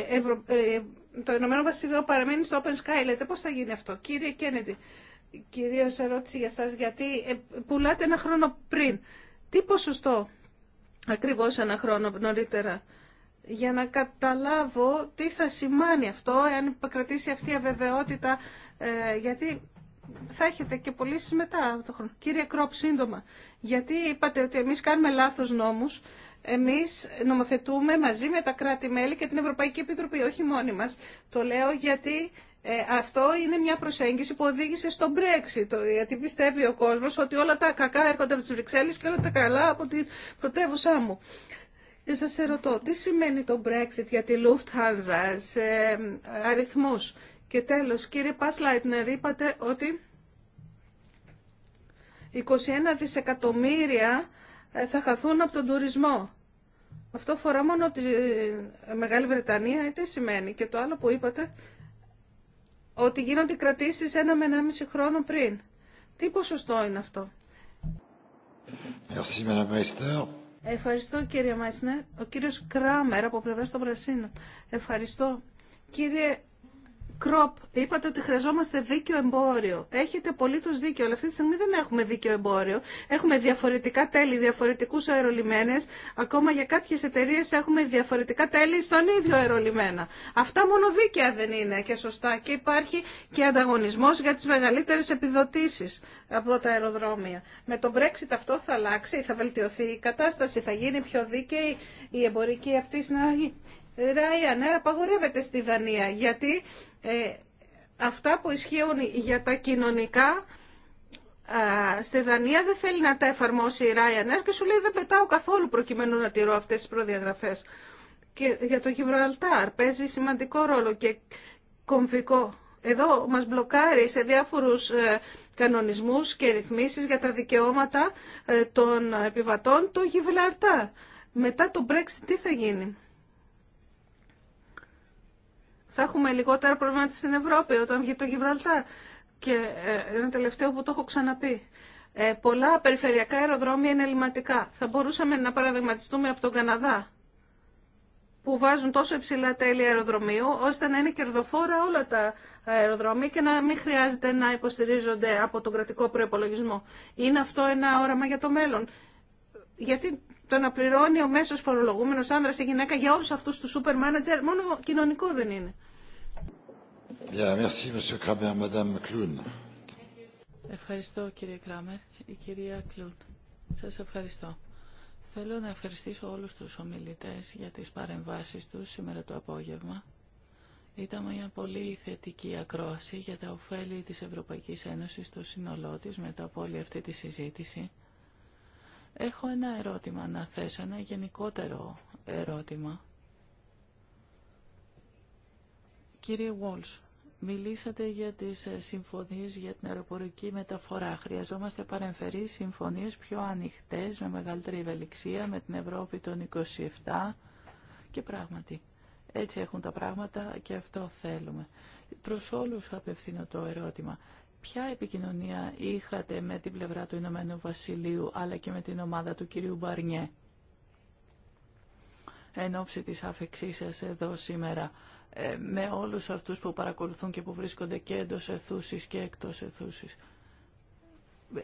[SPEAKER 1] ε, το Ηνωμένο Βασίλειο παραμένει στο Open Sky. Λέτε πώς θα γίνει αυτό. Κύριε Κέννεντι, κυρίως ερώτηση για σας γιατί ε, πουλάτε ένα χρόνο πριν. Τι ποσοστό ακριβώς ένα χρόνο νωρίτερα για να καταλάβω τι θα σημάνει αυτό εάν κρατήσει αυτή η αβεβαιότητα ε, γιατί θα έχετε και πωλήσει μετά το χρόνο. Κύριε Κρόπ, σύντομα, γιατί είπατε ότι εμείς κάνουμε λάθος νόμους, εμείς νομοθετούμε μαζί με τα κράτη-μέλη και την Ευρωπαϊκή Επιτροπή, όχι μόνοι μας. Το λέω γιατί ε, αυτό είναι μια προσέγγιση που οδήγησε στο Brexit, γιατί πιστεύει ο κόσμος ότι όλα τα κακά έρχονται από τι Βρυξέλλες και όλα τα καλά από την πρωτεύουσά μου. Και σα ερωτώ, τι σημαίνει το Brexit για τη Lufthansa σε ε, αριθμούς. Και τέλος, κύριε Πασλάιτνερ, είπατε ότι 21 δισεκατομμύρια ε, θα χαθούν από τον τουρισμό. Αυτό φορά μόνο τη Μεγάλη Βρετανία, τι σημαίνει. Και το άλλο που είπατε, ότι γίνονται κρατήσει ένα με ένα μισή χρόνο πριν. Τι ποσοστό είναι αυτό. Ευχαριστώ κύριε Μάισνερ. Ο κύριος Κράμερ από πλευρά των Πρασίνων. Ευχαριστώ. Κύριε Κροπ, είπατε ότι χρειαζόμαστε δίκαιο εμπόριο. Έχετε απολύτω δίκαιο. αλλά αυτή τη στιγμή δεν έχουμε δίκαιο εμπόριο. Έχουμε διαφορετικά τέλη, διαφορετικού αερολιμένε. Ακόμα για κάποιε εταιρείε έχουμε διαφορετικά τέλη στον ίδιο αερολιμένα. Αυτά μόνο δίκαια δεν είναι και σωστά. Και υπάρχει και ανταγωνισμό για τι μεγαλύτερε επιδοτήσει από τα αεροδρόμια. Με τον Brexit αυτό θα αλλάξει, θα βελτιωθεί η κατάσταση, θα γίνει πιο δίκαιη η εμπορική αυτή συναλλαγή. Ryanair απαγορεύεται στη Δανία γιατί ε, αυτά που ισχύουν για τα κοινωνικά στη Δανία δεν θέλει να τα εφαρμόσει η Ryanair και σου λέει δεν πετάω καθόλου προκειμένου να τηρώ αυτές τις προδιαγραφές. Και για το Γιβραλτάρ παίζει σημαντικό ρόλο και κομβικό. Εδώ μας μπλοκάρει σε διάφορους ε, κανονισμούς και ρυθμίσεις για τα δικαιώματα ε, των επιβατών το Γιβραλτάρ. Μετά το Brexit τι θα γίνει θα έχουμε λιγότερα προβλήματα στην Ευρώπη όταν βγει το Γιβραλτάρ. Και ε, ένα τελευταίο που το έχω ξαναπεί. Ε, πολλά περιφερειακά αεροδρόμια είναι ελληματικά. Θα μπορούσαμε να παραδειγματιστούμε από τον Καναδά που βάζουν τόσο υψηλά τέλη αεροδρομίου, ώστε να είναι κερδοφόρα όλα τα αεροδρόμια και να μην χρειάζεται να υποστηρίζονται από τον κρατικό προπολογισμό. Είναι αυτό ένα όραμα για το μέλλον. Γιατί το να πληρώνει ο μέσος φορολογούμενος άνδρας ή γυναίκα για όλους αυτούς του σούπερ μάνατζερ, μόνο
[SPEAKER 2] κοινωνικό δεν είναι. ευχαριστώ κύριε Κράμερ, η κυρία Κλούν. Σας ευχαριστώ. Θέλω να ευχαριστήσω όλους τους ομιλητές για τις παρεμβάσεις τους σήμερα το απόγευμα. Ήταν μια πολύ θετική ακρόαση για τα ωφέλη της Ευρωπαϊκής Ένωσης στο σύνολό τη μετά από όλη αυτή τη συζήτηση. Έχω ένα ερώτημα να θέσω, ένα γενικότερο ερώτημα. Κύριε Βόλς, μιλήσατε για τις ε, συμφωνίες για την αεροπορική μεταφορά. Χρειαζόμαστε παρεμφερείς συμφωνίες πιο ανοιχτές, με μεγαλύτερη ευελιξία, με την Ευρώπη των 27 και πράγματι. Έτσι έχουν τα πράγματα και αυτό θέλουμε. Προς όλους απευθύνω το ερώτημα ποια επικοινωνία είχατε με την πλευρά του Ηνωμένου Βασιλείου αλλά και με την ομάδα του κυρίου Μπαρνιέ εν ώψη της άφεξής σας εδώ σήμερα ε, με όλους αυτούς που παρακολουθούν και που βρίσκονται και εντός εθούσης και εκτός εθούσης.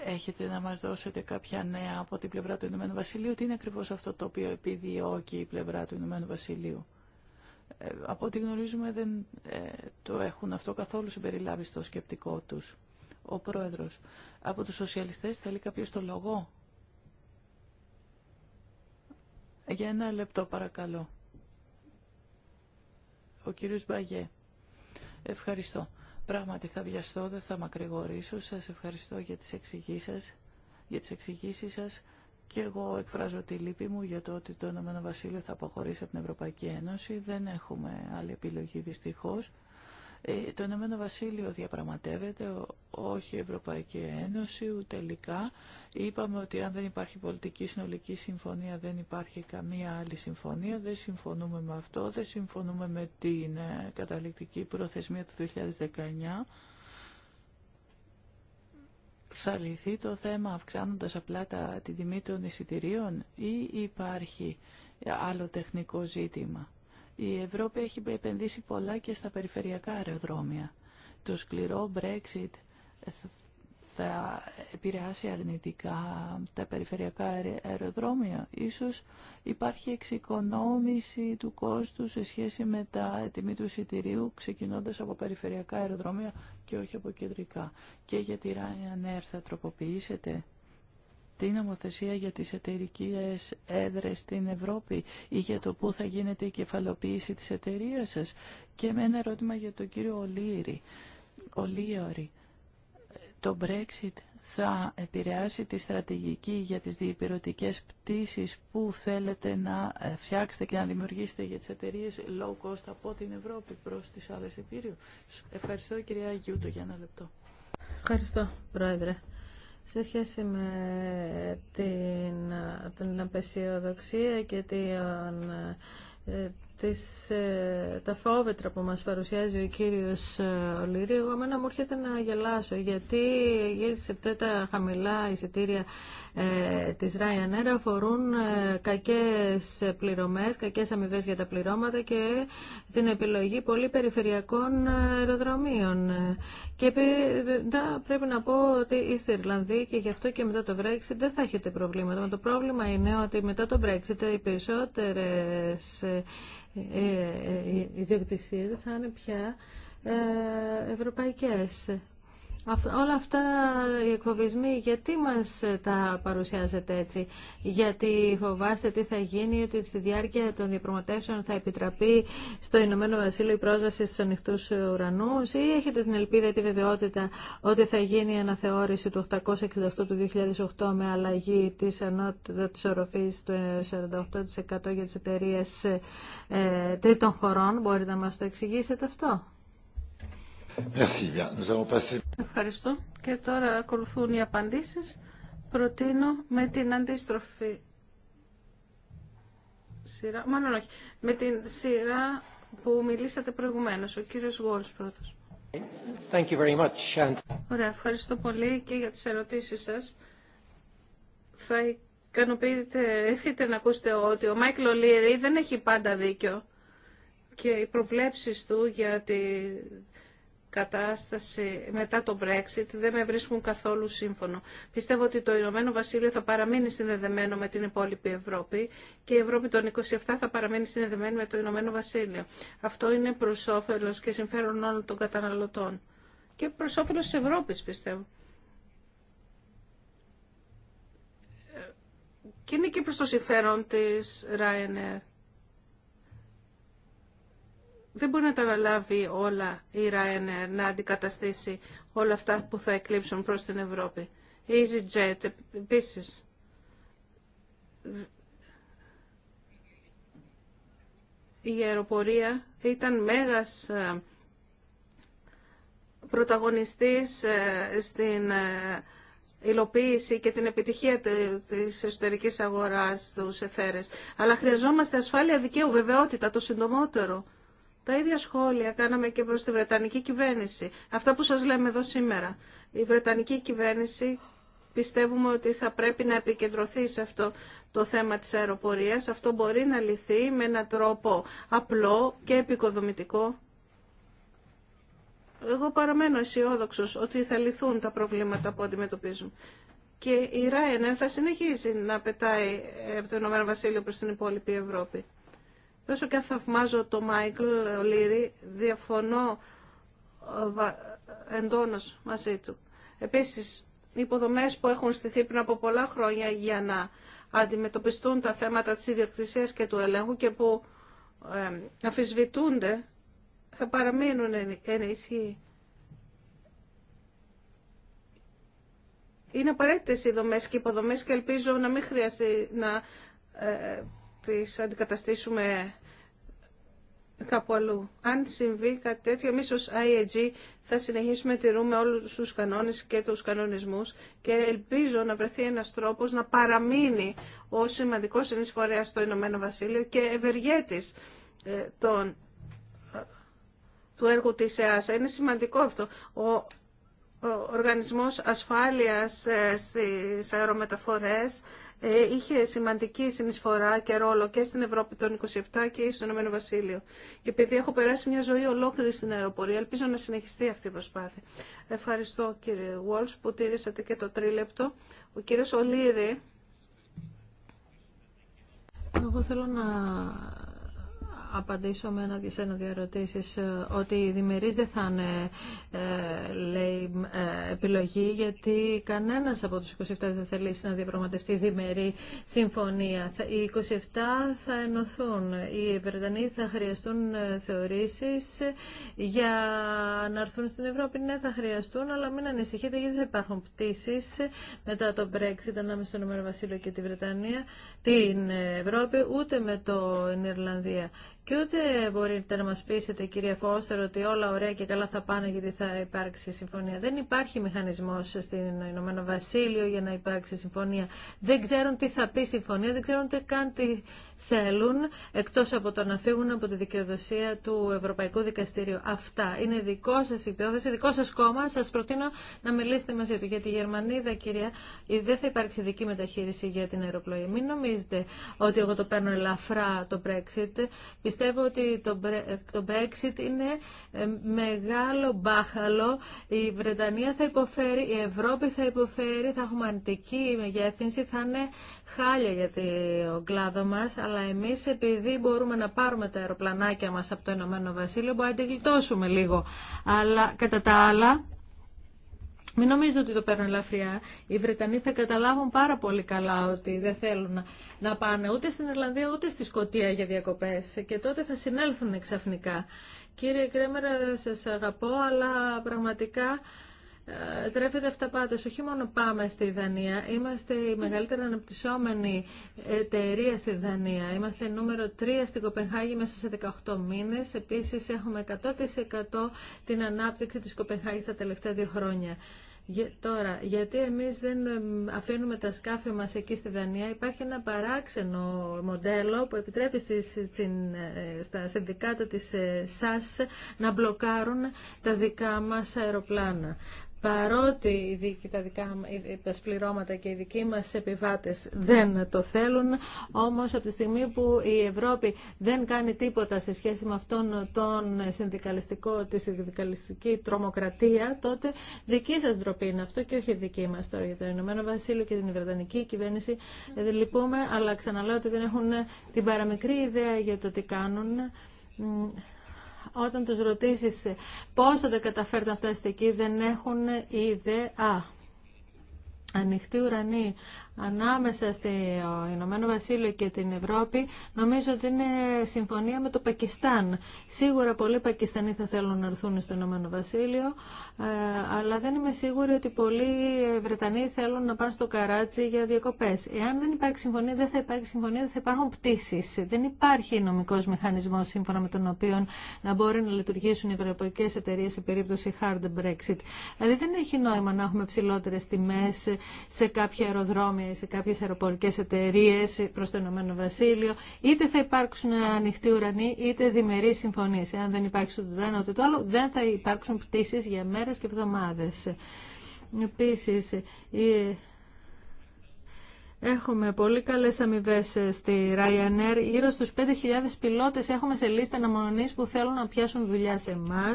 [SPEAKER 2] Έχετε να μας δώσετε κάποια νέα από την πλευρά του Ηνωμένου Βασιλείου. Τι είναι ακριβώς αυτό το οποίο επιδιώκει η πλευρά του Ηνωμένου Βασιλείου. Ε, από ό,τι γνωρίζουμε δεν ε, το έχουν αυτό καθόλου συμπεριλάβει στο σκεπτικό τους ο Πρόεδρος. Από τους σοσιαλιστές θέλει κάποιο το λόγο. Για ένα λεπτό παρακαλώ. Ο κύριος Μπαγιέ. Ευχαριστώ. Πράγματι θα βιαστώ, δεν θα μακρηγορήσω. Σας ευχαριστώ για τις εξηγήσεις σας. Για τις εξηγήσεις σας. Και εγώ εκφράζω τη λύπη μου για το ότι το Ηνωμένο Βασίλειο θα αποχωρήσει από την Ευρωπαϊκή Ένωση. Δεν έχουμε άλλη επιλογή δυστυχώς. Ε, το Ηνωμένο Βασίλειο διαπραγματεύεται, όχι η Ευρωπαϊκή Ένωση, ούτε τελικά. Είπαμε ότι αν δεν υπάρχει πολιτική συνολική συμφωνία δεν υπάρχει καμία άλλη συμφωνία. Δεν συμφωνούμε με αυτό, δεν συμφωνούμε με την ε, καταληκτική προθεσμία του 2019. Θα λυθεί το θέμα αυξάνοντας απλά τα, την τιμή των εισιτηρίων ή υπάρχει άλλο τεχνικό ζήτημα. Η Ευρώπη έχει επενδύσει πολλά και στα περιφερειακά αεροδρόμια. Το σκληρό Brexit θα επηρεάσει αρνητικά τα περιφερειακά αεροδρόμια. Ίσως υπάρχει εξοικονόμηση του κόστου σε σχέση με τα τιμή του εισιτηρίου ξεκινώντας από περιφερειακά αεροδρόμια και όχι από κεντρικά. Και για τη Ryanair θα τροποποιήσετε την νομοθεσία για τις εταιρικές έδρες στην Ευρώπη ή για το πού θα γίνεται η κεφαλοποίηση της εταιρείας σας. Και με ένα ερώτημα για τον κύριο Ολύρη. Ολύρη, το Brexit θα επηρεάσει τη στρατηγική για τις διεπιρωτικές πτήσεις που θέλετε να ε, φτιάξετε και να δημιουργήσετε για τις εταιρείες low cost από την Ευρώπη προς τις άλλες επίρειες. Ευχαριστώ κυρία Γιούτο για ένα λεπτό. Ευχαριστώ
[SPEAKER 1] Πρόεδρε σε σχέση με την, την απεσιοδοξία και την ε, τις, ε, τα φόβετρα που μας παρουσιάζει ο κύριος ε, Λύρη εγώ εμένα μου έρχεται να γελάσω, γιατί σε αυτά τα χαμηλά εισιτήρια ε, της Ryanair αφορούν ε, κακές πληρωμές, κακές αμοιβέ για τα πληρώματα και την επιλογή πολύ περιφερειακών αεροδρομίων. Και να, πρέπει να πω ότι είστε Ιρλανδοί και γι' αυτό και μετά το Brexit δεν θα έχετε προβλήματα. Το πρόβλημα είναι ότι μετά το Brexit οι περισσότερες ε, ε, ε, ε, ιδιοκτησίες δεν θα είναι πια ευρωπαϊκές. Όλα αυτά οι εκφοβισμοί γιατί μας ε, τα παρουσιάζετε έτσι. Γιατί φοβάστε τι θα γίνει, ότι στη διάρκεια των διαπραγματεύσεων θα επιτραπεί στο Ηνωμένο Βασίλειο η πρόσβαση στους ανοιχτού ε, ουρανούς ή έχετε την ελπίδα ή τη βεβαιότητα ότι θα γίνει η αναθεώρηση του 868 του 2008 με αλλαγή της της οροφής του 48% ε, για τις εταιρείε τρίτων χωρών. Μπορείτε να μας το εξηγήσετε αυτό. Ευχαριστώ. Και τώρα ακολουθούν οι απαντήσει. Προτείνω με την αντίστροφη σειρά, μάλλον όχι, με την σειρά που μιλήσατε προηγουμένως, ο κύριος Γόλ πρώτος. Ωραία, ευχαριστώ πολύ και για τις ερωτήσεις σας. Θα ικανοποιείτε, έρχεται να ακούσετε ότι ο Μάικλ Ολύρη δεν έχει πάντα δίκιο και οι προβλέψεις του για τη κατάσταση μετά το Brexit δεν με βρίσκουν καθόλου σύμφωνο. Πιστεύω ότι το Ηνωμένο Βασίλειο θα παραμείνει συνδεδεμένο με την υπόλοιπη Ευρώπη και η Ευρώπη των 27 θα παραμείνει συνδεδεμένη με το Ηνωμένο Βασίλειο. Αυτό είναι προ όφελο και συμφέρον όλων των καταναλωτών και προ όφελο τη Ευρώπη πιστεύω. Ε, και είναι και προ το συμφέρον τη Ryanair δεν μπορεί να τα αναλάβει όλα η Ryanair να αντικαταστήσει όλα αυτά που θα εκλείψουν προς την Ευρώπη. Η EasyJet επίσης. Η αεροπορία ήταν μέγας ε, πρωταγωνιστής ε, στην ε, υλοποίηση και την επιτυχία της εσωτερικής αγοράς στους εθέρες. Αλλά χρειαζόμαστε ασφάλεια δικαίου, βεβαιότητα, το συντομότερο. Τα ίδια σχόλια κάναμε και προς τη Βρετανική κυβέρνηση. Αυτά που σας λέμε εδώ σήμερα. Η Βρετανική κυβέρνηση πιστεύουμε ότι θα πρέπει να επικεντρωθεί σε αυτό το θέμα της αεροπορίας. Αυτό μπορεί να λυθεί με έναν τρόπο απλό και επικοδομητικό. Εγώ παραμένω αισιόδοξο ότι θα λυθούν τα προβλήματα που αντιμετωπίζουν. Και η Ryanair θα συνεχίζει να πετάει από το Ηνωμένο Βασίλειο προς την υπόλοιπη Ευρώπη. Πόσο και αν θαυμάζω το Μάικλ Λύρη, διαφωνώ ε, εντόνως μαζί του. Επίσης, οι υποδομές που έχουν στηθεί πριν από πολλά χρόνια για να αντιμετωπιστούν τα θέματα της ιδιοκτησίας και του ελέγχου και που ε, αφισβητούνται, θα παραμείνουν ισχύ. Είναι απαραίτητε οι δομέ και οι υποδομέ και ελπίζω να μην χρειαστεί να ε, τις αντικαταστήσουμε κάπου αλλού. Αν συμβεί κάτι τέτοιο, εμείς ως IAG θα συνεχίσουμε να τηρούμε όλους τους κανόνες και τους κανονισμούς και ελπίζω να βρεθεί ένας τρόπος να παραμείνει ο σημαντικός συνεισφορέας στο Ηνωμένο Βασίλειο και ευεργέτης ε, των, ε, του έργου της ΕΑΣΑ. Είναι σημαντικό αυτό. Ο, ο Οργανισμός Ασφάλειας ε, στις αερομεταφορές ε, είχε σημαντική συνεισφορά και ρόλο και στην Ευρώπη των 27 και στον Ηνωμένο Βασίλειο. Επειδή έχω περάσει μια ζωή ολόκληρη στην αεροπορία, ελπίζω να συνεχιστεί αυτή η προσπάθεια. Ευχαριστώ κύριε Βόλς που τήρησατε και το τρίλεπτο. Ο κύριος Ολύρη. Εγώ θέλω να απαντήσω με ένα, σε δύο ε, ότι οι διμερείς δεν θα είναι ε, λέει, ε, επιλογή γιατί κανένας από τους 27 δεν θα θελήσει να διαπραγματευτεί διμερή συμφωνία. Οι 27 θα ενωθούν. Οι Βρετανοί θα χρειαστούν θεωρήσεις για να έρθουν στην Ευρώπη. Ναι, θα χρειαστούν, αλλά μην ανησυχείτε γιατί θα υπάρχουν πτήσεις μετά το Brexit ανάμεσα στον Ηνωμένο Βασίλειο και τη Βρετανία, την Ευρώπη, ούτε με το Ιρλανδία. Και ούτε μπορείτε να μας πείσετε κυρία Φώστερ ότι όλα ωραία και καλά θα πάνε γιατί θα υπάρξει συμφωνία. Δεν υπάρχει μηχανισμός στην Ηνωμένο Βασίλειο για να υπάρξει συμφωνία. Δεν ξέρουν τι θα πει συμφωνία, δεν ξέρουν ούτε καν τι θέλουν εκτός από το να φύγουν από τη δικαιοδοσία του Ευρωπαϊκού Δικαστηρίου. Αυτά είναι δικό σας υπόθεση, δικό σας κόμμα. Σας προτείνω να μιλήσετε μαζί του. Γιατί η Γερμανίδα, κυρία, δεν θα υπάρξει δική μεταχείριση για την αεροπλοή. Μην νομίζετε ότι εγώ το παίρνω ελαφρά το Brexit. Πιστεύω ότι το Brexit είναι ε, μεγάλο μπάχαλο. Η Βρετανία θα υποφέρει, η Ευρώπη θα υποφέρει, θα έχουμε αντική μεγέθυνση, θα είναι χάλια για τον κλάδο μας, αλλά Εμεί, επειδή μπορούμε να πάρουμε τα αεροπλανάκια μας από το Ηνωμένο Βασίλειο μπορούμε να γλιτώσουμε λίγο. Αλλά κατά τα άλλα μην νομίζετε ότι το παίρνουν ελαφριά. Οι Βρετανοί θα καταλάβουν πάρα πολύ καλά ότι δεν θέλουν να πάνε ούτε στην Ιρλανδία ούτε στη Σκωτία για διακοπές και τότε θα συνέλθουν ξαφνικά. Κύριε Κρέμερα, σα αγαπώ, αλλά πραγματικά ε, τρέφεται πάντα. Όχι μόνο πάμε στη Δανία, είμαστε η μεγαλύτερη αναπτυσσόμενη εταιρεία στη Δανία. Είμαστε νούμερο 3 στην Κοπενχάγη μέσα σε 18 μήνε. Επίση έχουμε 100% την ανάπτυξη τη Κοπενχάγης τα τελευταία δύο χρόνια. Τώρα, γιατί εμείς δεν ε, αφήνουμε τα σκάφη μας εκεί στη Δανία, υπάρχει ένα παράξενο μοντέλο που επιτρέπει στη, στην, ε, στα συνδικάτα της ΣΑΣ να μπλοκάρουν τα δικά μας αεροπλάνα παρότι τα δικά τα πληρώματα και οι δικοί μας επιβάτες δεν το θέλουν, όμως από τη στιγμή που η Ευρώπη δεν κάνει τίποτα σε σχέση με αυτόν τον συνδικαλιστικό, τη συνδικαλιστική τρομοκρατία, τότε δική σας ντροπή είναι αυτό και όχι δική μας τώρα για το Ηνωμένο Βασίλειο και την Βρετανική κυβέρνηση. Ε, δεν λυπούμε, αλλά ξαναλέω ότι δεν έχουν την παραμικρή ιδέα για το τι κάνουν όταν τους ρωτήσεις πώς θα τα καταφέρουν αυτά εκεί δεν έχουν ιδέα. Ανοιχτή ουρανή ανάμεσα στο Ηνωμένο Βασίλειο και την Ευρώπη νομίζω ότι είναι συμφωνία με το Πακιστάν. Σίγουρα πολλοί Πακιστανοί θα θέλουν να έρθουν στο Ηνωμένο Βασίλειο, ε, αλλά δεν είμαι σίγουρη ότι πολλοί Βρετανοί θέλουν να πάνε στο Καράτσι για διακοπέ. Εάν δεν υπάρχει συμφωνία, δεν θα υπάρχει συμφωνία, δεν θα υπάρχουν πτήσει. Δεν υπάρχει νομικό μηχανισμό σύμφωνα με τον οποίο να μπορεί να λειτουργήσουν οι ευρωπαϊκέ εταιρείε σε περίπτωση hard Brexit. Δηλαδή δεν έχει νόημα να έχουμε ψηλότερε τιμέ σε κάποια αεροδρόμια σε κάποιες αεροπορικέ εταιρείες προς το Ηνωμένο Βασίλειο. Είτε θα υπάρξουν ανοιχτοί ουρανοί, είτε διμερείς συμφωνίες. Αν δεν υπάρξει το ένα ούτε το άλλο, δεν θα υπάρξουν πτήσεις για μέρες και εβδομάδες. Επίσης, Έχουμε πολύ καλές αμοιβέ ε, στη Ryanair. Γύρω στους 5.000 πιλότες έχουμε σε λίστα αναμονής που θέλουν να πιάσουν δουλειά σε εμά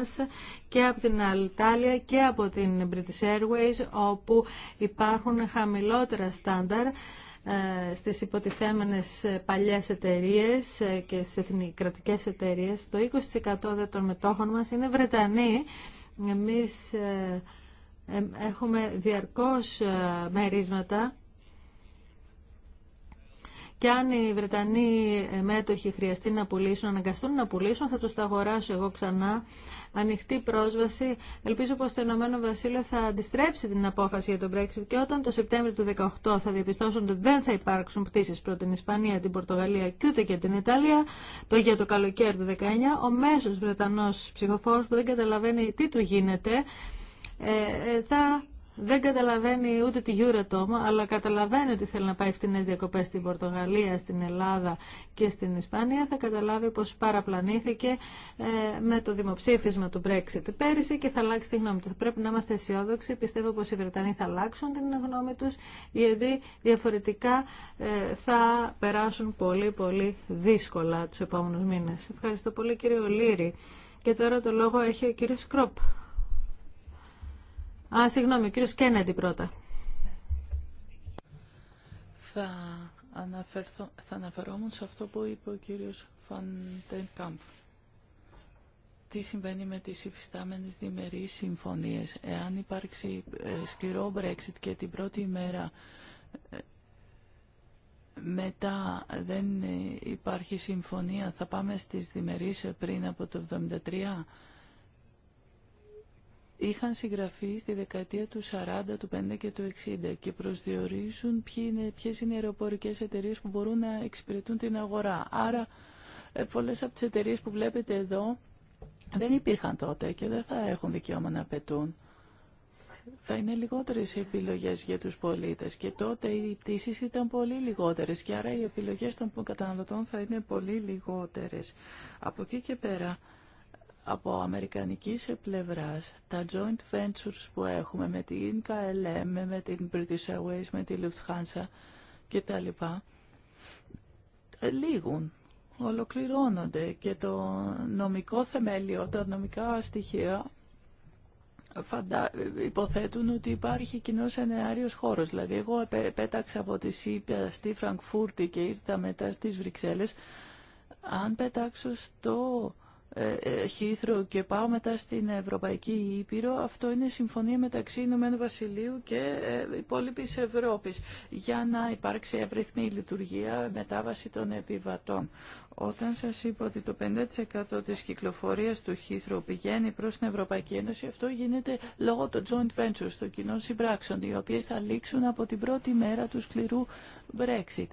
[SPEAKER 1] και από την Αλτάλια και από την British Airways όπου υπάρχουν χαμηλότερα στάνταρ ε, στις υποτιθέμενες ε, παλιές εταιρείε και στις εθνικρατικές εταιρείε, Το 20% των μετόχων μας είναι Βρετανοί. Εμείς έχουμε διαρκώς μερίσματα και αν οι Βρετανοί μέτοχοι χρειαστεί να πουλήσουν, αναγκαστούν να πουλήσουν, θα του τα αγοράσω εγώ ξανά. Ανοιχτή πρόσβαση. Ελπίζω πω το Ηνωμένο Βασίλειο θα αντιστρέψει την απόφαση για τον Brexit και όταν το Σεπτέμβριο του 2018 θα διαπιστώσουν ότι δεν θα υπάρξουν πτήσει προ την Ισπανία, την Πορτογαλία και ούτε και την Ιταλία, το για το καλοκαίρι του 2019, ο μέσο Βρετανό ψηφοφόρο που δεν καταλαβαίνει τι του γίνεται, ε, ε, θα δεν καταλαβαίνει ούτε τη τόμα, αλλά καταλαβαίνει ότι θέλει να πάει φτηνές διακοπές στην Πορτογαλία, στην Ελλάδα και στην Ισπανία, θα καταλάβει πως παραπλανήθηκε ε, με το δημοψήφισμα του Brexit πέρυσι και θα αλλάξει τη γνώμη του. Θα πρέπει να είμαστε αισιόδοξοι. Πιστεύω πως οι Βρετανοί θα αλλάξουν την γνώμη τους, γιατί διαφορετικά ε, θα περάσουν πολύ πολύ δύσκολα τους επόμενους μήνες. Ευχαριστώ πολύ κύριε Ολύρη. Και τώρα το λόγο έχει ο κύριος Κρόπ. Α, συγγνώμη, ο κύριος Κένετη πρώτα.
[SPEAKER 2] Θα, αναφερθώ, θα αναφερόμουν σε αυτό που είπε ο κύριος Κάμπ. Τι συμβαίνει με τις υφιστάμενες διμερείς συμφωνίες. Εάν υπάρξει ε, σκληρό Brexit και την πρώτη ημέρα ε, μετά δεν υπάρχει συμφωνία, θα πάμε στις διμερείς πριν από το 73 είχαν συγγραφεί στη δεκαετία του 40, του 50 και του 60 και προσδιορίζουν ποιες είναι οι αεροπορικές εταιρείες που μπορούν να εξυπηρετούν την αγορά. Άρα ε, πολλές από τις εταιρείες που βλέπετε εδώ δεν υπήρχαν τότε και δεν θα έχουν δικαίωμα να πετούν. Θα είναι λιγότερες οι επιλογές για τους πολίτες και τότε οι πτήσει ήταν πολύ λιγότερες και άρα οι επιλογές των καταναλωτών θα είναι πολύ λιγότερες. Από εκεί και πέρα από αμερικανικής πλευράς τα joint ventures που έχουμε με την KLM, με την British Airways, με τη Lufthansa κτλ. Λίγουν, ολοκληρώνονται και το νομικό θεμέλιο, τα νομικά στοιχεία φαντα... υποθέτουν ότι υπάρχει κοινός ενεάριος χώρος. Δηλαδή εγώ πέταξα από τη ΣΥΠΑ στη Φραγκφούρτη και ήρθα μετά στις Βρυξέλλες. Αν πετάξω στο ε, ε, Χήθρο και πάω μετά στην Ευρωπαϊκή Ήπειρο, αυτό είναι συμφωνία μεταξύ Ηνωμένου Βασιλείου και ε, υπόλοιπη Ευρώπης για να υπάρξει εύρυθμη λειτουργία μετάβαση των επιβατών. Όταν σας είπα ότι το 50% της κυκλοφορίας του Χήθρου πηγαίνει προς την Ευρωπαϊκή Ένωση, αυτό γίνεται λόγω των joint ventures, των κοινών συμπράξεων, οι οποίες θα λήξουν από την πρώτη μέρα του σκληρού Brexit.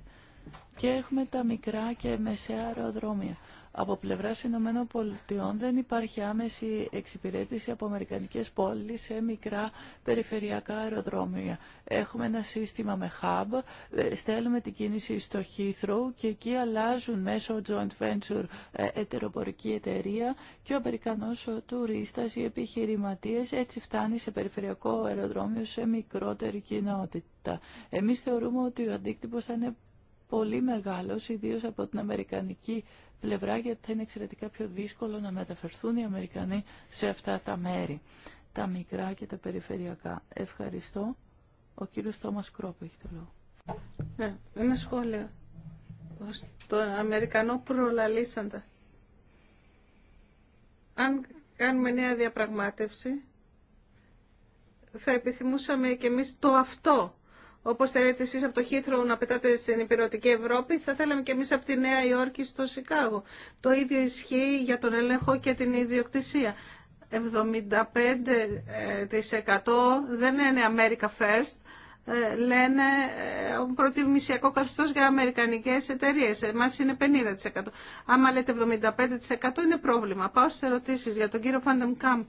[SPEAKER 2] Και έχουμε τα μικρά και μεσαία αεροδρόμια. Από πλευρά Ηνωμένων Πολιτειών δεν υπάρχει άμεση εξυπηρέτηση από αμερικανικές πόλεις σε μικρά περιφερειακά αεροδρόμια. Έχουμε ένα σύστημα με hub, ε, στέλνουμε την κίνηση στο Heathrow και εκεί αλλάζουν μέσω joint venture ε, ετεροπορική εταιρεία και ο Αμερικανός τουρίστα τουρίστας, ή επιχειρηματίες έτσι φτάνει σε περιφερειακό αεροδρόμιο σε μικρότερη κοινότητα. Εμείς θεωρούμε ότι ο αντίκτυπος θα είναι πολύ μεγάλος, ιδίως από την αμερικανική πλευρά γιατί θα είναι εξαιρετικά πιο δύσκολο να μεταφερθούν οι Αμερικανοί σε αυτά τα μέρη, τα μικρά και τα περιφερειακά. Ευχαριστώ. Ο κύριος Τόμας Κρόπ έχει το λόγο.
[SPEAKER 1] είναι ένα σχόλιο. Στον Αμερικανό προλαλήσαντα. Αν κάνουμε νέα διαπραγμάτευση, θα επιθυμούσαμε και εμείς το αυτό όπως θέλετε εσείς από το Χήθρο να πετάτε στην υπηρετική Ευρώπη, θα θέλαμε και εμείς από τη Νέα Υόρκη στο Σικάγο. Το ίδιο ισχύει για τον έλεγχο και την ιδιοκτησία. 75% δεν είναι America First, ε, λένε ε, προτιμησιακό καθεστώς για αμερικανικές εταιρείες. Εμάς είναι 50%. Άμα λέτε 75% είναι πρόβλημα. Πάω στις ερωτήσεις για τον κύριο Φάντεμ Κάμπ.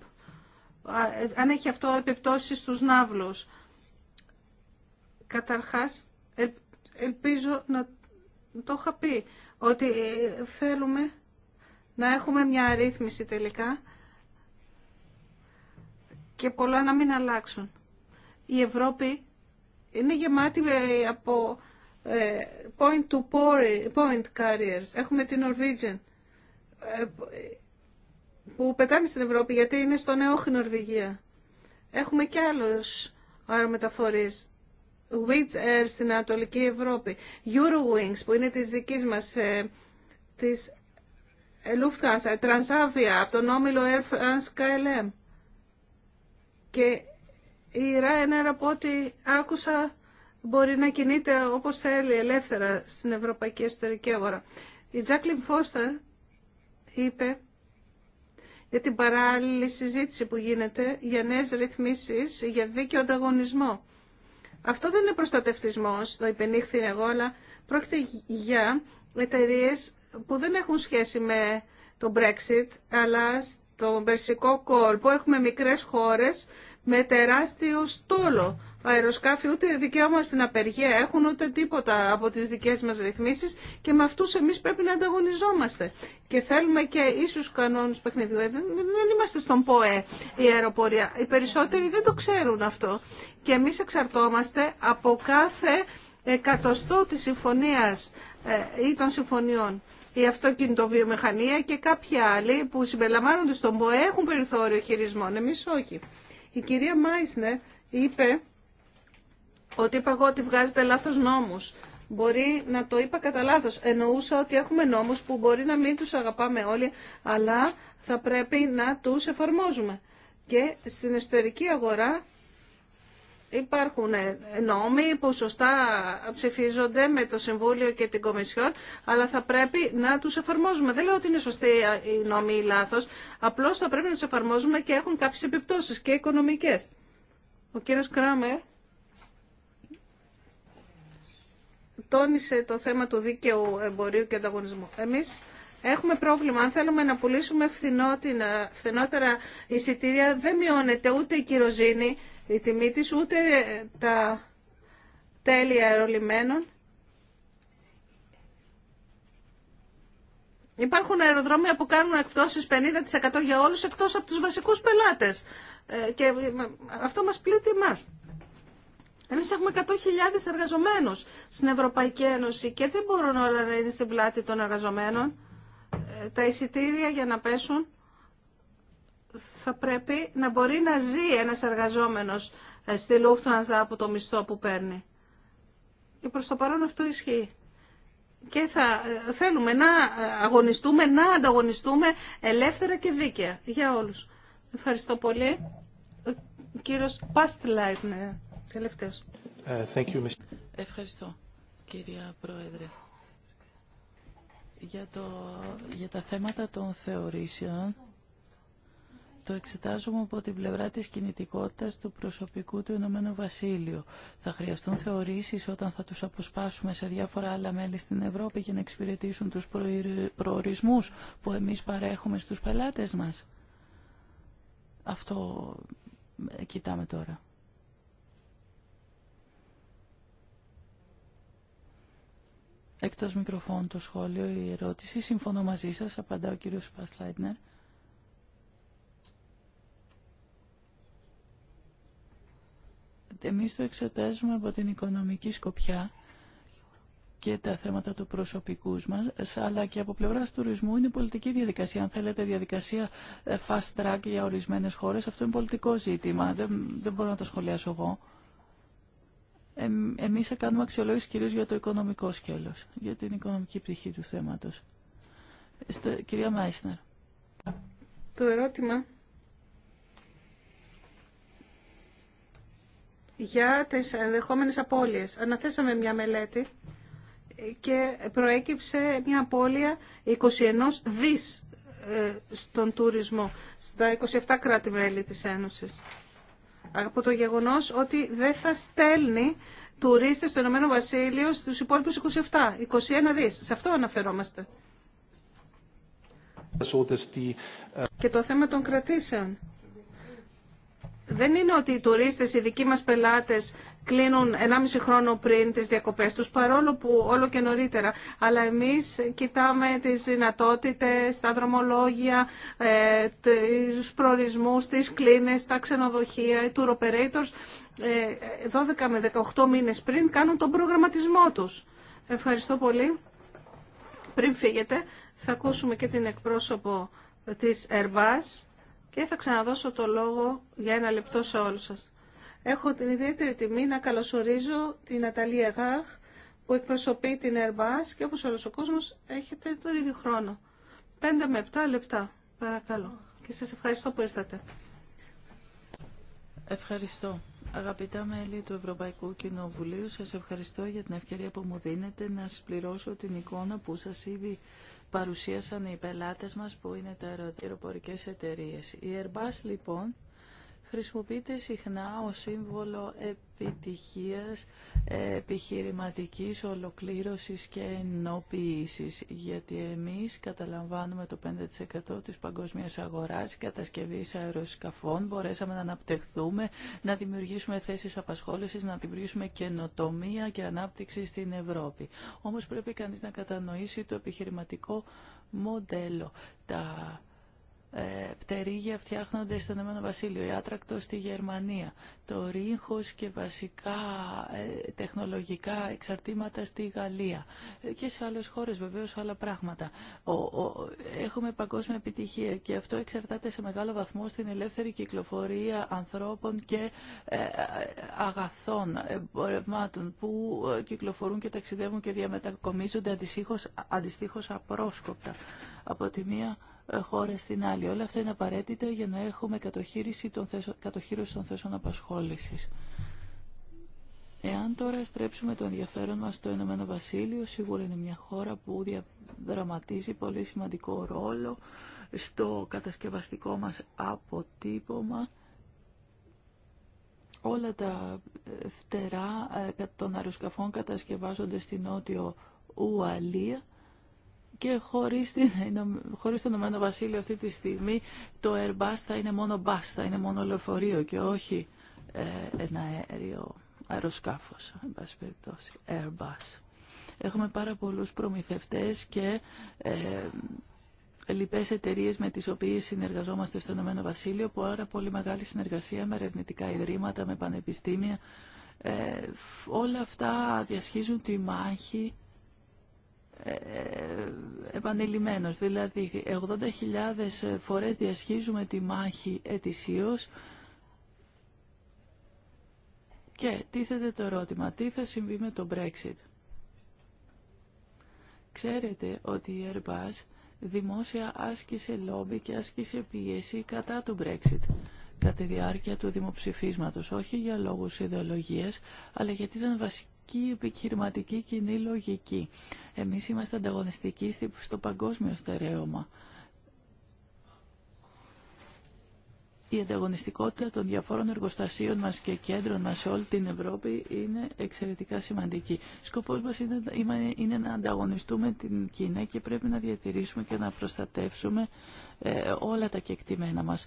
[SPEAKER 1] Αν έχει αυτό επιπτώσει στους ναύλους. Καταρχάς, ελπίζω να το είχα πει, ότι ε, θέλουμε να έχουμε μια αρρύθμιση τελικά και πολλά να μην αλλάξουν. Η Ευρώπη είναι γεμάτη ε, από ε, point to point carriers. Έχουμε την Norwegian που πετάνε στην Ευρώπη γιατί είναι στον νεόχη Νορβηγία. Έχουμε και άλλους αερομεταφορείς. Wizz Air στην Ανατολική Ευρώπη, Eurowings που είναι της δικής μας, ε, της ε, Lufthansa, Transavia από τον Όμιλο Air France KLM. Και η Ryanair από ό,τι άκουσα μπορεί να κινείται όπως θέλει ελεύθερα στην ευρωπαϊκή εσωτερική αγορά. Η Jacqueline Foster είπε για την παράλληλη συζήτηση που γίνεται για νέες ρυθμίσεις για δίκαιο ανταγωνισμό. Αυτό δεν είναι προστατευτισμός, το υπενήχθη εγώ, αλλά πρόκειται για εταιρείε που δεν έχουν σχέση με το Brexit, αλλά στον περσικό κόλπο έχουμε μικρές χώρες με τεράστιο στόλο. Αεροσκάφη ούτε δικαίωμα στην απεργία έχουν ούτε τίποτα από τις δικές μας ρυθμίσεις και με αυτούς εμείς πρέπει να ανταγωνιζόμαστε. Και θέλουμε και ίσους κανόνους παιχνιδιού. Ε, δεν είμαστε στον ΠΟΕ η αεροπορία. Οι περισσότεροι δεν το ξέρουν αυτό. Και εμείς εξαρτώμαστε από κάθε εκατοστό της συμφωνίας ε, ή των συμφωνιών η αυτοκινητοβιομηχανία και κάποιοι άλλοι που συμπεριλαμβάνονται στον ΠΟΕ έχουν περιθώριο χειρισμών. Εμείς όχι. Η κυρία Μάισνερ είπε ότι είπα εγώ ότι βγάζετε λάθος νόμους. Μπορεί να το είπα κατά λάθο. Εννοούσα ότι έχουμε νόμους που μπορεί να μην τους αγαπάμε όλοι, αλλά θα πρέπει να τους εφαρμόζουμε. Και στην εσωτερική αγορά Υπάρχουν ε, νόμοι που σωστά ψηφίζονται με το Συμβούλιο και την Κομισιόν, αλλά θα πρέπει να τους εφαρμόζουμε. Δεν λέω ότι είναι σωστή η νόμη ή λάθο. απλώς θα πρέπει να του εφαρμόζουμε και έχουν κάποιες επιπτώσεις και οικονομικές. Ο κύριος Κράμερ τόνισε το θέμα του δίκαιου εμπορίου και ανταγωνισμού. Εμείς Έχουμε πρόβλημα. Αν θέλουμε να πουλήσουμε ε, φθηνότερα εισιτήρια, δεν μειώνεται ούτε η κυροζήνη, η τιμή της, ούτε τα τέλη αερολιμένων. Υπάρχουν αεροδρόμια που κάνουν εκπτώσεις 50% για όλους εκτός από τους βασικούς πελάτες. Ε, και αυτό μας πλήττει εμάς. Εμείς έχουμε 100.000 εργαζομένους στην Ευρωπαϊκή Ένωση και δεν μπορούν όλα να είναι στην πλάτη των εργαζομένων. Ε, τα εισιτήρια για να πέσουν θα πρέπει να μπορεί να ζει ένας εργαζόμενος ε, στη Λούφθανζα από το μισθό που παίρνει. Και προς το παρόν αυτό ισχύει. Και θα ε, θέλουμε να ε, αγωνιστούμε, να ανταγωνιστούμε ελεύθερα και δίκαια για όλους. Ευχαριστώ πολύ. Ο κύριος Πάστλαϊτνερ,
[SPEAKER 2] τελευταίος. Ευχαριστώ, κυρία Πρόεδρε. Για, το, για τα θέματα των θεωρήσεων, το εξετάζουμε από την πλευρά της κινητικότητας του προσωπικού του Ηνωμένου Βασίλειου. Θα χρειαστούν θεωρήσεις όταν θα τους αποσπάσουμε σε διάφορα άλλα μέλη στην Ευρώπη για να εξυπηρετήσουν τους προορισμούς που εμείς παρέχουμε στους πελάτες μας. Αυτό ε, κοιτάμε τώρα. Εκτός μικροφώνου το σχόλιο, η ερώτηση. Συμφωνώ μαζί σας, απαντά ο κύριος Πασλάιτνερ. Εμείς το εξετάζουμε από την οικονομική σκοπιά και τα θέματα του προσωπικού μας, αλλά και από πλευράς τουρισμού είναι πολιτική διαδικασία. Αν θέλετε διαδικασία ε, fast track για ορισμένες χώρες, αυτό είναι πολιτικό ζήτημα. Δεν, δεν μπορώ να το σχολιάσω εγώ. Ε, εμείς θα κάνουμε αξιολόγηση κυρίως για το οικονομικό σκέλος, για την οικονομική πτυχή του θέματος. κυρία Μάισνερ.
[SPEAKER 1] Το ερώτημα για τις ενδεχόμενες απώλειες. Αναθέσαμε μια μελέτη και προέκυψε μια απώλεια 21 δις ε, στον τουρισμό στα 27 κράτη-μέλη της Ένωσης. Από το γεγονός ότι δεν θα στέλνει τουρίστες στο Ηνωμένο Βασίλειο στους υπόλοιπους 27, 21 δις. Σε αυτό αναφερόμαστε. Uh, και το θέμα των κρατήσεων δεν είναι ότι οι τουρίστες, οι δικοί μας πελάτες κλείνουν 1,5 χρόνο πριν τις διακοπές τους, παρόλο που όλο και νωρίτερα. Αλλά εμείς κοιτάμε τις δυνατότητες, τα δρομολόγια, ε, τους προορισμούς, τις κλίνες, τα ξενοδοχεία, οι tour operators. 12 ε, με 18 μήνες πριν κάνουν τον προγραμματισμό τους. Ευχαριστώ πολύ. Πριν φύγετε, θα ακούσουμε και την εκπρόσωπο της ΕΡΒΑΣ και θα ξαναδώσω το λόγο για ένα λεπτό σε όλους σας. Έχω την ιδιαίτερη τιμή να καλωσορίζω την Αταλία Γάχ που εκπροσωπεί την Airbus και όπως όλος ο κόσμος έχετε τον ίδιο χρόνο. 5 με 7 λεπτά, παρακαλώ. Και σας ευχαριστώ
[SPEAKER 2] που ήρθατε. Ευχαριστώ. Αγαπητά μέλη του Ευρωπαϊκού Κοινοβουλίου, σας ευχαριστώ για την ευκαιρία που μου δίνετε να συμπληρώσω την εικόνα που σας ήδη παρουσίασαν οι πελάτες μας που είναι τα αεροπορικές εταιρείες. Η Airbus λοιπόν χρησιμοποιείται συχνά ως σύμβολο επιτυχίας ε, επιχειρηματικής ολοκλήρωσης και ενοποίησης γιατί εμείς καταλαμβάνουμε το 5% της παγκόσμιας αγοράς κατασκευής αεροσκαφών μπορέσαμε να αναπτυχθούμε, να δημιουργήσουμε θέσεις απασχόλησης, να δημιουργήσουμε καινοτομία και ανάπτυξη στην Ευρώπη. Όμως πρέπει κανείς να κατανοήσει το επιχειρηματικό μοντέλο. Τα ε, πτερίγια φτιάχνονται στον Ηνωμένο Βασίλειο, η άτρακτο στη Γερμανία, το ρίγχος και βασικά ε, τεχνολογικά εξαρτήματα στη Γαλλία ε, και σε άλλες χώρες βεβαίως άλλα πράγματα. Ο, έχουμε παγκόσμια επιτυχία και αυτό εξαρτάται σε μεγάλο βαθμό στην ελεύθερη κυκλοφορία ανθρώπων και ε, αγαθών, εμπορευμάτων που κυκλοφορούν και ταξιδεύουν και διαμετακομίζονται αντιστοίχως απρόσκοπτα. Από τη μία χώρα στην άλλη. Όλα αυτά είναι απαραίτητα για να έχουμε κατοχήρωση των θέσεων, κατοχήρωση απασχόλησης. Εάν τώρα στρέψουμε το ενδιαφέρον μας στο Ηνωμένο Βασίλειο, σίγουρα είναι μια χώρα που διαδραματίζει πολύ σημαντικό ρόλο στο κατασκευαστικό μας αποτύπωμα. Όλα τα φτερά ε, των αεροσκαφών κατασκευάζονται στην Νότιο Ουαλία και χωρίς, την, χωρίς το Ηνωμένο Βασίλειο αυτή τη στιγμή το Airbus θα είναι μόνο bus, θα είναι μόνο λεωφορείο και όχι ε, ένα αέριο αεροσκάφος, εν πάση Airbus. Έχουμε πάρα πολλούς προμηθευτές και ε, λοιπές εταιρείε με τις οποίες συνεργαζόμαστε στο Ηνωμένο Βασίλειο, άρα πολύ μεγάλη συνεργασία με ερευνητικά ιδρύματα, με πανεπιστήμια. Ε, όλα αυτά διασχίζουν τη μάχη επανειλημμένος. Δηλαδή 80.000 φορές διασχίζουμε τη μάχη ετησίως και τίθεται το ερώτημα τι θα συμβεί με το Brexit. Ξέρετε ότι η Airbus δημόσια άσκησε λόμπι και άσκησε πίεση κατά του Brexit κατά τη διάρκεια του δημοψηφίσματος, όχι για λόγους ιδεολογίας, αλλά γιατί ήταν βασική επιχειρηματική κοινή λογική. Εμείς είμαστε ανταγωνιστικοί στο παγκόσμιο στερέωμα. Η ανταγωνιστικότητα των διαφόρων εργοστασίων μας και κέντρων μας σε όλη την Ευρώπη είναι εξαιρετικά σημαντική. Σκοπός μας είναι, είναι να ανταγωνιστούμε την Κίνα και πρέπει να διατηρήσουμε και να προστατεύσουμε ε, όλα τα κεκτημένα μας.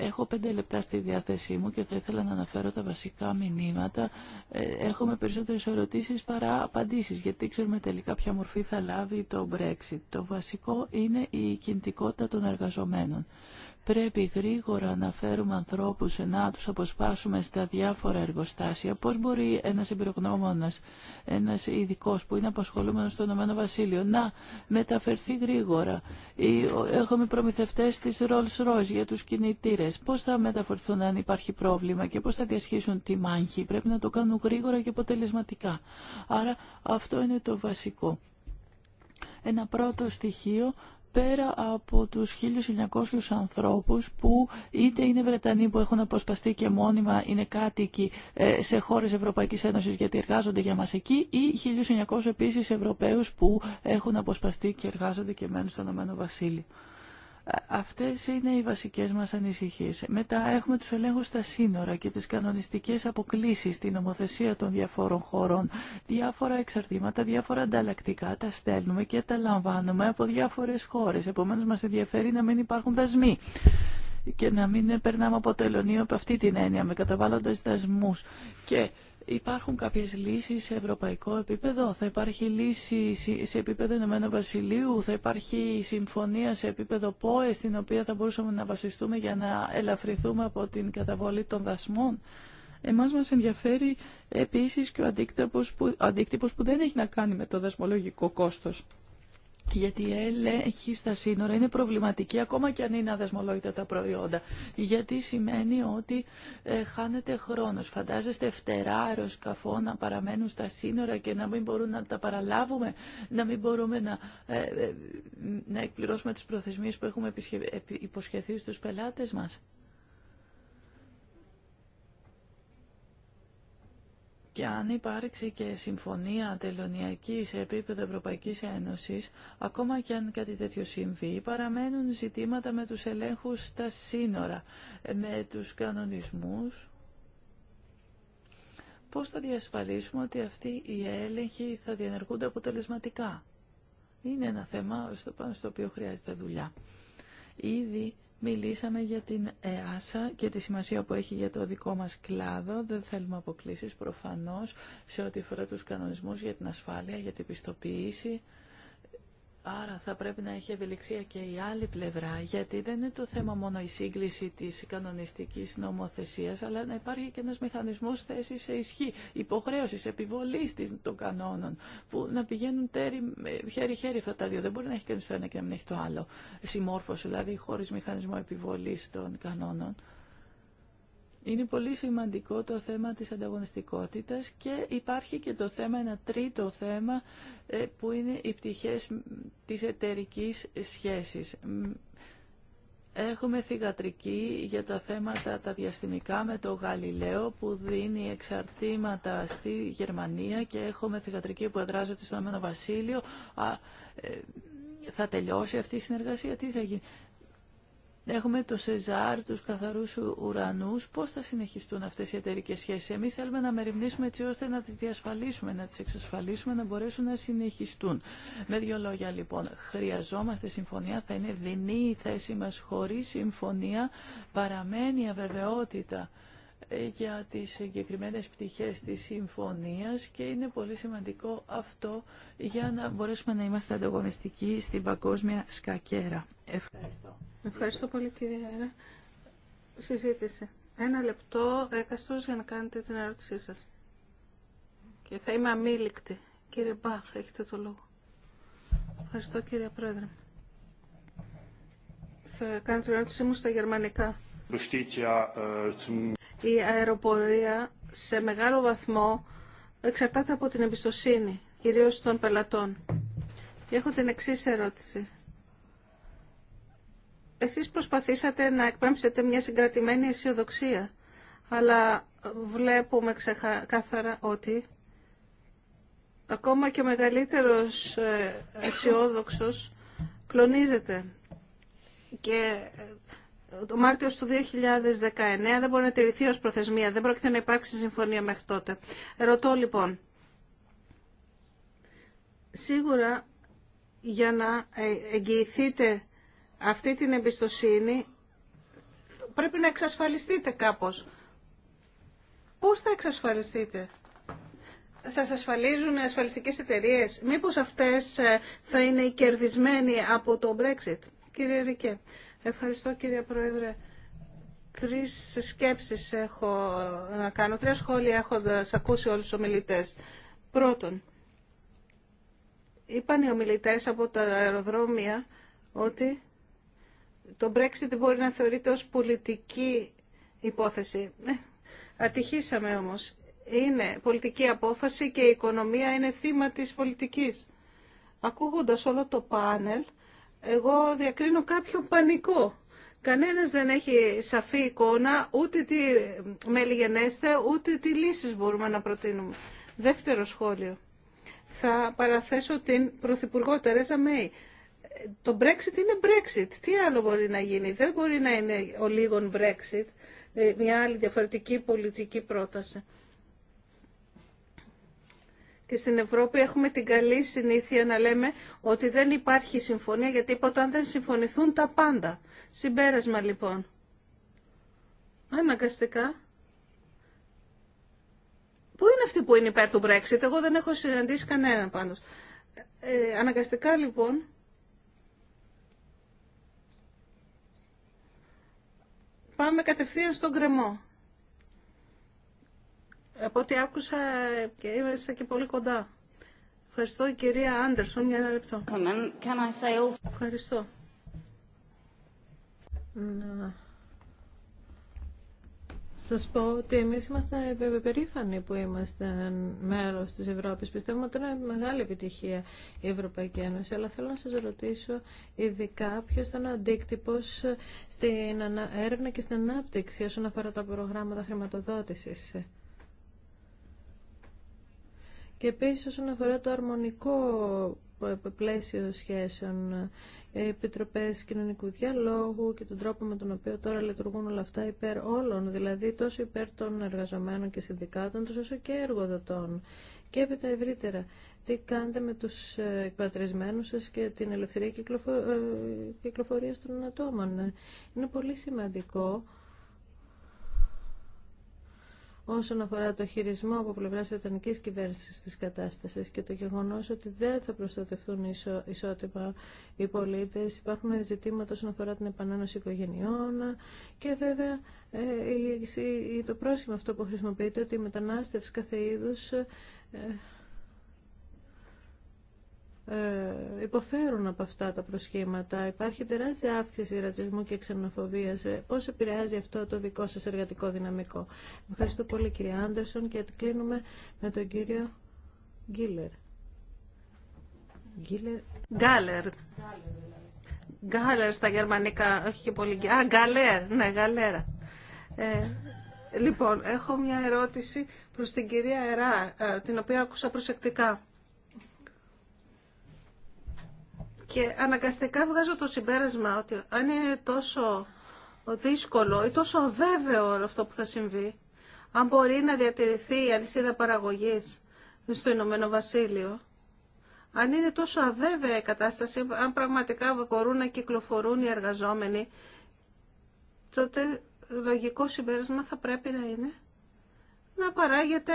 [SPEAKER 2] Έχω πέντε λεπτά στη διάθεσή μου και θα ήθελα να αναφέρω τα βασικά μηνύματα. Ε, έχουμε περισσότερες ερωτήσεις παρά απαντήσεις, γιατί ξέρουμε τελικά ποια μορφή θα λάβει το Brexit. Το βασικό είναι η κινητικότητα των εργαζομένων πρέπει γρήγορα να φέρουμε ανθρώπους, να τους αποσπάσουμε στα διάφορα εργοστάσια. Πώς μπορεί ένας εμπειρογνώμονας, ένας ειδικό που είναι απασχολούμενος στο Ηνωμένο Βασίλειο να μεταφερθεί γρήγορα. Έχουμε προμηθευτές της Rolls Royce για τους κινητήρες. Πώς θα μεταφερθούν αν υπάρχει πρόβλημα και πώς θα διασχίσουν τη μάχη. Πρέπει να το κάνουν γρήγορα και αποτελεσματικά. Άρα αυτό είναι το βασικό. Ένα πρώτο στοιχείο πέρα από τους 1.900 ανθρώπους που είτε είναι Βρετανοί που έχουν αποσπαστεί και μόνιμα είναι κάτοικοι ε, σε χώρες Ευρωπαϊκής Ένωσης γιατί εργάζονται για μας εκεί ή 1.900 επίσης Ευρωπαίους που έχουν αποσπαστεί και εργάζονται και μένουν στο Ηνωμένο Βασίλειο. Αυτές είναι οι βασικές μας ανησυχίες. Μετά έχουμε τους ελέγχους στα σύνορα και τις κανονιστικές αποκλήσεις στην νομοθεσία των διαφόρων χωρών. Διάφορα εξαρτήματα, διάφορα ανταλλακτικά τα στέλνουμε και τα λαμβάνουμε από διάφορες χώρες. Επομένως μας ενδιαφέρει να μην υπάρχουν δασμοί και να μην περνάμε από το ελωνίο από αυτή την έννοια, με καταβάλλοντας δασμούς. Και Υπάρχουν κάποιες λύσεις σε ευρωπαϊκό επίπεδο. Θα υπάρχει λύση σε επίπεδο Ηνωμένου Βασιλείου. Θα υπάρχει συμφωνία σε επίπεδο ΠΟΕ στην οποία θα μπορούσαμε να βασιστούμε για να ελαφρυθούμε από την καταβολή των δασμών. Εμάς μας ενδιαφέρει επίσης και ο αντίκτυπος που, αντίκτυπος που δεν έχει να κάνει με το δασμολογικό κόστος γιατί η έλεγχη στα σύνορα είναι προβληματική ακόμα και αν είναι αδεσμολόγητα τα προϊόντα. Γιατί σημαίνει ότι ε, χάνεται χρόνος. Φαντάζεστε φτερά αεροσκαφό να παραμένουν στα σύνορα και να μην μπορούν να τα παραλάβουμε, να μην μπορούμε να, ε, ε, να εκπληρώσουμε τις προθεσμίες που έχουμε ε, υποσχεθεί στους πελάτες μας. Και αν υπάρξει και συμφωνία τελωνιακή σε επίπεδο Ευρωπαϊκής Ένωσης, ακόμα και αν κάτι τέτοιο συμβεί, παραμένουν ζητήματα με τους ελέγχους στα σύνορα, με τους κανονισμούς. Πώς θα διασφαλίσουμε ότι αυτοί οι έλεγχοι θα διενεργούνται αποτελεσματικά. Είναι ένα θέμα στο πάνω στο οποίο χρειάζεται δουλειά. Ήδη Μιλήσαμε για την ΕΑΣΑ και τη σημασία που έχει για το δικό μας κλάδο. Δεν θέλουμε αποκλήσεις προφανώς σε ό,τι αφορά τους κανονισμούς για την ασφάλεια, για την πιστοποίηση. Άρα θα πρέπει να έχει ευελιξία και η άλλη πλευρά, γιατί δεν είναι το θέμα μόνο η σύγκληση της κανονιστικής νομοθεσίας, αλλά να υπάρχει και ένας μηχανισμός θέσης σε ισχύ, υποχρέωσης, επιβολής των κανόνων, που να πηγαίνουν ε, χέρι-χέρι αυτά τα δύο. Δεν μπορεί να έχει κανείς το ένα και να μην έχει το άλλο. Συμμόρφωση, δηλαδή, χωρίς μηχανισμό επιβολής των κανόνων. Είναι πολύ σημαντικό το θέμα της ανταγωνιστικότητας και υπάρχει και το θέμα, ένα τρίτο θέμα ε, που είναι οι πτυχές της εταιρικής σχέσης. Έχουμε θυγατρική για τα θέματα τα διαστημικά με το Γαλιλαίο που δίνει εξαρτήματα στη Γερμανία και έχουμε θυγατρική που εδράζεται στο Αμένο Βασίλειο. Ε, θα τελειώσει αυτή η συνεργασία, τι θα γίνει. Έχουμε το ΣΕΖΑΡ, τους καθαρούς ουρανούς. Πώς θα συνεχιστούν αυτές οι εταιρικέ σχέσεις. Εμείς θέλουμε να μεριμνήσουμε έτσι ώστε να τις διασφαλίσουμε, να τις εξασφαλίσουμε, να μπορέσουν να συνεχιστούν. Με δύο λόγια λοιπόν, χρειαζόμαστε συμφωνία, θα είναι δεινή η θέση μας χωρίς συμφωνία, παραμένει αβεβαιότητα για τις συγκεκριμένες πτυχές της συμφωνίας και είναι πολύ σημαντικό αυτό για να μπορέσουμε να είμαστε ανταγωνιστικοί στην παγκόσμια σκακέρα. Ευχαριστώ. Ευχαριστώ πολύ κύριε Άρα.
[SPEAKER 1] Συζήτηση. Ένα λεπτό έκαστος για να κάνετε την ερώτησή σας. Και θα είμαι αμήλικτη. Κύριε Μπαχ, έχετε το λόγο. Ευχαριστώ κύριε Πρόεδρε. Θα κάνω την ερώτησή μου στα γερμανικά η αεροπορία σε μεγάλο βαθμό εξαρτάται από την εμπιστοσύνη, κυρίως των πελατών. Και έχω την εξή ερώτηση. Εσείς προσπαθήσατε να εκπέμψετε μια συγκρατημένη αισιοδοξία, αλλά βλέπουμε ξεκάθαρα ότι ακόμα και ο μεγαλύτερος ε, αισιόδοξο κλονίζεται και ε, το Μάρτιο του 2019 δεν μπορεί να τηρηθεί ως προθεσμία. Δεν πρόκειται να υπάρξει συμφωνία μέχρι τότε. Ρωτώ λοιπόν, σίγουρα για να ε, εγγυηθείτε αυτή την εμπιστοσύνη πρέπει να εξασφαλιστείτε κάπως. Πώς θα εξασφαλιστείτε. Σας ασφαλίζουν ασφαλιστικές εταιρείες. Μήπως αυτές ε, θα είναι οι κερδισμένοι από το Brexit. Κύριε Ρικέ, Ευχαριστώ κύριε Πρόεδρε. Τρεις σκέψεις έχω να κάνω, τρία σχόλια έχοντας ακούσει όλους τους ομιλητές. Πρώτον, είπαν οι ομιλητές από τα αεροδρόμια ότι το Brexit μπορεί να θεωρείται ως πολιτική υπόθεση. Ε, ατυχήσαμε όμως. Είναι πολιτική απόφαση και η οικονομία είναι θύμα της πολιτικής. Ακούγοντας όλο το πάνελ, εγώ διακρίνω κάποιο πανικό. Κανένας δεν έχει σαφή εικόνα ούτε τι μελιγενέστε, ούτε τι λύσεις μπορούμε να προτείνουμε. Δεύτερο σχόλιο. Θα παραθέσω την Πρωθυπουργό Τερέζα Μέη. Το Brexit είναι Brexit. Τι άλλο μπορεί να γίνει. Δεν μπορεί να είναι ο λίγον Brexit, ε, μια άλλη διαφορετική πολιτική πρόταση. Και στην Ευρώπη έχουμε την καλή συνήθεια να λέμε ότι δεν υπάρχει συμφωνία γιατί τίποτα δεν συμφωνηθούν τα πάντα. Συμπέρασμα λοιπόν. Αναγκαστικά. Πού είναι αυτοί που είναι υπέρ του Brexit. Εγώ δεν έχω συναντήσει κανέναν πάντως. Ε, αναγκαστικά λοιπόν πάμε κατευθείαν στον κρεμό. Από ό,τι άκουσα και είμαστε και πολύ κοντά. Ευχαριστώ η κυρία Άντερσον για ένα λεπτό. Ευχαριστώ. Να σας πω ότι εμείς είμαστε περήφανοι που είμαστε μέρος της Ευρώπης. Πιστεύουμε ότι είναι μεγάλη επιτυχία η Ευρωπαϊκή Ένωση, αλλά θέλω να σας ρωτήσω ειδικά ποιος ήταν ο αντίκτυπος στην έρευνα και στην ανάπτυξη όσον αφορά τα προγράμματα χρηματοδότησης. Και επίσης όσον αφορά το αρμονικό πλαίσιο σχέσεων, ε, επιτροπές κοινωνικού διαλόγου και τον τρόπο με τον οποίο τώρα λειτουργούν όλα αυτά υπέρ όλων, δηλαδή τόσο υπέρ των εργαζομένων και συνδικάτων τους όσο και εργοδοτών. Και έπειτα ευρύτερα, τι κάνετε με τους ε, εκπατρισμένους σας και την ελευθερία ε, κυκλοφορίας των ατόμων. Είναι πολύ σημαντικό όσον αφορά το χειρισμό από πλευρά τη Ιταλική κυβέρνηση τη κατάσταση και το γεγονό ότι δεν θα προστατευτούν ισότιμα οι πολίτε. Υπάρχουν ζητήματα όσον αφορά την επανένωση οικογενειών και βέβαια ε, το πρόσχημα αυτό που χρησιμοποιείται ότι η μετανάστευση κάθε είδου ε, ε, υποφέρουν από αυτά τα προσχήματα. Υπάρχει τεράστια αύξηση ρατσισμού και Ε, Πώ επηρεάζει αυτό το δικό σα εργατικό δυναμικό. Ευχαριστώ πολύ κύριε Άντερσον και κλείνουμε με τον κύριο Γκίλερ. Γκίλερ. Γκάλερ. Γκάλερ στα γερμανικά, όχι και πολύ. Α, γκαλέρ, ναι, γαλέρα. Ε, λοιπόν, έχω μια ερώτηση προς την κυρία Ερά, ε, την οποία άκουσα προσεκτικά. Και αναγκαστικά βγάζω το συμπέρασμα ότι αν είναι τόσο δύσκολο ή τόσο αβέβαιο όλο αυτό που θα συμβεί, αν μπορεί να διατηρηθεί η αλυσίδα παραγωγής στο Ηνωμένο Βασίλειο, αν είναι τόσο αβέβαια η κατάσταση, αν πραγματικά μπορούν να κυκλοφορούν οι εργαζόμενοι, τότε λογικό συμπέρασμα θα πρέπει να είναι να παράγεται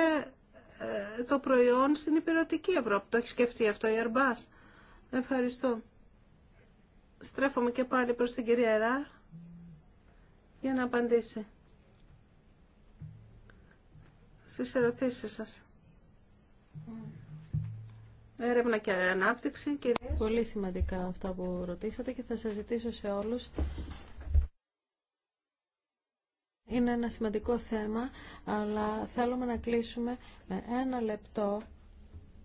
[SPEAKER 1] ε, το προϊόν στην υπηρετική Ευρώπη. Το έχει σκεφτεί αυτό η Airbus. Ευχαριστώ. Στρέφομαι και πάλι προς την κυρία Ερά για να απαντήσει στις ερωτήσεις σας. Έρευνα και ανάπτυξη. Και... Πολύ σημαντικά αυτά που ρωτήσατε και θα σας ζητήσω σε όλους είναι ένα σημαντικό θέμα, αλλά θέλουμε να κλείσουμε με ένα λεπτό.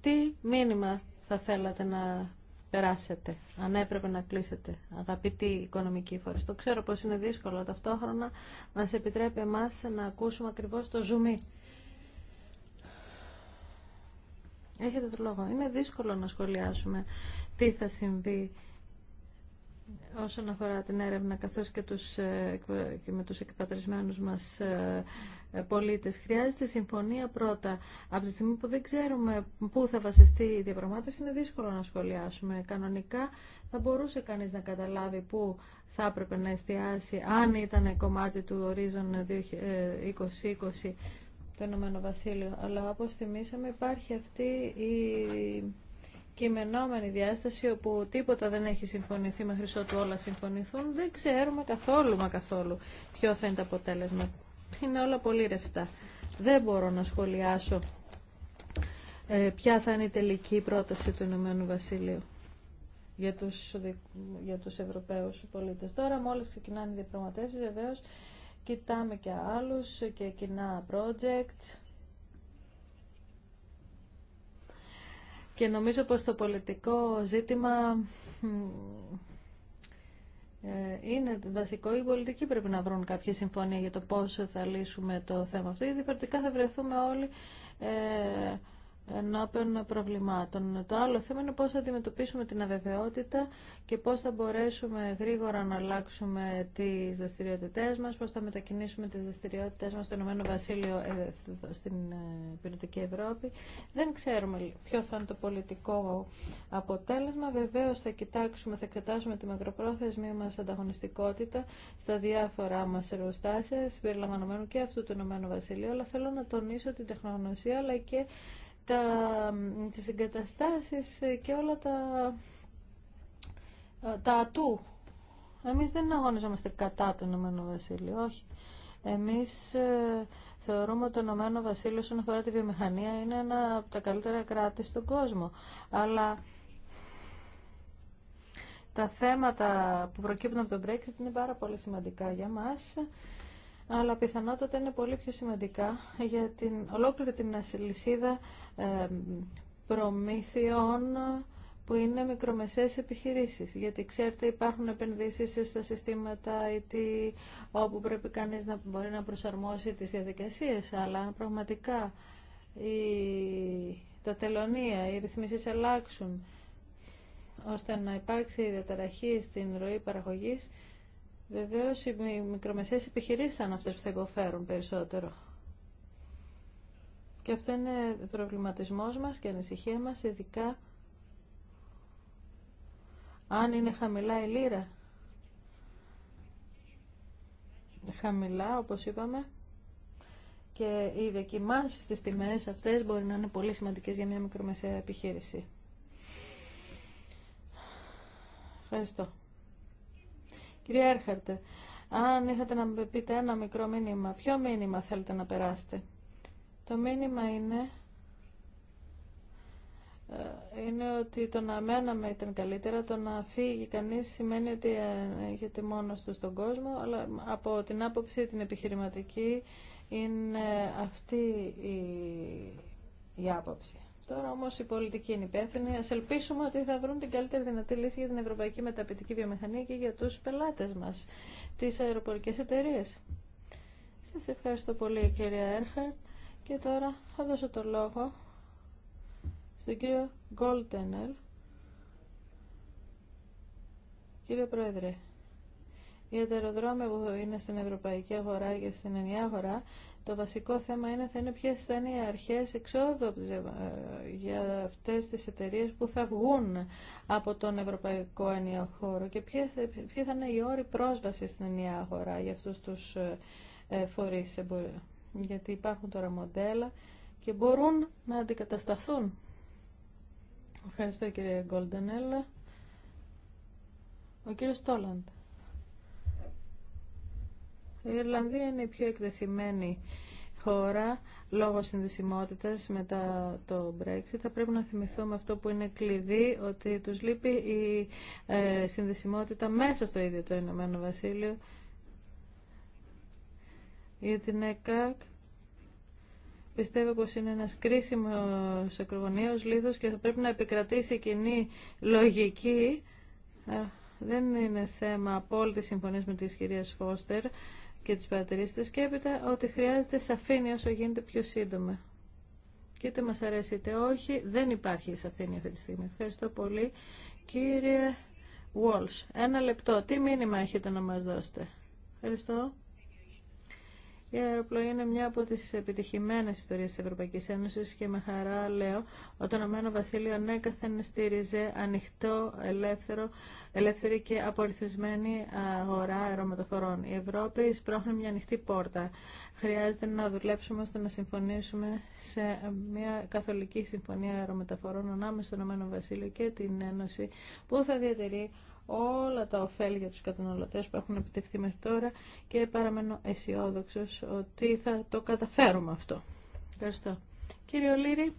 [SPEAKER 1] Τι μήνυμα θα θέλατε να περάσετε, αν έπρεπε να κλείσετε. Αγαπητοί οικονομικοί φορείς, το ξέρω πως είναι δύσκολο, ταυτόχρονα μας επιτρέπει εμάς να ακούσουμε ακριβώς το ζουμί. Έχετε το λόγο. Είναι δύσκολο να σχολιάσουμε τι θα συμβεί όσον αφορά την έρευνα καθώς και, τους, ε, και με τους εκπατρισμένους μας ε, ε, πολίτες. Χρειάζεται συμφωνία πρώτα. Από τη στιγμή που δεν ξέρουμε πού θα βασιστεί η διαπραγμάτευση, είναι δύσκολο να σχολιάσουμε. Κανονικά θα μπορούσε κανείς να καταλάβει πού θα έπρεπε να εστιάσει, αν ήταν κομμάτι του ορίζον 2020 το Ηνωμένο Βασίλειο. Αλλά όπως θυμήσαμε υπάρχει αυτή η κειμενόμενη διάσταση όπου τίποτα δεν έχει συμφωνηθεί μέχρι ότου όλα συμφωνηθούν. Δεν ξέρουμε καθόλου μα καθόλου ποιο θα είναι το αποτέλεσμα. Είναι όλα πολύ ρευστά. Δεν μπορώ να σχολιάσω ε, ποια θα είναι η τελική πρόταση του Ηνωμένου Βασίλειου για τους, για τους Ευρωπαίους πολίτες. Τώρα μόλις ξεκινάνε οι διαπραγματεύσεις βεβαίως κοιτάμε και άλλους και κοινά project και νομίζω πως το πολιτικό ζήτημα ε, είναι βασικό οι πολιτικοί πρέπει να βρουν κάποια συμφωνία για το πώς θα λύσουμε το θέμα αυτό, γιατί διαφορετικά θα βρεθούμε όλοι ε, ενώπιον προβλημάτων. Το άλλο θέμα είναι πώς θα αντιμετωπίσουμε την αβεβαιότητα και πώς θα μπορέσουμε γρήγορα να αλλάξουμε τις δραστηριότητέ μας, πώς θα μετακινήσουμε τις δραστηριότητε μας στο Ηνωμένο Βασίλειο ε, στην ε, Πυρωτική Ευρώπη. Δεν ξέρουμε ποιο θα είναι το πολιτικό αποτέλεσμα. Βεβαίω θα κοιτάξουμε, θα εξετάσουμε τη μακροπρόθεσμή μας ανταγωνιστικότητα στα διάφορα μας εργοστάσια, συμπεριλαμβανομένου και αυτού του Ηνωμένου Βασιλείου, αλλά θέλω να τονίσω την τεχνογνωσία αλλά και τα, τις εγκαταστάσεις και όλα τα, τα ατού. Εμείς δεν αγωνιζόμαστε κατά το Ηνωμένο Βασίλειο, όχι. Εμείς ε, θεωρούμε ότι το Ηνωμένο Βασίλειο όσον αφορά τη βιομηχανία είναι ένα από τα καλύτερα κράτη στον κόσμο. Αλλά τα θέματα που προκύπτουν από τον Brexit είναι πάρα πολύ σημαντικά για μας αλλά πιθανότατα είναι πολύ πιο σημαντικά για την ολόκληρη την ασυλισίδα ε, προμήθειών που είναι μικρομεσαίες επιχειρήσεις. Γιατί ξέρετε υπάρχουν επενδύσεις στα συστήματα IT όπου πρέπει κανείς να μπορεί να προσαρμόσει τις διαδικασίες, αλλά πραγματικά η... τα τελωνία, οι ρυθμίσεις αλλάξουν ώστε να υπάρξει διαταραχή στην ροή παραγωγής, Βεβαίω οι μικρομεσαίε επιχειρήσεις θα είναι αυτές που θα υποφέρουν περισσότερο. Και αυτό είναι προβληματισμός μας και ανησυχία μας, ειδικά αν είναι χαμηλά η λίρα. Χαμηλά, όπως είπαμε, και οι δοκιμάσει στις τιμές αυτές μπορεί να είναι πολύ σημαντικές για μια μικρομεσαία επιχείρηση. Ευχαριστώ. Κυρία Έρχαρτε, αν είχατε να μου πείτε ένα μικρό μήνυμα, ποιο μήνυμα θέλετε να περάσετε. Το μήνυμα είναι ε, είναι ότι το να μέναμε ήταν καλύτερα, το να φύγει κανείς σημαίνει ότι ε, έχετε μόνος του στον κόσμο, αλλά από την άποψη την επιχειρηματική είναι αυτή η, η άποψη. Τώρα όμως η πολιτική είναι υπεύθυνη. Α ελπίσουμε ότι θα βρουν την καλύτερη δυνατή λύση για την ευρωπαϊκή μεταπητική βιομηχανία και για τους πελάτες μας, τις αεροπορικέ εταιρείε. Σας ευχαριστώ πολύ κυρία Έρχερ. και τώρα θα δώσω το λόγο στον κύριο Γκόλτενερ. Κύριε Πρόεδρε, για τα που είναι στην ευρωπαϊκή αγορά και στην ενιαία αγορά, το βασικό θέμα είναι θα είναι ποιε θα είναι οι αρχέ εξόδου ε, για αυτέ τι εταιρείε που θα βγουν από τον ευρωπαϊκό ενιαίο χώρο και ποιοι θα είναι οι όροι πρόσβαση στην ενιαία αγορά για αυτού του ε, φορεί. Ε, γιατί υπάρχουν τώρα μοντέλα και μπορούν να αντικατασταθούν. Ευχαριστώ κύριε Γκόλντενέλ. Ο κύριος Τόλαντ. Η Ιρλανδία είναι η πιο εκτεθειμένη χώρα λόγω συνδυσιμότητας μετά το Brexit. Θα πρέπει να θυμηθούμε αυτό που είναι κλειδί, ότι τους λείπει η ε, συνδυσιμότητα μέσα στο ίδιο το Ηνωμένο Βασίλειο. Για την ΕΚΑΚ πιστεύω πως είναι ένας κρίσιμος ακρογωνίος λίθος και θα πρέπει να επικρατήσει κοινή λογική. Ε, δεν είναι θέμα απόλυτη συμφωνία με τις κυρίες Φώστερ και τις παρατηρήσεις της και έπειτα ότι χρειάζεται σαφήνεια όσο γίνεται πιο σύντομα. Και είτε μας αρέσει είτε όχι, δεν υπάρχει σαφήνεια αυτή τη στιγμή. Ευχαριστώ πολύ. Κύριε Walsh, ένα λεπτό. Τι μήνυμα έχετε να μας δώσετε. Ευχαριστώ. Η αεροπλοή είναι μια από τις επιτυχημένες ιστορίες τη Ευρωπαϊκής Ένωση και με χαρά λέω ότι το Ηνωμένο Βασίλειο ανέκαθεν στήριζε ανοιχτό, ελεύθερο, ελεύθερη και απορριθμισμένη αγορά αερομεταφορών. Η Ευρώπη σπρώχνει μια ανοιχτή πόρτα. Χρειάζεται να δουλέψουμε ώστε να συμφωνήσουμε σε μια καθολική συμφωνία αερομεταφορών ανάμεσα στο Ηνωμένο Βασίλειο και την Ένωση που θα διατηρεί όλα τα ωφέλη για τους καταναλωτές που έχουν επιτευχθεί μέχρι τώρα και παραμένω αισιόδοξο ότι θα το καταφέρουμε αυτό. Ευχαριστώ. Κύριε Ολύρη.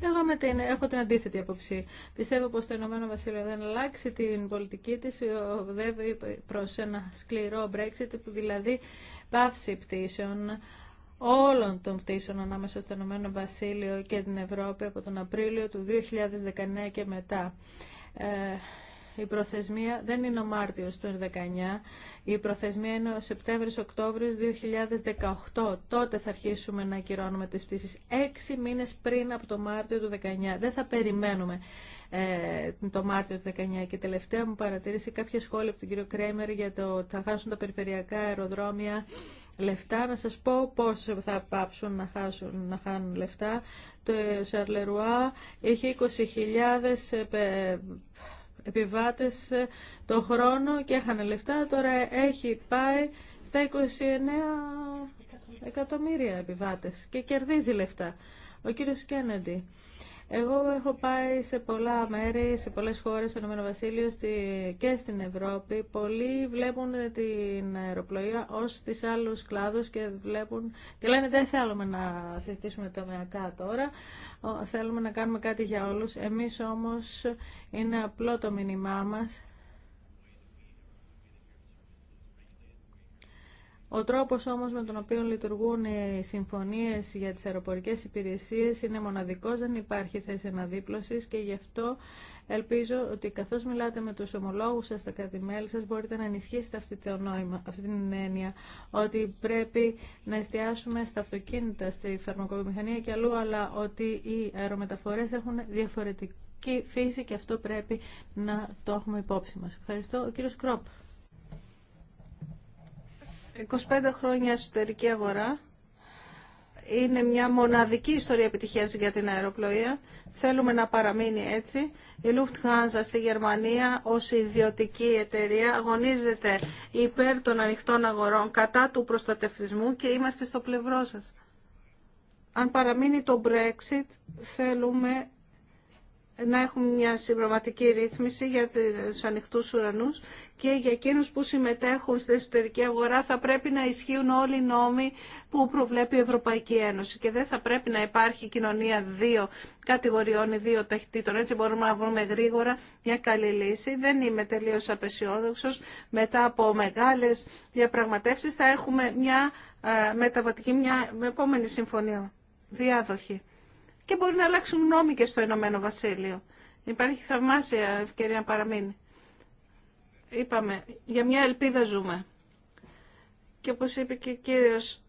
[SPEAKER 1] Εγώ με την, έχω την αντίθετη απόψη. Πιστεύω πως το Ηνωμένο Βασίλειο δεν αλλάξει την πολιτική της, οδεύει προς ένα σκληρό Brexit, που δηλαδή πάυση πτήσεων όλων των πτήσεων ανάμεσα στο Ηνωμένο Βασίλειο και την Ευρώπη από τον Απρίλιο του 2019 και μετά. Ε, η προθεσμία δεν είναι ο Μάρτιος του 19, η προθεσμία είναι ο Σεπτέμβριος-Οκτώβριος 2018. Τότε θα αρχίσουμε να ακυρώνουμε τις πτήσεις έξι μήνες πριν από το Μάρτιο του 19. Δεν θα περιμένουμε. Ε, το Μάρτιο του 19. Και τελευταία μου παρατήρηση κάποια σχόλια από τον κύριο Κρέμερ για το ότι θα χάσουν τα περιφερειακά αεροδρόμια λεφτά. Να σας πω πώς θα πάψουν να, χάσουν, να χάνουν λεφτά. Το Σαρλερουά έχει 20.000 ε, επιβάτες ε, το χρόνο και έχανε λεφτά. Τώρα έχει πάει στα 29 εκατομμύρια επιβάτες και κερδίζει λεφτά. Ο κύριος Κέννεντι εγώ έχω πάει σε πολλά μέρη, σε πολλές χώρες, στο Ηνωμένο Βασίλειο και στην Ευρώπη. Πολλοί βλέπουν την αεροπλοεία ως τις άλλους κλάδους και, βλέπουν, και λένε δεν θέλουμε να συζητήσουμε τομεακά τώρα, θέλουμε να κάνουμε κάτι για όλους. Εμείς όμως είναι απλό το μήνυμά μας Ο τρόπος όμως με τον οποίο λειτουργούν οι συμφωνίες για τις αεροπορικές υπηρεσίες είναι μοναδικός, δεν υπάρχει θέση αναδίπλωσης και γι' αυτό ελπίζω ότι καθώς μιλάτε με τους ομολόγους σας τα κράτη-μέλη σας μπορείτε να ενισχύσετε αυτή, το νόημα, αυτή την έννοια ότι πρέπει να εστιάσουμε στα αυτοκίνητα, στη φαρμακοβιομηχανία και αλλού, αλλά ότι οι αερομεταφορές έχουν διαφορετική φύση και αυτό πρέπει να το έχουμε υπόψη μας. Ευχαριστώ. Ο κύριος Κρόπ. 25 χρόνια εσωτερική αγορά είναι μια μοναδική ιστορία επιτυχίας για την αεροπλοεία. Θέλουμε να παραμείνει έτσι. Η Lufthansa στη Γερμανία ως ιδιωτική εταιρεία αγωνίζεται υπέρ των ανοιχτών αγορών κατά του προστατευτισμού και είμαστε στο πλευρό σας. Αν παραμείνει το Brexit θέλουμε να έχουμε μια συμπροματική ρύθμιση για τους ανοιχτούς ουρανούς και για εκείνους που συμμετέχουν στην εσωτερική αγορά θα πρέπει να ισχύουν όλοι οι νόμοι που προβλέπει η Ευρωπαϊκή Ένωση και δεν θα πρέπει να υπάρχει κοινωνία δύο κατηγοριών ή δύο ταχυτήτων. Έτσι μπορούμε να βρούμε γρήγορα μια καλή λύση. Δεν είμαι τελείως απεσιόδοξος. Μετά από μεγάλες διαπραγματεύσεις θα έχουμε μια ε, μεταβατική, μια επόμενη συμφωνία διάδοχη και μπορεί να αλλάξουν νόμοι και στο Ηνωμένο Βασίλειο. Υπάρχει θαυμάσια ευκαιρία να παραμείνει. Είπαμε, για μια ελπίδα ζούμε. Και όπως είπε και ο κύριος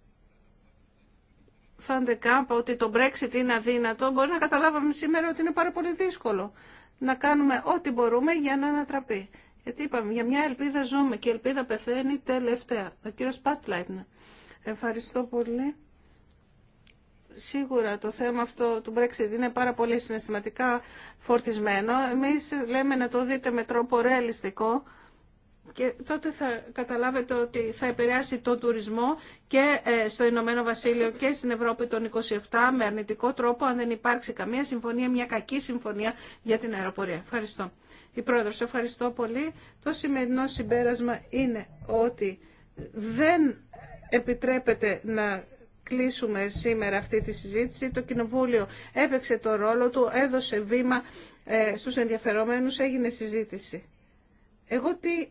[SPEAKER 1] Φαντεκάμπα ότι το Brexit είναι αδύνατο, μπορεί να καταλάβαμε σήμερα ότι είναι πάρα πολύ δύσκολο να κάνουμε ό,τι μπορούμε για να ανατραπεί. Γιατί είπαμε, για μια ελπίδα ζούμε και η ελπίδα πεθαίνει τελευταία. Ο κύριος Πάστλαϊτνε. Ευχαριστώ πολύ σίγουρα το θέμα αυτό του Brexit είναι πάρα πολύ συναισθηματικά φορτισμένο. Εμείς λέμε να το δείτε με τρόπο ρεαλιστικό και τότε θα καταλάβετε ότι θα επηρεάσει τον τουρισμό και ε, στο Ηνωμένο Βασίλειο και στην Ευρώπη των 27 με αρνητικό τρόπο αν δεν υπάρξει καμία συμφωνία, μια κακή συμφωνία για την αεροπορία. Ευχαριστώ. Η Πρόεδρος, ευχαριστώ πολύ. Το σημερινό συμπέρασμα είναι ότι δεν επιτρέπεται να κλείσουμε σήμερα αυτή τη συζήτηση. Το Κοινοβούλιο έπαιξε το ρόλο του, έδωσε βήμα ε, στους ενδιαφερόμενους, έγινε συζήτηση. Εγώ τι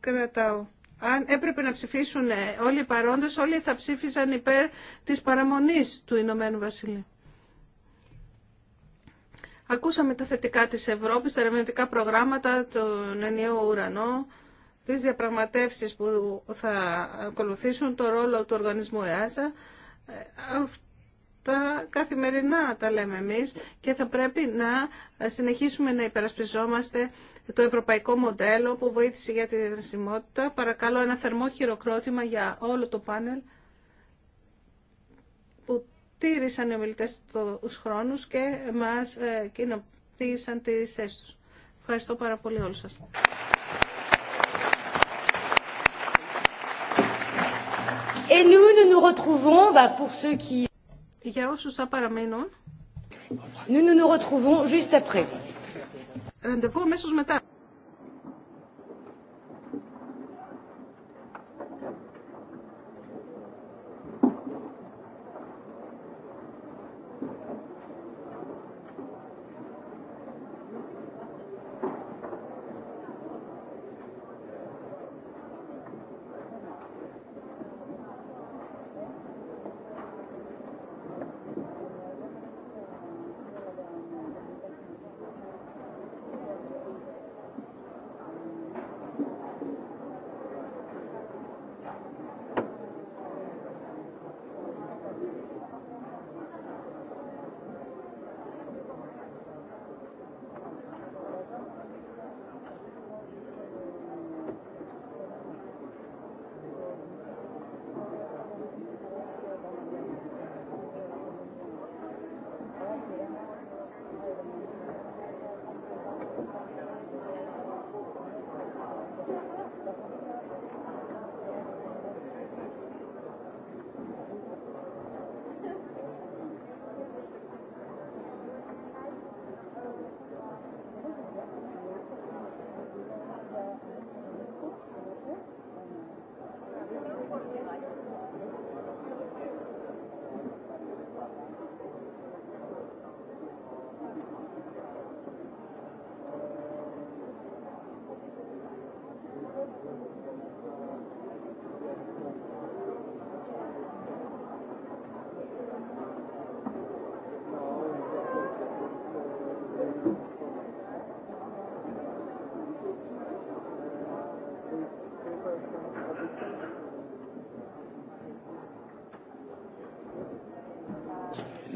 [SPEAKER 1] κρατάω. Αν έπρεπε να ψηφίσουν ε, όλοι οι παρόντες, όλοι θα ψήφισαν υπέρ της παραμονής του Ηνωμένου Βασιλείου. Ακούσαμε τα θετικά της Ευρώπης, τα ερευνητικά προγράμματα, τον ενιαίο ουρανό, τις διαπραγματεύσεις που θα ακολουθήσουν, το ρόλο του οργανισμού ΕΑΣΑ. Αυτά καθημερινά τα λέμε εμείς και θα πρέπει να συνεχίσουμε να υπερασπιζόμαστε το ευρωπαϊκό μοντέλο που βοήθησε για τη διαδρασιμότητα. Παρακαλώ ένα θερμό χειροκρότημα για όλο το πάνελ που τήρησαν οι ομιλητές τους χρόνους και μας ε, κοινοποίησαν τις θέσεις τους. Ευχαριστώ πάρα πολύ όλους σας. Et nous, nous nous retrouvons, bah, pour ceux qui... nous, nous nous retrouvons juste après.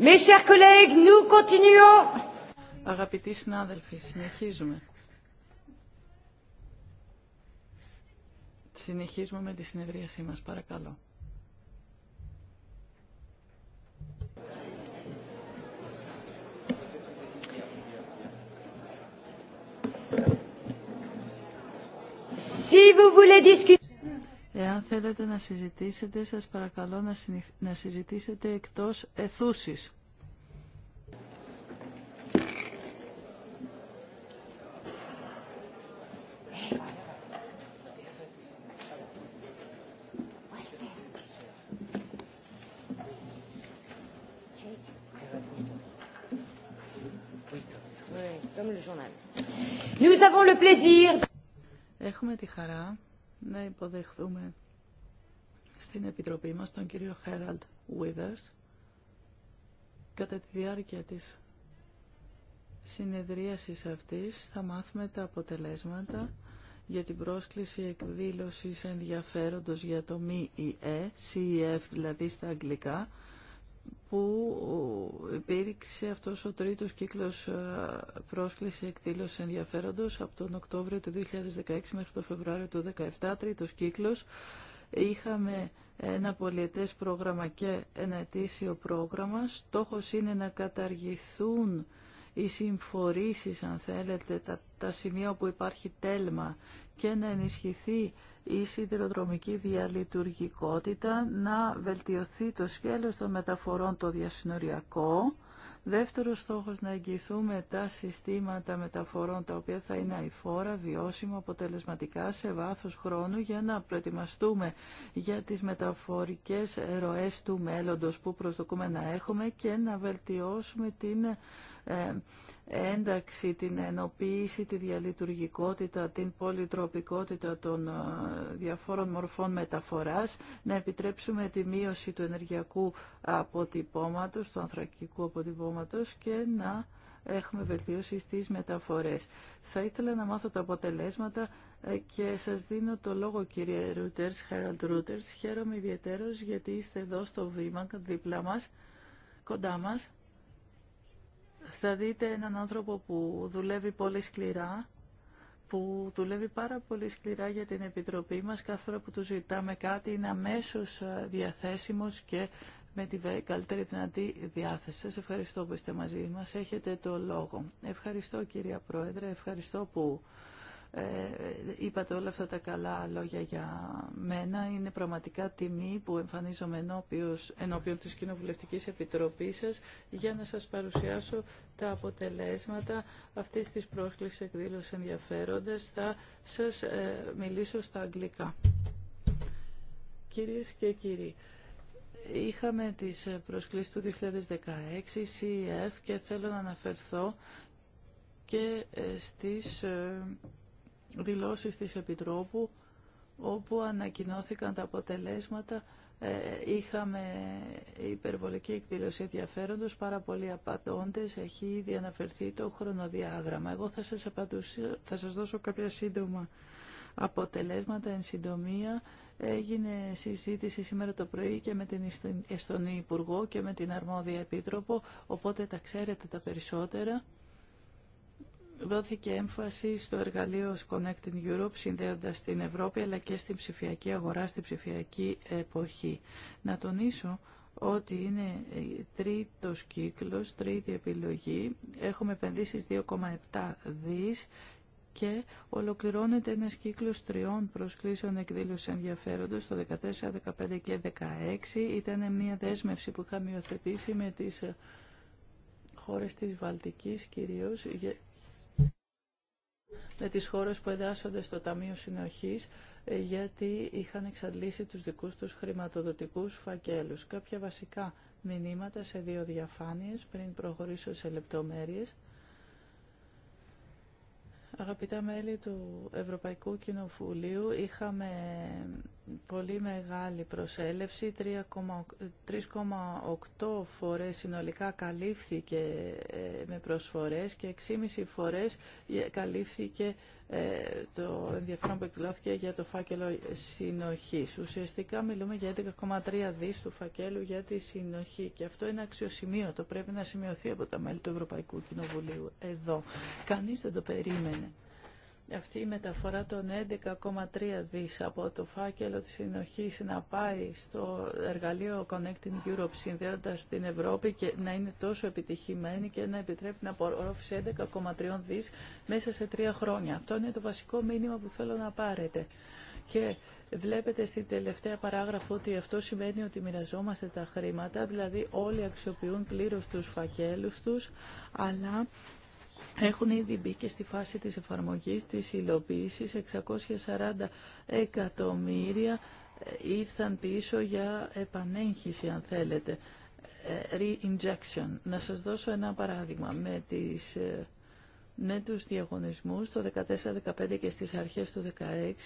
[SPEAKER 2] Mes chers collègues, nous continuons. Αγαπητοί συνάδελφοι, συνεχίζουμε. Συνεχίζουμε με τη συνεδρίασή μας, παρακαλώ. Si vous voulez discuter... Εάν θέλετε να συζητήσετε, σας παρακαλώ να συζητήσετε εκτός εθούσης. Έχουμε τη χαρά να υποδεχθούμε στην Επιτροπή μας τον κύριο Χέραλτ Withers κατά τη διάρκεια της συνεδρίασης αυτής θα μάθουμε τα αποτελέσματα για την πρόσκληση εκδήλωσης ενδιαφέροντος για το ΜΗΕ, CEF δηλαδή στα αγγλικά, που υπήρξε αυτός ο τρίτος κύκλος ε, πρόσκληση εκδήλωση ενδιαφέροντος από τον Οκτώβριο του 2016 μέχρι τον Φεβρουάριο του 2017, τρίτος κύκλος. Είχαμε ένα πολιετές πρόγραμμα και ένα ετήσιο πρόγραμμα. Στόχος είναι να καταργηθούν οι συμφορήσεις, αν θέλετε, τα, τα σημεία όπου υπάρχει τέλμα και να ενισχυθεί η σιδηροδρομική διαλειτουργικότητα, να βελτιωθεί το σχέδιο των μεταφορών το διασυνοριακό, Δεύτερος στόχος να εγγυηθούμε τα συστήματα μεταφορών τα οποία θα είναι αηφόρα, βιώσιμο, αποτελεσματικά σε βάθος χρόνου για να προετοιμαστούμε για τις μεταφορικές ροές του μέλλοντος που προσδοκούμε να έχουμε και να βελτιώσουμε την ε, ένταξη, την ενοποίηση, τη διαλειτουργικότητα, την πολυτροπικότητα των ε, διαφόρων μορφών μεταφοράς, να επιτρέψουμε τη μείωση του ενεργειακού αποτυπώματος, του ανθρακικού αποτυπώματος και να έχουμε βελτίωση στις μεταφορές. Θα ήθελα να μάθω τα αποτελέσματα ε, και σας δίνω το λόγο κύριε Ρούτερς, Χαραλτ Ρούτερς. Χαίρομαι ιδιαίτερος γιατί είστε εδώ στο βήμα δίπλα μας, κοντά μας θα δείτε έναν άνθρωπο που δουλεύει πολύ σκληρά, που δουλεύει πάρα πολύ σκληρά για την Επιτροπή μας. Κάθε φορά που του ζητάμε κάτι είναι αμέσως ε, διαθέσιμος και με την καλύτερη δυνατή διάθεση. Σας ευχαριστώ που είστε μαζί μας. Έχετε το λόγο. Ευχαριστώ κυρία Πρόεδρε, ευχαριστώ που ε, είπατε όλα αυτά τα καλά λόγια για μένα. Είναι πραγματικά τιμή που εμφανίζομαι ενώπιον της Κοινοβουλευτικής Επιτροπής σας για να σας παρουσιάσω τα αποτελέσματα αυτής της πρόσκλησης εκδήλωσης ενδιαφέροντας. Θα σας ε, μιλήσω στα αγγλικά. Κυρίες και κύριοι, είχαμε τις προσκλήσεις του 2016 CEF και θέλω να αναφερθώ και ε, στις δηλώσεις της Επιτρόπου όπου ανακοινώθηκαν τα αποτελέσματα ε, είχαμε υπερβολική εκδήλωση ενδιαφέροντος, πάρα πολλοί απαντώντες, έχει ήδη αναφερθεί το χρονοδιάγραμμα. Εγώ θα σας, δώσω κάποια σύντομα αποτελέσματα εν συντομία. Έγινε συζήτηση σήμερα το πρωί και με την Εστονή Υπουργό και με την Αρμόδια Επίτροπο, οπότε τα ξέρετε τα περισσότερα δόθηκε έμφαση στο εργαλείο Connecting Europe, συνδέοντας την Ευρώπη αλλά και στην ψηφιακή αγορά, στην ψηφιακή εποχή. Να τονίσω ότι είναι τρίτος κύκλος, τρίτη επιλογή. Έχουμε επενδύσεις 2,7 δις και ολοκληρώνεται ένας κύκλος τριών προσκλήσεων εκδήλωση ενδιαφέροντος το 14, 15 και 16. Ήταν μια δέσμευση που είχαμε υιοθετήσει με τις χώρες της Βαλτικής κυρίως με τις χώρες που εντάσσονται στο Ταμείο Συνοχής ε, γιατί είχαν εξαντλήσει τους δικούς τους χρηματοδοτικούς φακέλους. Κάποια βασικά μηνύματα σε δύο διαφάνειες πριν προχωρήσω σε λεπτομέρειες. Αγαπητά μέλη του Ευρωπαϊκού Κοινοβουλίου, είχαμε πολύ μεγάλη προσέλευση, 3,8 φορές συνολικά καλύφθηκε ε, με προσφορές και 6,5 φορές ε, καλύφθηκε ε, το ενδιαφέρον που εκδηλώθηκε για το φάκελο συνοχής. Ουσιαστικά μιλούμε για 11,3 δι του φακέλου για τη συνοχή και αυτό είναι αξιοσημείωτο. Πρέπει να σημειωθεί από τα μέλη του Ευρωπαϊκού Κοινοβουλίου εδώ. Κανεί δεν το περίμενε αυτή η μεταφορά των 11,3 δις από το φάκελο της συνοχής να πάει στο εργαλείο Connecting Europe συνδέοντας την Ευρώπη και να είναι τόσο επιτυχημένη και να επιτρέπει να απορρόφησε 11,3 δις μέσα σε τρία χρόνια. Αυτό είναι το βασικό μήνυμα που θέλω να πάρετε. Και Βλέπετε στην τελευταία παράγραφο ότι αυτό σημαίνει ότι μοιραζόμαστε τα χρήματα, δηλαδή όλοι αξιοποιούν πλήρως τους φακέλους τους, αλλά έχουν ήδη μπει και στη φάση της εφαρμογής της υλοποίησης 640 εκατομμύρια ε, ήρθαν πίσω για επανέγχυση αν θέλετε ε, re-injection. Να σας δώσω ένα παράδειγμα με, τις, ε, με τους διαγωνισμούς το 14-15 και στις αρχές του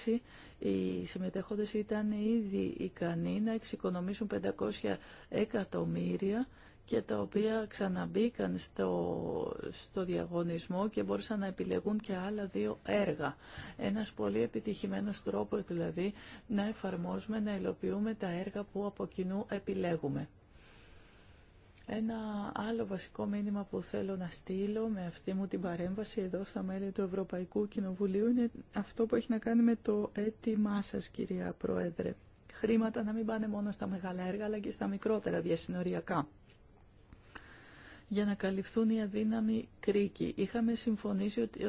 [SPEAKER 2] 16 οι συμμετέχοντες ήταν ήδη ικανοί να εξοικονομήσουν 500 εκατομμύρια και τα οποία ξαναμπήκαν στο, στο διαγωνισμό και μπορούσαν να επιλεγούν και άλλα δύο έργα. Ένας πολύ επιτυχημένος τρόπος δηλαδή να εφαρμόζουμε, να υλοποιούμε τα έργα που από κοινού επιλέγουμε. Ένα άλλο βασικό μήνυμα που θέλω να στείλω με αυτή μου την παρέμβαση εδώ στα μέλη του Ευρωπαϊκού Κοινοβουλίου είναι αυτό που έχει να κάνει με το αίτημά σας, κυρία Πρόεδρε. Χρήματα να μην πάνε μόνο στα μεγάλα έργα, αλλά και στα μικρότερα διασυνοριακά για να καλυφθούν οι αδύναμοι κρίκοι. Είχαμε συμφωνήσει ότι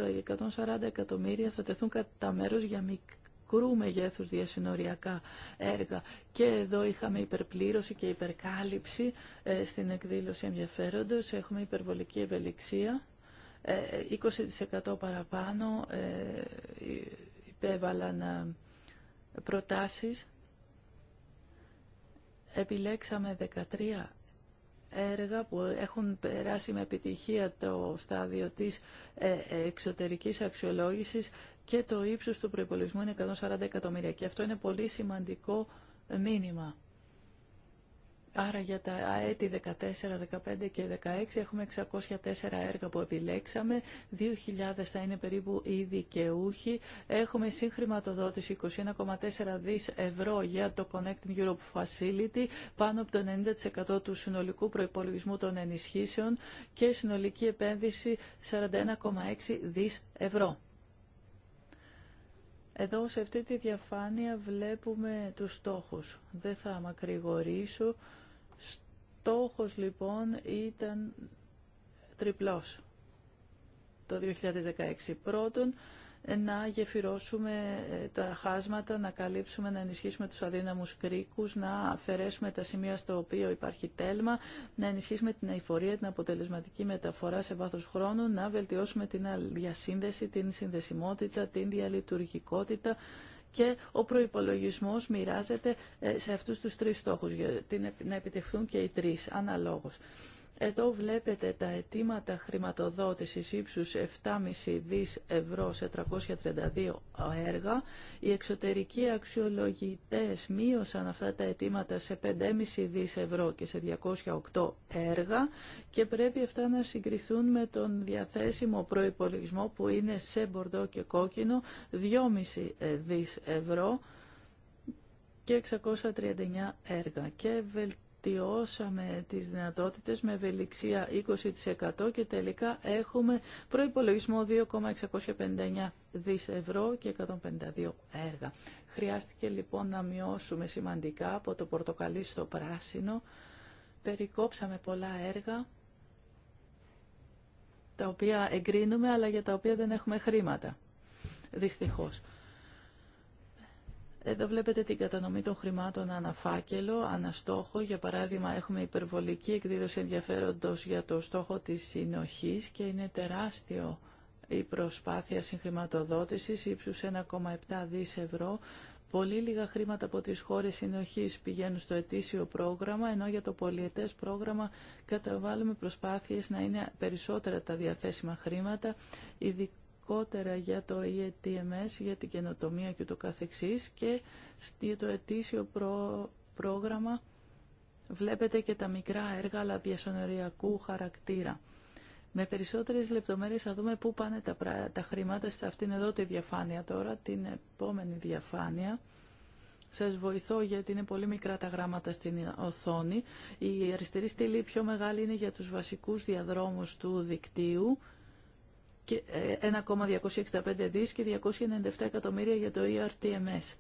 [SPEAKER 2] 140 εκατομμύρια θα τεθούν κατά μέρο για μικρού μεγέθους διασυνοριακά έργα. Και εδώ είχαμε υπερπλήρωση και υπερκάλυψη ε, στην εκδήλωση ενδιαφέροντος. Έχουμε υπερβολική ευελιξία, 20% ε, παραπάνω ε, υπέβαλαν προτάσεις. Επιλέξαμε 13 έργα που έχουν περάσει με επιτυχία το στάδιο της ε, εξωτερικής αξιολόγησης και το ύψος του προϋπολογισμού είναι 140 εκατομμύρια. Και αυτό είναι πολύ σημαντικό μήνυμα. Άρα για τα έτη 14, 15 και 16 έχουμε 604 έργα που επιλέξαμε, 2.000 θα είναι περίπου και όχι, Έχουμε συγχρηματοδότηση 21,4 δις ευρώ για το Connecting Europe Facility, πάνω από το 90% του συνολικού προϋπολογισμού των ενισχύσεων και συνολική επένδυση 41,6 δις ευρώ. Εδώ σε αυτή τη διαφάνεια βλέπουμε τους στόχους. Δεν θα μακρηγορήσω στόχος λοιπόν ήταν τριπλός το 2016. Πρώτον, να γεφυρώσουμε ε, τα χάσματα, να καλύψουμε, να ενισχύσουμε τους αδύναμους κρίκους, να αφαιρέσουμε τα σημεία στο οποίο υπάρχει τέλμα, να ενισχύσουμε την αηφορία, την αποτελεσματική μεταφορά σε βάθος χρόνου, να βελτιώσουμε την διασύνδεση, την συνδεσιμότητα, την διαλειτουργικότητα, και ο προϋπολογισμός μοιράζεται ε, σε αυτούς τους τρεις στόχους, για να επιτευχθούν και οι τρεις αναλόγως. Εδώ βλέπετε τα αιτήματα χρηματοδότησης ύψους 7,5 δις ευρώ σε 332 έργα. Οι εξωτερικοί αξιολογητές μείωσαν αυτά τα αιτήματα σε 5,5 δις ευρώ και σε 208 έργα και πρέπει αυτά να συγκριθούν με τον διαθέσιμο προϋπολογισμό που είναι σε μπορδό και κόκκινο 2,5 ε, δις ευρώ και 639 έργα και βελτιώσαμε τις δυνατότητες με ευελιξία 20% και τελικά έχουμε προϋπολογισμό 2,659 δις ευρώ και 152 έργα. Χρειάστηκε λοιπόν να μειώσουμε σημαντικά από το πορτοκαλί στο πράσινο. Περικόψαμε πολλά έργα τα οποία εγκρίνουμε αλλά για τα οποία δεν έχουμε χρήματα. Δυστυχώς. Εδώ βλέπετε την κατανομή των χρημάτων αναφάκελο, αναστόχο. Για παράδειγμα, έχουμε υπερβολική εκδήλωση ενδιαφέροντος για το στόχο της συνοχής και είναι τεράστιο η προσπάθεια συγχρηματοδότησης ύψους 1,7 δις ευρώ. Πολύ λίγα χρήματα από τις χώρες συνοχής πηγαίνουν στο ετήσιο πρόγραμμα, ενώ για το πολιετές πρόγραμμα καταβάλουμε προσπάθειες να είναι περισσότερα τα διαθέσιμα χρήματα, γενικότερα για το ETMS, για την καινοτομία και το καθεξής και το ετήσιο προ... πρόγραμμα βλέπετε και τα μικρά έργα αλλά χαρακτήρα. Με περισσότερες λεπτομέρειες θα δούμε πού πάνε τα, τα χρήματα σε αυτήν εδώ τη διαφάνεια τώρα, την επόμενη διαφάνεια. Σας βοηθώ γιατί είναι πολύ μικρά τα γράμματα στην οθόνη. Η αριστερή στήλη πιο μεγάλη είναι για τους βασικούς διαδρόμους του δικτύου. 1,265 ε, δις και 297 εκατομμύρια για το ERTMS.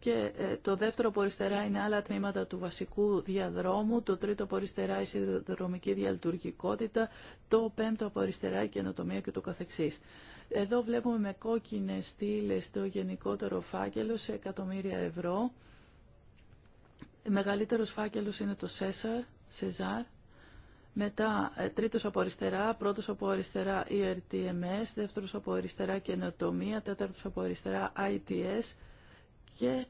[SPEAKER 2] Και ε, το δεύτερο από αριστερά είναι άλλα τμήματα του βασικού διαδρόμου, το τρίτο από αριστερά η σιδηροδρομική διαλειτουργικότητα, το πέμπτο από αριστερά η καινοτομία και το καθεξής. Εδώ βλέπουμε με κόκκινες στήλες το γενικότερο φάκελο σε εκατομμύρια ευρώ. Μεγαλύτερος φάκελος είναι το ΣΕΣΑΡ, ΣΕΖΑΡ, μετά, ε, τρίτο από αριστερά, πρώτος από αριστερά ERTMS, δεύτερο από αριστερά καινοτομία, τέταρτο από αριστερά ITS και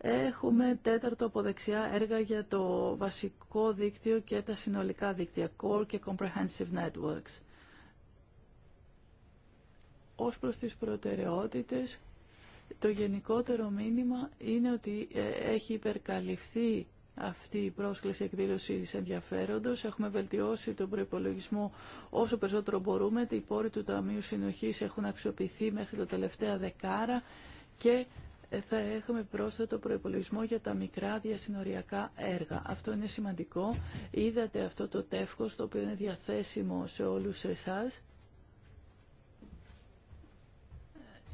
[SPEAKER 2] έχουμε τέταρτο από δεξιά έργα για το βασικό δίκτυο και τα συνολικά δίκτυα, Core και Comprehensive Networks. Ως προς τις προτεραιότητες, το γενικότερο μήνυμα είναι ότι ε, έχει υπερκαλυφθεί αυτή η πρόσκληση εκδήλωση ενδιαφέροντο. Έχουμε βελτιώσει τον προπολογισμό όσο περισσότερο μπορούμε. Οι πόροι του Ταμείου Συνοχή έχουν αξιοποιηθεί μέχρι το τελευταία δεκάρα και θα έχουμε πρόσθετο προπολογισμό για τα μικρά διασυνοριακά έργα. Αυτό είναι σημαντικό. Είδατε αυτό το τεύχο, το οποίο είναι διαθέσιμο σε όλου εσά.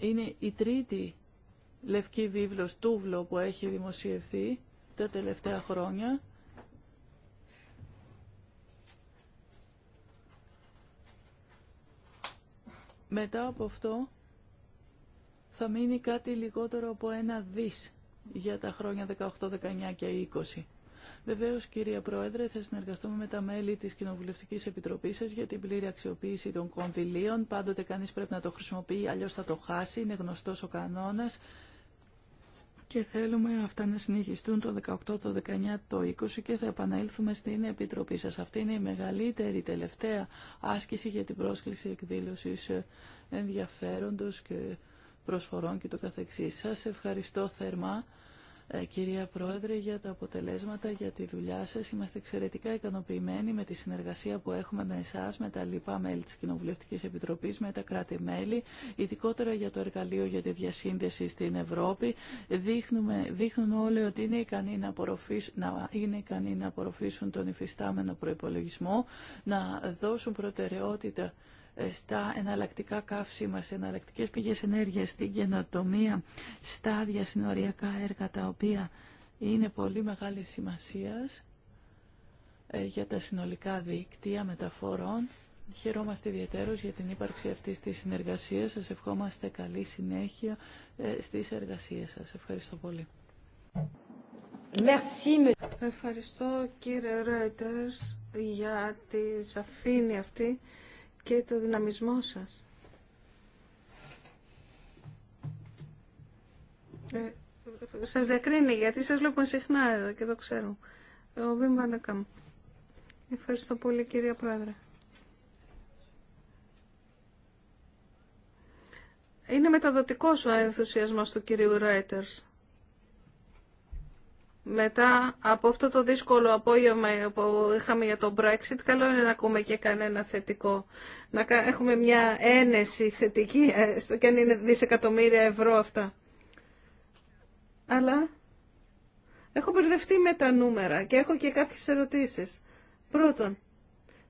[SPEAKER 2] Είναι η τρίτη λευκή βίβλος τούβλο που έχει δημοσιευθεί τα τελευταία χρόνια. Μετά από αυτό θα μείνει κάτι λιγότερο από ένα δις για τα χρόνια 18, 19 και 20. Βεβαίως, κυρία Πρόεδρε, θα συνεργαστούμε με τα μέλη της Κοινοβουλευτική Επιτροπής σας για την πλήρη αξιοποίηση των κονδυλίων. Πάντοτε κανείς πρέπει να το χρησιμοποιεί, αλλιώς θα το χάσει. Είναι γνωστός ο κανόνας και θέλουμε αυτά να συνεχιστούν το 18, το 19, το 20 και θα επανέλθουμε στην Επιτροπή σας. Αυτή είναι η μεγαλύτερη τελευταία άσκηση για την πρόσκληση εκδήλωσης ενδιαφέροντος και προσφορών και το καθεξής. Σας ευχαριστώ θερμά. Ε, κυρία Πρόεδρε, για τα αποτελέσματα, για τη δουλειά σας. Είμαστε εξαιρετικά ικανοποιημένοι με τη συνεργασία που έχουμε με εσάς, με τα λοιπά μέλη της Κοινοβουλευτικής Επιτροπής, με τα κράτη-μέλη, ειδικότερα για το εργαλείο για τη διασύνδεση στην Ευρώπη. Δείχνουμε, δείχνουν όλοι ότι είναι ικανοί να, να, να απορροφήσουν τον υφιστάμενο προϋπολογισμό, να δώσουν προτεραιότητα ε, στα εναλλακτικά καύσιμα, σε εναλλακτικές πηγές ενέργειας, στην καινοτομία, στα διασυνοριακά έργα τα οποία είναι πολύ μεγάλη σημασία ε, για τα συνολικά δίκτυα μεταφορών. Χαιρόμαστε ιδιαίτερως για την ύπαρξη αυτής της συνεργασίας. Σας ευχόμαστε καλή συνέχεια ε, στις εργασίες σας. Ευχαριστώ πολύ.
[SPEAKER 1] Ευχαριστώ κύριε Ρέτερς για τη σαφήνεια αυτή και το δυναμισμό σας. Ε, σας διακρίνει γιατί σας βλέπουμε συχνά εδώ και το ξέρω. Ο Βιμ Ευχαριστώ πολύ κυρία Πρόεδρε. Είναι μεταδοτικός ο ενθουσιασμός του κυρίου Ρόιτερς μετά από αυτό το δύσκολο απόγευμα που είχαμε για το Brexit, καλό είναι να ακούμε και κανένα θετικό. Να έχουμε μια ένεση θετική, ε, στο και αν είναι δισεκατομμύρια ευρώ αυτά. Αλλά έχω μπερδευτεί με τα νούμερα και έχω και κάποιες ερωτήσεις. Πρώτον,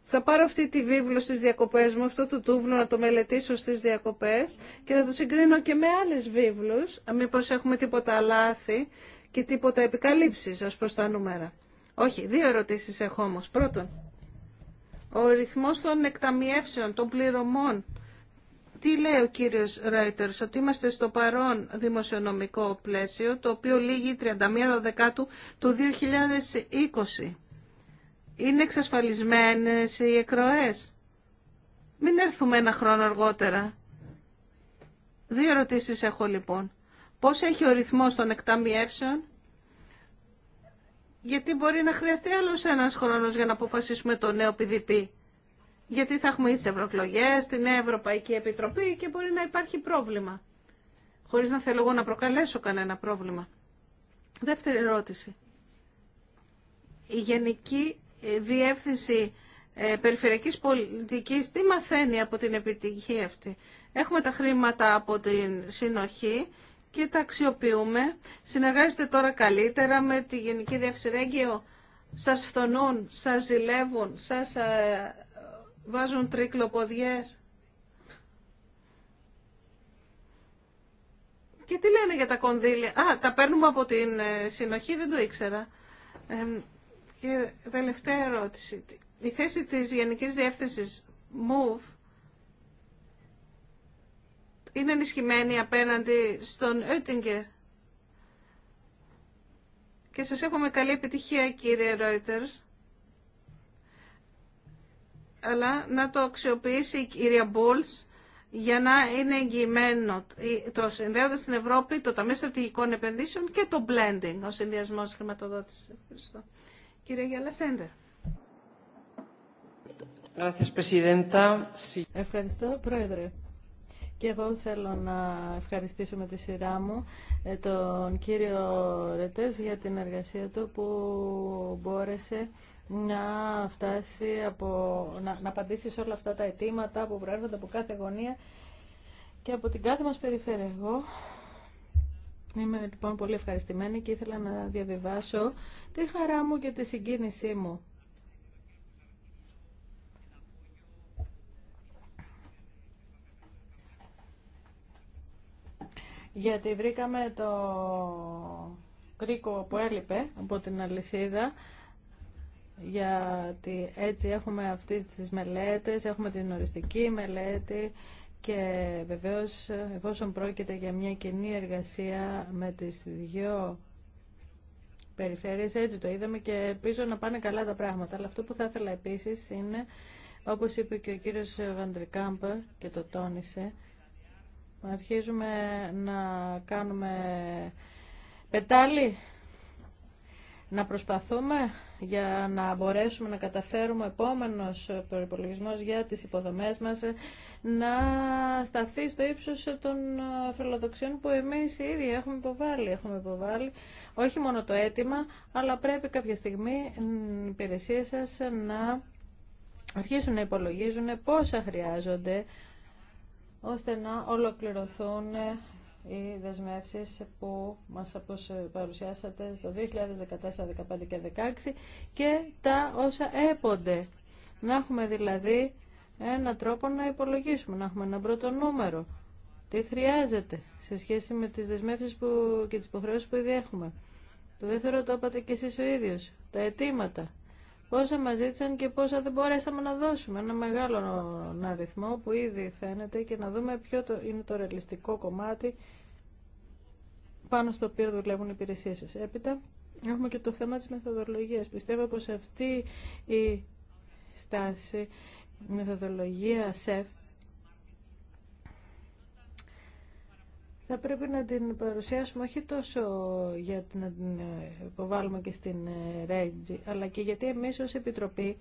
[SPEAKER 1] θα πάρω αυτή τη βίβλο στις διακοπές μου, αυτό το τούβλο να το μελετήσω στις διακοπές και να το συγκρίνω και με άλλες βίβλους, μήπως έχουμε τίποτα λάθη και τίποτα επικαλύψεις ως προς τα νούμερα. Όχι, δύο ερωτήσεις έχω όμως. Πρώτον, ο ρυθμός των εκταμιεύσεων, των πληρωμών, τι λέει ο κύριος Ράιτερς, ότι είμαστε στο παρόν δημοσιονομικό πλαίσιο, το οποίο λύγει 31 Δεκάτου του 2020. Είναι εξασφαλισμένες οι εκροές. Μην έρθουμε ένα χρόνο αργότερα. Δύο ερωτήσεις έχω λοιπόν πώς έχει ο ρυθμός των εκταμιεύσεων, γιατί μπορεί να χρειαστεί άλλος ένας χρόνος για να αποφασίσουμε το νέο PDP. Γιατί θα έχουμε τις ευρωεκλογέ, την Ευρωπαϊκή Επιτροπή και μπορεί να υπάρχει πρόβλημα. Χωρίς να θέλω εγώ να προκαλέσω κανένα πρόβλημα. Δεύτερη ερώτηση. Η Γενική Διεύθυνση ε, Περιφερειακής Πολιτικής τι μαθαίνει από την επιτυχία αυτή. Έχουμε τα χρήματα από την συνοχή και τα αξιοποιούμε. Συνεργάζεστε τώρα καλύτερα με τη Γενική Διεύθυνση Ρέγγιο. Σας φθονούν, σας ζηλεύουν, σας ε, βάζουν τρικλοποδιές. Και τι λένε για τα κονδύλια. Α, τα παίρνουμε από την ε, συνοχή, δεν το ήξερα. Ε, και τελευταία ερώτηση. Η θέση της Γενικής Διεύθυνσης MOVE είναι ενισχυμένη απέναντι στον Ότιγκερ. Και σας έχουμε καλή επιτυχία κύριε Reuters. Αλλά να το αξιοποιήσει η κυρία Μπούλς για να είναι εγγυημένο το συνδέοντα στην Ευρώπη, το Ταμείο Στρατηγικών Επενδύσεων και το blending, ο συνδυασμό χρηματοδότηση. Ευχαριστώ. Κύριε Γιάννα Σέντερ. Ευχαριστώ, Πρόεδρε. Και εγώ θέλω να ευχαριστήσω με τη σειρά μου ε, τον κύριο Ρετές για την εργασία του που μπόρεσε να φτάσει από, να, να απαντήσει σε όλα αυτά τα αιτήματα που προέρχονται από κάθε γωνία και από την κάθε μας περιφέρεια. Εγώ είμαι λοιπόν πολύ ευχαριστημένη και ήθελα να διαβιβάσω τη χαρά μου και τη συγκίνησή μου γιατί βρήκαμε το κρίκο που έλειπε από την αλυσίδα γιατί έτσι έχουμε αυτές τις μελέτες, έχουμε την οριστική μελέτη και βεβαίως εφόσον πρόκειται για μια κοινή εργασία με τις δυο περιφέρειες, έτσι το είδαμε και ελπίζω να πάνε καλά τα πράγματα. Αλλά αυτό που θα ήθελα επίσης είναι, όπως είπε και ο κύριος Βαντρικάμπ και το τόνισε, Αρχίζουμε να κάνουμε πετάλι, να προσπαθούμε για να μπορέσουμε να καταφέρουμε επόμενος προπολογισμό για τις υποδομές μας να σταθεί στο ύψος των φιλοδοξιών που εμείς ήδη έχουμε υποβάλει. Έχουμε υποβάλει όχι μόνο το αίτημα, αλλά πρέπει κάποια στιγμή οι υπηρεσίες σας να αρχίσουν να υπολογίζουν πόσα χρειάζονται ώστε να ολοκληρωθούν οι δεσμεύσεις που μας παρουσιάσατε το 2014, 2015 και 2016 και τα όσα έπονται. Να έχουμε δηλαδή ένα τρόπο να υπολογίσουμε, να έχουμε ένα πρώτο νούμερο. Τι χρειάζεται σε σχέση με τις δεσμεύσεις που, και τις υποχρεώσεις που ήδη έχουμε. Το δεύτερο το είπατε και εσείς ο ίδιος, τα αιτήματα όσα μας ζήτησαν και πόσα δεν μπορέσαμε να δώσουμε. Ένα μεγάλο αριθμό που ήδη φαίνεται και να δούμε ποιο είναι το ρεαλιστικό κομμάτι πάνω στο οποίο δουλεύουν οι υπηρεσίες σας. Έπειτα έχουμε και το θέμα της μεθοδολογίας. Πιστεύω πως αυτή η στάση, η μεθοδολογία ΣΕΦ, θα πρέπει να την παρουσιάσουμε όχι τόσο για να την ε, υποβάλουμε και στην ε, Ρέτζη, αλλά και γιατί εμείς ως Επιτροπή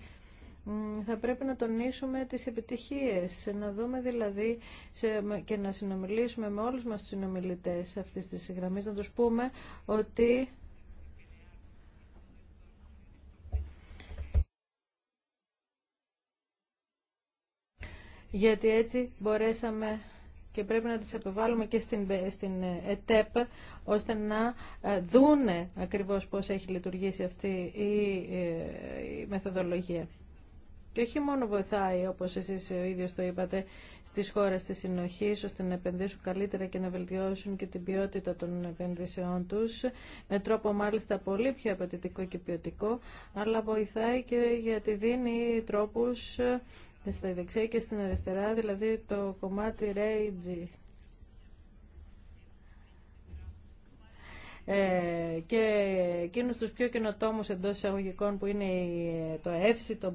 [SPEAKER 1] θα πρέπει να τονίσουμε τις επιτυχίες, να δούμε δηλαδή και να συνομιλήσουμε με όλους μας τους συνομιλητές αυτής της γραμμής, να τους πούμε ότι γιατί έτσι μπορέσαμε και πρέπει να τις επιβάλλουμε και στην, στην ε, ΕΤΕΠ ώστε να ε, δούνε ακριβώς πώς έχει λειτουργήσει αυτή η, ε, η μεθοδολογία. Και όχι μόνο βοηθάει, όπως εσείς ο ίδιος το είπατε, στις χώρες της συνοχής, ώστε να επενδύσουν καλύτερα και να βελτιώσουν και την ποιότητα των επενδύσεών τους, με τρόπο μάλιστα πολύ πιο απαιτητικό και ποιοτικό, αλλά βοηθάει και γιατί δίνει τρόπους στα δεξιά και στην αριστερά, δηλαδή το κομμάτι Rage Ε, και εκείνους τους πιο καινοτόμους εντός εισαγωγικών που είναι το ΕΦΣΙ, το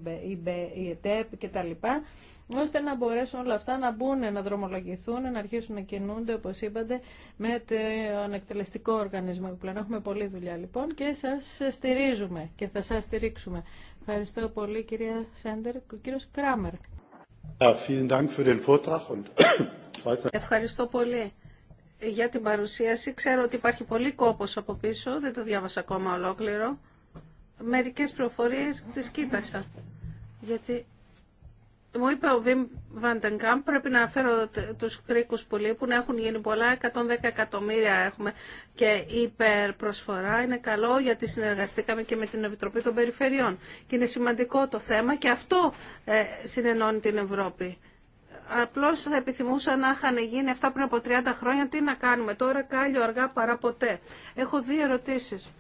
[SPEAKER 1] η ΕΤΕΠ e και τα λοιπά, ώστε να μπορέσουν όλα αυτά να μπουν, να δρομολογηθούν, να αρχίσουν να κινούνται, όπως είπατε, με τον εκτελεστικό οργανισμό που πλέον έχουμε πολλή δουλειά λοιπόν και σας στηρίζουμε και θα σας στηρίξουμε. Ευχαριστώ πολύ κυρία Σέντερ και ο κύριος Κράμερ. Ευχαριστώ πολύ για την παρουσίαση. Ξέρω ότι υπάρχει πολύ κόπος από πίσω, δεν το διάβασα ακόμα ολόκληρο. Μερικές προφορίες τις κοίτασα. Γιατί μου είπε ο Βιμ Βαντεγκάμπ, πρέπει να αναφέρω τους κρίκους που λείπουν, έχουν γίνει πολλά, 110 εκατομμύρια έχουμε και υπερπροσφορά. Είναι καλό γιατί συνεργαστήκαμε και με την Επιτροπή των Περιφερειών. Και είναι σημαντικό το θέμα και αυτό ε, συνενώνει την Ευρώπη. Απλώ θα επιθυμούσα να είχαν γίνει αυτά πριν από 30 χρόνια. Τι να κάνουμε τώρα, κάλιο αργά παρά ποτέ. Έχω δύο ερωτήσεις.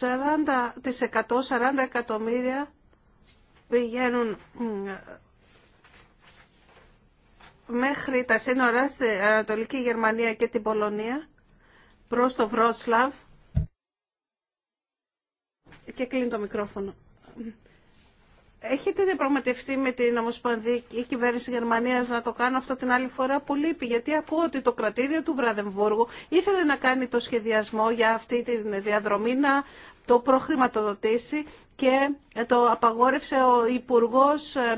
[SPEAKER 1] 40%, 40 εκατομμύρια πηγαίνουν μέχρι τα σύνορα στην Ανατολική Γερμανία και την Πολωνία προς το Βρότσλαβ και κλείνει το μικρόφωνο. Έχετε διαπραγματευτεί με την Ομοσπονδική Κυβέρνηση Γερμανίας να το κάνω αυτό την άλλη φορά που λείπει, γιατί ακούω ότι το κρατήδιο του Βραδεμβούργου ήθελε να κάνει το σχεδιασμό για αυτή τη διαδρομή να το προχρηματοδοτήσει και το απαγόρευσε ο Υπουργό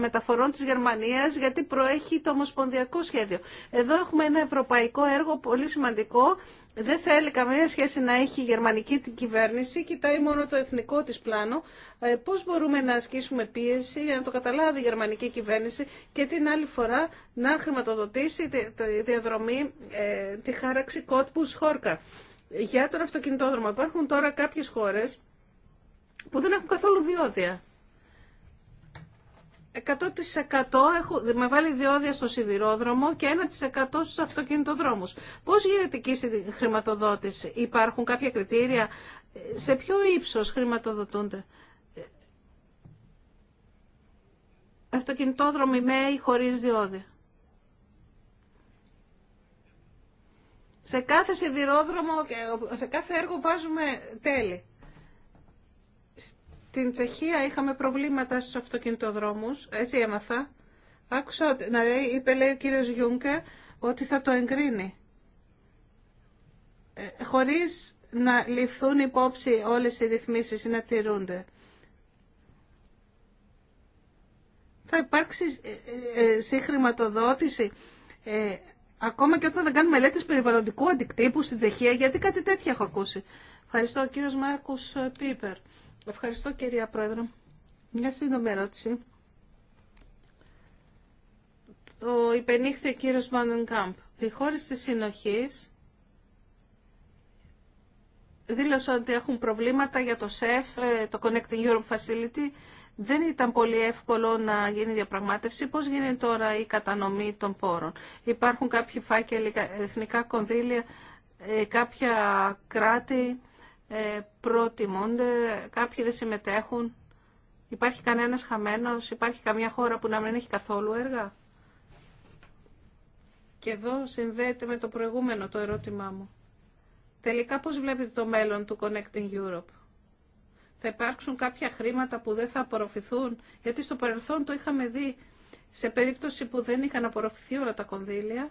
[SPEAKER 1] Μεταφορών της Γερμανίας γιατί προέχει το Ομοσπονδιακό Σχέδιο. Εδώ έχουμε ένα ευρωπαϊκό έργο πολύ σημαντικό δεν θέλει καμία σχέση να έχει η γερμανική την κυβέρνηση, κοιτάει μόνο το εθνικό της πλάνο. Ε, πώς μπορούμε να ασκήσουμε πίεση για να το καταλάβει η γερμανική κυβέρνηση και την άλλη φορά να χρηματοδοτήσει τη διαδρομή, ε, τη χαραξη κότπου Κότπους-Χόρκα. Για τον αυτοκινητόδρομο υπάρχουν τώρα κάποιες χώρες που δεν έχουν καθόλου διόδια. 100% έχουν, με βάλει διόδια στο σιδηρόδρομο και 1% στους αυτοκινητοδρόμους. Πώς γίνεται εκεί η χρηματοδότηση, υπάρχουν κάποια κριτήρια, σε ποιο ύψος χρηματοδοτούνται. Αυτοκινητόδρομοι με ή χωρίς διόδια. Σε κάθε σιδηρόδρομο και σε κάθε έργο βάζουμε τέλη. Στην Τσεχία είχαμε προβλήματα στους αυτοκινητοδρόμους, έτσι έμαθα. Άκουσα να λέει, είπε λέει ο κύριος Γιούνκερ ότι θα το εγκρίνει. Ε, χωρίς να ληφθούν υπόψη όλες οι ρυθμίσεις ή να τηρούνται. Θα υπάρξει ε, ε, συγχρηματοδότηση ε, ακόμα και όταν δεν κάνουμε μελέτες περιβαλλοντικού αντικτύπου στην Τσεχία, γιατί κάτι τέτοιο έχω ακούσει. Ευχαριστώ, κύριος Μάρκος Πίπερ. Ευχαριστώ κυρία Πρόεδρε. Μια σύντομη ερώτηση. Το υπενήχθη ο κύριος Βαντενκάμπ. Οι χώρες της συνοχής δήλωσαν ότι έχουν προβλήματα για το ΣΕΦ, ε, το Connecting Europe Facility. Δεν ήταν πολύ εύκολο να γίνει διαπραγμάτευση. Πώς γίνεται τώρα η κατανομή των πόρων. Υπάρχουν κάποιοι φάκελοι, εθνικά κονδύλια, ε, κάποια κράτη ε, προτιμούνται, κάποιοι δεν συμμετέχουν. Υπάρχει κανένας χαμένος, υπάρχει καμιά χώρα που να μην έχει καθόλου έργα. Και εδώ συνδέεται με το προηγούμενο το ερώτημά μου. Τελικά πώς βλέπετε το μέλλον του Connecting Europe. Θα υπάρξουν κάποια χρήματα που δεν θα απορροφηθούν, γιατί στο παρελθόν το είχαμε δει σε περίπτωση που δεν είχαν απορροφηθεί όλα τα κονδύλια.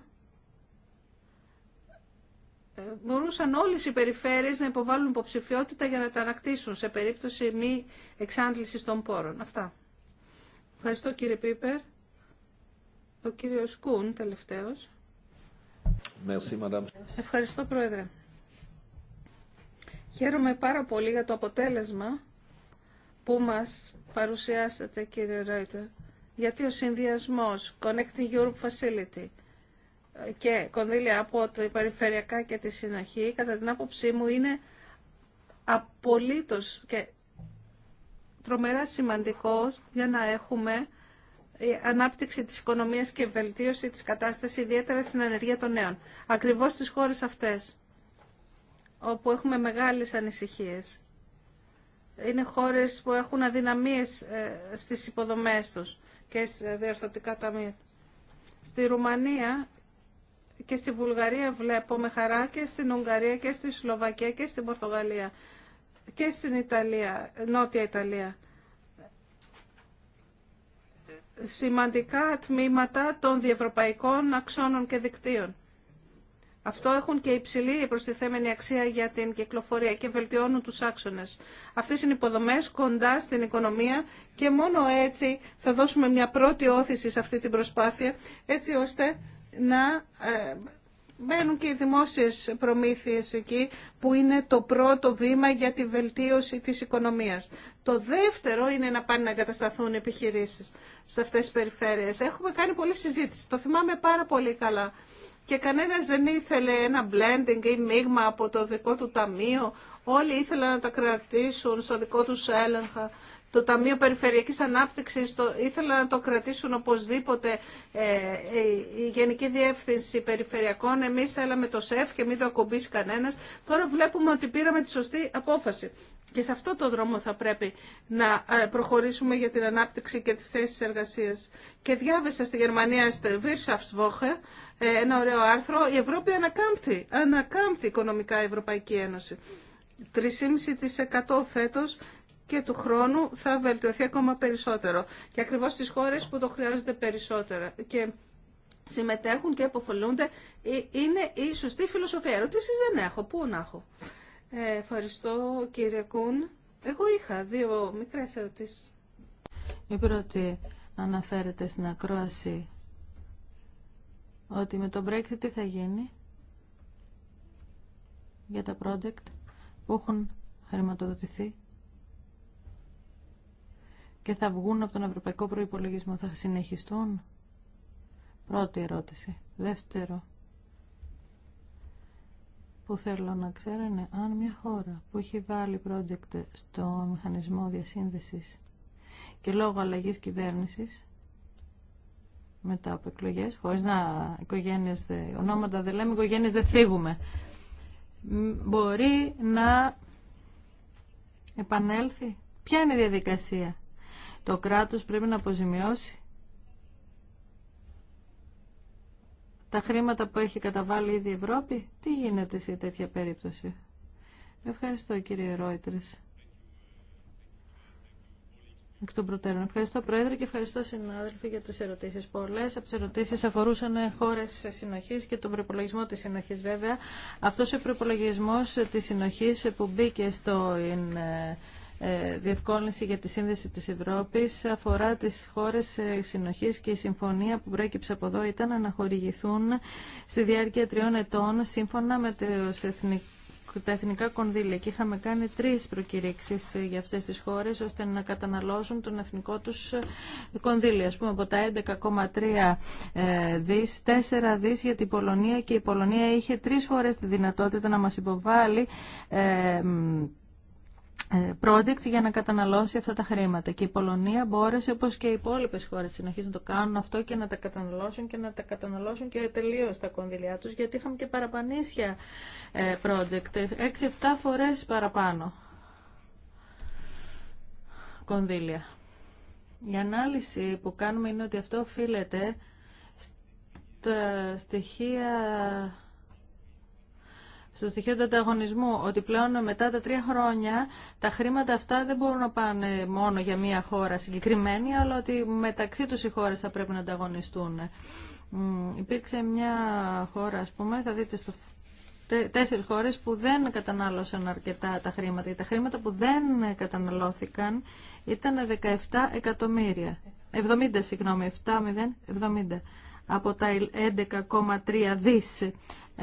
[SPEAKER 1] Ε, μπορούσαν όλες οι περιφέρειες να υποβάλουν υποψηφιότητα για να τα ανακτήσουν σε περίπτωση μη εξάντλησης των πόρων. Αυτά. Ευχαριστώ κύριε Πίπερ. Ο κύριος Κούν τελευταίος. Merci, Ευχαριστώ πρόεδρε. Χαίρομαι πάρα πολύ για το αποτέλεσμα που μας παρουσιάσατε κύριε Ρόιτερ. Γιατί ο συνδυασμός Connecting Europe Facility και κονδύλια από τα περιφερειακά και τη συνοχή, κατά την άποψή μου είναι απολύτως και τρομερά σημαντικός για να έχουμε η ανάπτυξη της οικονομίας και βελτίωση της κατάστασης, ιδιαίτερα στην ανεργία των νέων. Ακριβώς στις χώρες αυτές, όπου έχουμε μεγάλες ανησυχίες. Είναι χώρες που έχουν αδυναμίες ε, στις υποδομές τους και στις διορθωτικά ταμεία. Στη Ρουμανία και στη Βουλγαρία βλέπω με χαρά και στην Ουγγαρία και στη Σλοβακία και στην Πορτογαλία και στην Ιταλία, Νότια Ιταλία. Σημαντικά τμήματα των διευρωπαϊκών αξώνων και δικτύων. Αυτό έχουν και υψηλή προστιθέμενη αξία για την κυκλοφορία και βελτιώνουν τους άξονες. Αυτές είναι υποδομές κοντά στην οικονομία και μόνο έτσι θα δώσουμε μια πρώτη όθηση σε αυτή την προσπάθεια, έτσι ώστε να ε, μπαίνουν και οι δημόσιες προμήθειες εκεί που είναι το πρώτο βήμα για τη βελτίωση της οικονομίας. Το δεύτερο είναι να πάνε να εγκατασταθούν επιχειρήσεις σε αυτές τις περιφέρειες. Έχουμε κάνει πολλή συζήτηση, το θυμάμαι πάρα πολύ καλά. Και κανένας δεν ήθελε ένα blending ή μείγμα από το δικό του ταμείο. Όλοι ήθελαν να τα κρατήσουν στο δικό τους έλεγχο το Ταμείο Περιφερειακής Ανάπτυξης το, ήθελα να το κρατήσουν οπωσδήποτε ε, ε, η Γενική Διεύθυνση Περιφερειακών. Εμείς θέλαμε το ΣΕΦ και μην το ακουμπήσει κανένας. Τώρα βλέπουμε ότι πήραμε τη σωστή απόφαση. Και σε αυτό το δρόμο θα πρέπει να ε, προχωρήσουμε για την ανάπτυξη και τις θέσεις εργασίας. Και διάβεσα στη Γερμανία, στη Wirtschaftswoche, ένα ωραίο άρθρο, η Ευρώπη ανακάμπτει, ανακάμπτει οικονομικά η Ευρωπαϊκή Ένωση. 3,5% φέτος και του χρόνου θα βελτιωθεί ακόμα περισσότερο. Και ακριβώς στις χώρες που το χρειάζονται περισσότερα και συμμετέχουν και αποφελούνται, ε, είναι η σωστή φιλοσοφία. ερωτήσει δεν έχω. Πού να έχω. Ε, ευχαριστώ κύριε Κούν. Εγώ είχα δύο μικρές ερωτήσεις. Η πρώτη αναφέρεται στην ακρόαση ότι με το Brexit τι θα γίνει για τα project που έχουν χρηματοδοτηθεί και θα βγουν από τον ευρωπαϊκό προϋπολογισμό, θα συνεχιστούν. Πρώτη ερώτηση. Δεύτερο που θέλω να ξέρω είναι αν μια χώρα που έχει βάλει project στο μηχανισμό διασύνδεσης και λόγω αλλαγής κυβέρνησης μετά από εκλογέ, χωρί να οικογένειε ονόματα δεν λέμε, οικογένειε δεν φύγουμε μπορεί να επανέλθει. Ποια είναι η διαδικασία το κράτος πρέπει να αποζημιώσει τα χρήματα που έχει καταβάλει ήδη η Ευρώπη. Τι γίνεται σε τέτοια περίπτωση. Ευχαριστώ κύριε Ρόιτρες. Εκ των προτέρων. Ευχαριστώ Πρόεδρε και ευχαριστώ συνάδελφοι για τις ερωτήσεις. Πολλές από τις ερωτήσεις αφορούσαν χώρες συνοχής και τον προπολογισμό της συνοχής βέβαια. Αυτός ο προπολογισμό της συνοχής που μπήκε στο ε, ε, διευκόλυνση για τη σύνδεση της Ευρώπης αφορά τις χώρες ε, συνοχής και η συμφωνία που προέκυψε από εδώ ήταν να χορηγηθούν στη διάρκεια τριών ετών σύμφωνα με τα εθνικά κονδύλια και είχαμε κάνει τρεις προκηρύξεις ε, για αυτές τις χώρες ώστε να καταναλώσουν τον εθνικό τους κονδύλιο. Ας πούμε από τα 11,3 δις, 4 δις για την Πολωνία και η Πολωνία είχε τρεις φορές τη δυνατότητα να μας υποβάλει ε, projects για να καταναλώσει αυτά τα χρήματα. Και η Πολωνία μπόρεσε, όπως και οι υπόλοιπε χώρες, συνεχίζουν να το κάνουν αυτό και να τα καταναλώσουν και να τα καταναλώσουν και τελείω τα κονδυλιά τους, γιατί είχαμε και παραπανήσια ε, project, 6-7 φορές παραπάνω κονδύλια. Η ανάλυση που κάνουμε είναι ότι αυτό οφείλεται στα στοιχεία στο στοιχείο του ανταγωνισμού, ότι πλέον μετά τα τρία χρόνια τα χρήματα αυτά δεν μπορούν να πάνε μόνο για μία χώρα συγκεκριμένη, αλλά ότι μεταξύ τους οι χώρες θα πρέπει να ανταγωνιστούν. Υπήρξε μια χώρα, ας πούμε, θα δείτε στο τέσσερις χώρες που δεν κατανάλωσαν αρκετά τα χρήματα. τα χρήματα που δεν καταναλώθηκαν ήταν 17 εκατομμύρια. 70, συγγνώμη, 7, 0, 70 από τα 11,3 δις.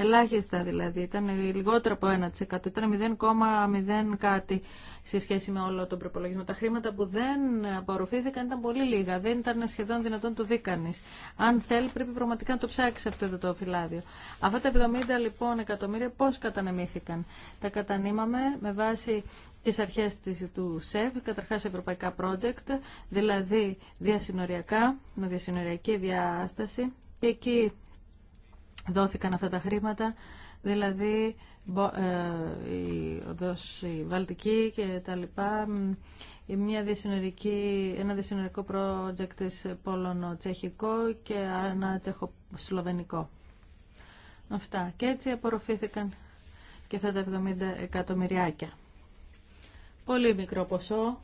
[SPEAKER 1] Ελάχιστα δηλαδή, ήταν λιγότερο από 1%, ήταν 0,0 κάτι σε σχέση με όλο τον προπολογισμό. Τα χρήματα που δεν απορροφήθηκαν ήταν πολύ λίγα, δεν ήταν σχεδόν δυνατόν το δίκανη. Αν θέλει πρέπει πραγματικά να το ψάξει αυτό το φυλάδιο. Αυτά τα 70 λοιπόν εκατομμύρια πώ κατανεμήθηκαν. Τα κατανείμαμε με βάση τι αρχέ του ΣΕΒ, καταρχάς ευρωπαϊκά project, δηλαδή διασυνοριακά, με διασυνοριακή διάσταση, και εκεί δόθηκαν αυτά τα χρήματα, δηλαδή ε, η οδός Βαλτική και τα λοιπά, μια ένα δυσυνορικό project της πολωνο-τσεχικό και ένα Σλοβενικό. Αυτά. Και έτσι απορροφήθηκαν και αυτά τα 70 εκατομμυριάκια. Πολύ μικρό ποσό,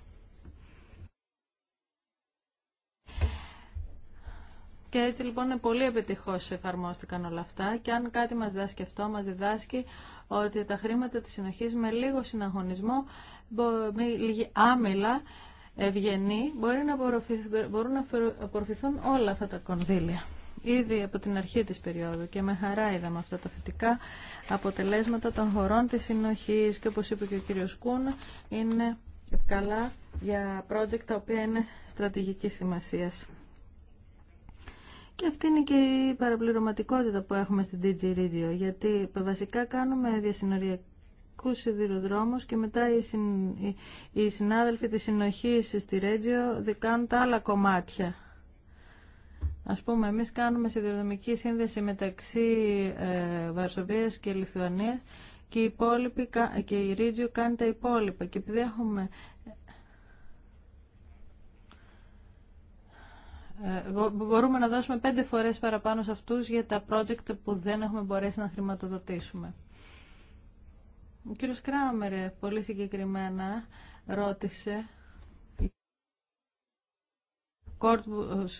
[SPEAKER 1] και έτσι λοιπόν πολύ επιτυχώς εφαρμόστηκαν όλα αυτά και αν κάτι μας δάσκει αυτό, μας διδάσκει ότι τα χρήματα της συνοχής με λίγο συναγωνισμό, με λίγη άμυλα, ευγενή, μπορεί να μπορούν να απορροφηθούν όλα αυτά τα κονδύλια. Ήδη από την αρχή της περίοδου και με χαρά είδαμε αυτά τα θετικά αποτελέσματα των χωρών της συνοχής και όπως είπε και ο κύριος Κούν είναι καλά για project τα οποία είναι στρατηγικής σημασίας. Και αυτή είναι και η παραπληρωματικότητα που έχουμε στην DG Radio, γιατί βασικά κάνουμε διασυνοριακούς σιδηροδρόμους και μετά οι, συν, συνάδελφοι της συνοχής στη Radio κάνουν τα άλλα κομμάτια. Ας πούμε, εμείς κάνουμε σιδηροδρομική σύνδεση μεταξύ ε, Βαρσοβίας και Λιθουανίας και, και η Regio κάνει τα υπόλοιπα. Και επειδή έχουμε Ε, μπορούμε να δώσουμε πέντε φορές παραπάνω σε αυτούς για τα project που δεν έχουμε μπορέσει να χρηματοδοτήσουμε. Ο κύριος Κράμερε πολύ συγκεκριμένα ρώτησε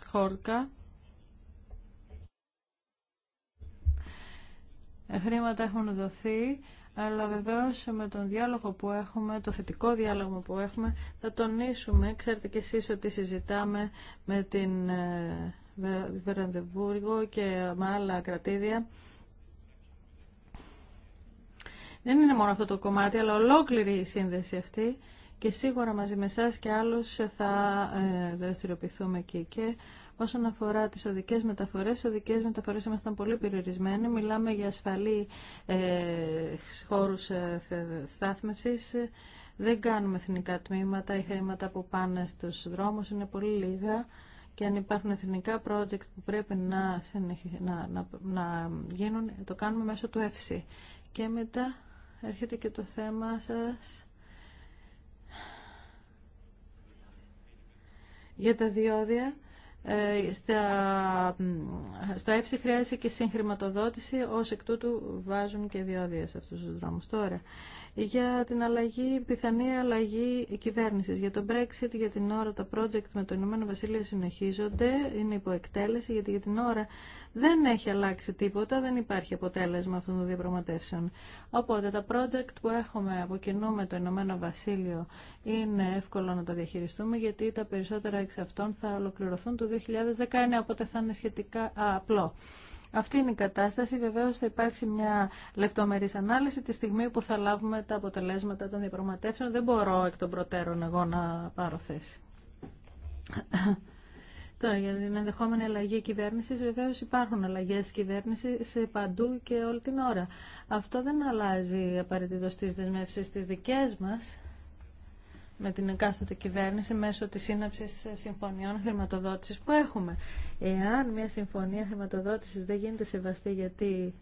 [SPEAKER 1] Χόρκα ε, χρήματα έχουν δοθεί αλλά βεβαίως με τον διάλογο που έχουμε, το θετικό διάλογο που έχουμε, θα τονίσουμε, ξέρετε και εσείς ότι συζητάμε με την ε, Βερανδεβούργο και με άλλα κρατήδια, δεν είναι μόνο αυτό το κομμάτι, αλλά ολόκληρη η σύνδεση αυτή και σίγουρα μαζί με εσά και άλλους θα ε, δραστηριοποιηθούμε εκεί και Όσον αφορά τι οδικές μεταφορές, οι οδικές μεταφορές ήμασταν πολύ περιορισμένοι. Μιλάμε για ασφαλή ε, χώρους ε, στάθμευσης. Δεν κάνουμε εθνικά τμήματα. Οι χρήματα που πάνε στου δρόμου. είναι πολύ λίγα και αν υπάρχουν εθνικά project που πρέπει να, να, να, να γίνουν, το κάνουμε μέσω του ΕΦΣΥ. Και μετά έρχεται και το θέμα σας για τα διόδια. Ε, στα, στα ΕΦΣΙ χρειάζεται και συγχρηματοδότηση, ως εκ τούτου βάζουν και διόδια σε αυτούς τους δρόμους. Τώρα, για την αλλαγή, πιθανή αλλαγή κυβέρνησης. Για το Brexit, για την ώρα τα project με το Ηνωμένο Βασίλειο συνεχίζονται, είναι υπό εκτέλεση, γιατί για την ώρα δεν έχει αλλάξει τίποτα, δεν υπάρχει αποτέλεσμα αυτών των διαπραγματεύσεων. Οπότε τα project που έχουμε από κοινού με το Ηνωμένο Βασίλειο είναι εύκολο να τα διαχειριστούμε, γιατί τα περισσότερα εξ αυτών θα ολοκληρωθούν το 2019, οπότε θα είναι σχετικά απλό. Αυτή είναι η κατάσταση. Βεβαίω θα υπάρξει μια λεπτομερή ανάλυση τη στιγμή που θα λάβουμε τα αποτελέσματα των διαπραγματεύσεων. Δεν μπορώ εκ των προτέρων εγώ να πάρω θέση. Τώρα, για την ενδεχόμενη αλλαγή κυβέρνηση, βεβαίω υπάρχουν αλλαγέ κυβέρνηση παντού και όλη την ώρα. Αυτό δεν αλλάζει απαραίτητο στι δεσμεύσει τι δικέ μα με την εκάστοτε κυβέρνηση μέσω της σύναψης συμφωνιών χρηματοδότησης που έχουμε. Εάν μια συμφωνία χρηματοδότησης δεν γίνεται σεβαστή γιατί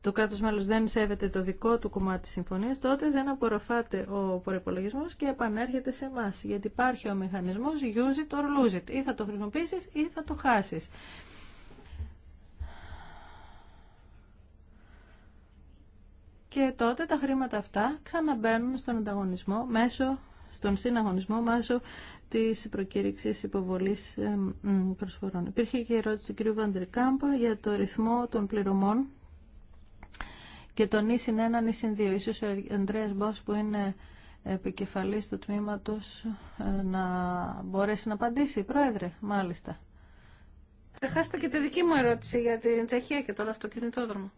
[SPEAKER 1] το κράτο μέλο δεν σέβεται το δικό του κομμάτι τη συμφωνία, τότε δεν απορροφάται ο προπολογισμό και επανέρχεται σε εμά. Γιατί υπάρχει ο μηχανισμός use it or lose it. Ή θα το χρησιμοποίησει ή θα το χάσει. και τότε τα χρήματα αυτά ξαναμπαίνουν στον ανταγωνισμό μέσω στον συναγωνισμό μέσω τη προκήρυξη υποβολή προσφορών. Υπήρχε και η ερώτηση του κ. Βαντρικάμπα για το ρυθμό των πληρωμών και τον ένα, 1 ίσιν δύο. Ίσως ο Ανδρέας Μπός που είναι επικεφαλής του τμήματος ε, να μπορέσει να απαντήσει. Πρόεδρε, μάλιστα. Ξεχάσετε και τη δική μου ερώτηση για την Τσεχία και τον αυτοκινητόδρομο.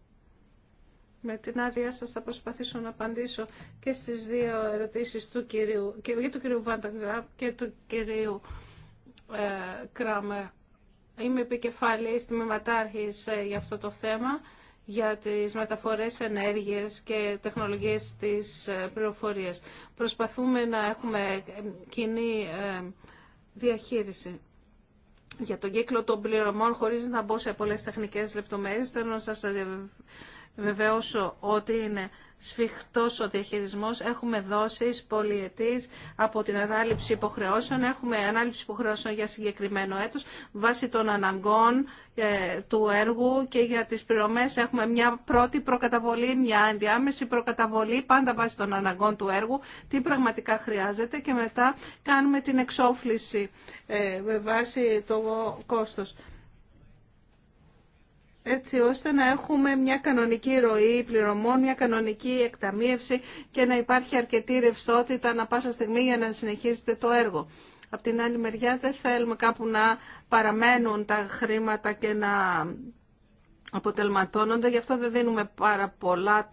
[SPEAKER 1] Με την άδειά σας θα προσπαθήσω να απαντήσω και στι δύο ερωτήσεις του κυρίου, και του κυρίου Βανταγκράπ και του κυρίου ε, Κράμερ. Είμαι επικεφάλη τμήματάρχη ε, για αυτό το θέμα, για τι μεταφορές ενέργειας και τεχνολογίες τη ε, Προσπαθούμε να έχουμε ε, κοινή ε, διαχείριση. Για τον κύκλο των πληρωμών, χωρίς να μπω σε πολλές τεχνικές λεπτομέρειες, θέλω να σας ε, βεβαιώσω ότι είναι σφιχτός ο διαχειρισμός. Έχουμε δόσεις πολυετής από την ανάληψη υποχρεώσεων. Έχουμε ανάληψη υποχρεώσεων για συγκεκριμένο έτος βάσει των αναγκών ε, του έργου και για τις πληρωμές έχουμε μια πρώτη προκαταβολή, μια ενδιάμεση προκαταβολή πάντα βάσει των αναγκών του έργου, τι πραγματικά χρειάζεται και μετά κάνουμε την εξόφληση ε, με βάση το κόστος έτσι ώστε να έχουμε μια κανονική ροή πληρωμών, μια κανονική εκταμίευση και να υπάρχει αρκετή ρευστότητα ανα πάσα στιγμή για να συνεχίσετε το έργο. Απ' την άλλη μεριά δεν θέλουμε κάπου να παραμένουν τα χρήματα και να αποτελματώνονται, γι' αυτό δεν δίνουμε πάρα πολλά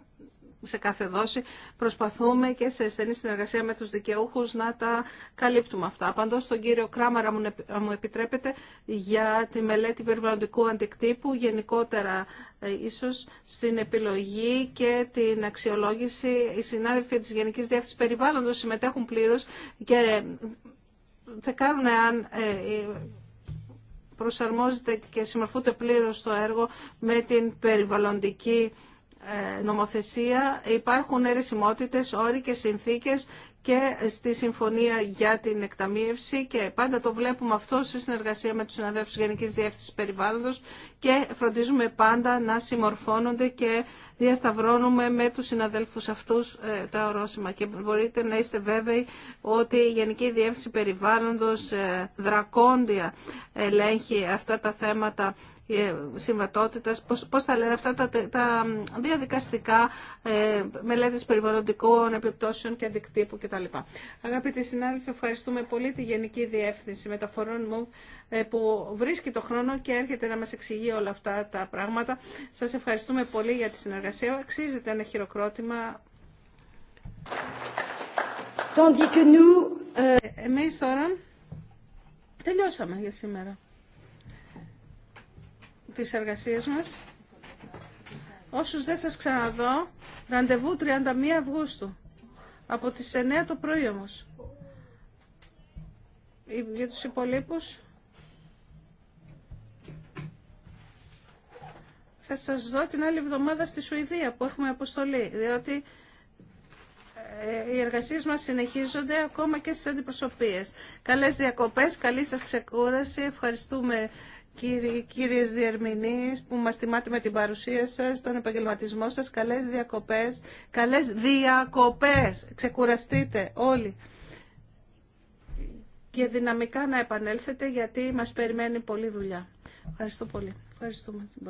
[SPEAKER 1] σε κάθε δόση. Προσπαθούμε και σε στενή συνεργασία με τους δικαιούχους να τα καλύπτουμε αυτά. Απαντώ στον κύριο Κράμαρα, μου επιτρέπετε, για τη μελέτη περιβαλλοντικού αντικτύπου, γενικότερα ε, ίσως στην επιλογή και την αξιολόγηση. Οι συνάδελφοι της Γενικής Διεύθυνσης Περιβάλλοντος συμμετέχουν πλήρως και τσεκάρουν αν ε, ε, προσαρμόζεται και συμμορφούνται πλήρως στο έργο με την περιβαλλοντική ε, νομοθεσία υπάρχουν αιρεσιμότητες, όροι και συνθήκες και στη Συμφωνία για την Εκταμείευση και πάντα το βλέπουμε αυτό σε συνεργασία με τους συναδέλφους Γενικής Διεύθυνσης Περιβάλλοντος και φροντίζουμε πάντα να συμμορφώνονται και διασταυρώνουμε με τους συναδέλφους αυτούς ε, τα ορόσημα και μπορείτε να είστε βέβαιοι ότι η Γενική Διεύθυνση Περιβάλλοντος ε, δρακόντια ελέγχει αυτά τα θέματα ε, συμβατότητας, πώς, θα λένε αυτά τα, διαδικαστικά ε, μελέτες περιβαλλοντικών επιπτώσεων και αντικτύπου κτλ. Αγαπητοί συνάδελφοι, ευχαριστούμε πολύ τη Γενική Διεύθυνση Μεταφορών μου ε, που βρίσκει το χρόνο και έρχεται να μα εξηγεί όλα αυτά τα πράγματα. Σας ευχαριστούμε πολύ για τη συνεργασία. Αξίζεται ένα χειροκρότημα. Tandis euh, ε, τώρα τελειώσαμε για σήμερα τις εργασίες μας. Όσους δεν σας ξαναδώ, ραντεβού 31 Αυγούστου, από τις 9 το πρωί όμως. Για τους υπολείπους, θα σας δω την άλλη εβδομάδα στη Σουηδία που έχουμε αποστολή, διότι ε, οι εργασίες μας συνεχίζονται ακόμα και στις αντιπροσωπείες. Καλές διακοπές, καλή σας ξεκούραση, ευχαριστούμε κύριοι, κύριες διερμηνείς που μας θυμάται με την παρουσία σας, τον επαγγελματισμό σας, καλές διακοπές, καλές διακοπές, ξεκουραστείτε όλοι και δυναμικά να επανέλθετε γιατί μας περιμένει πολλή δουλειά. Ευχαριστώ πολύ. Ευχαριστούμε την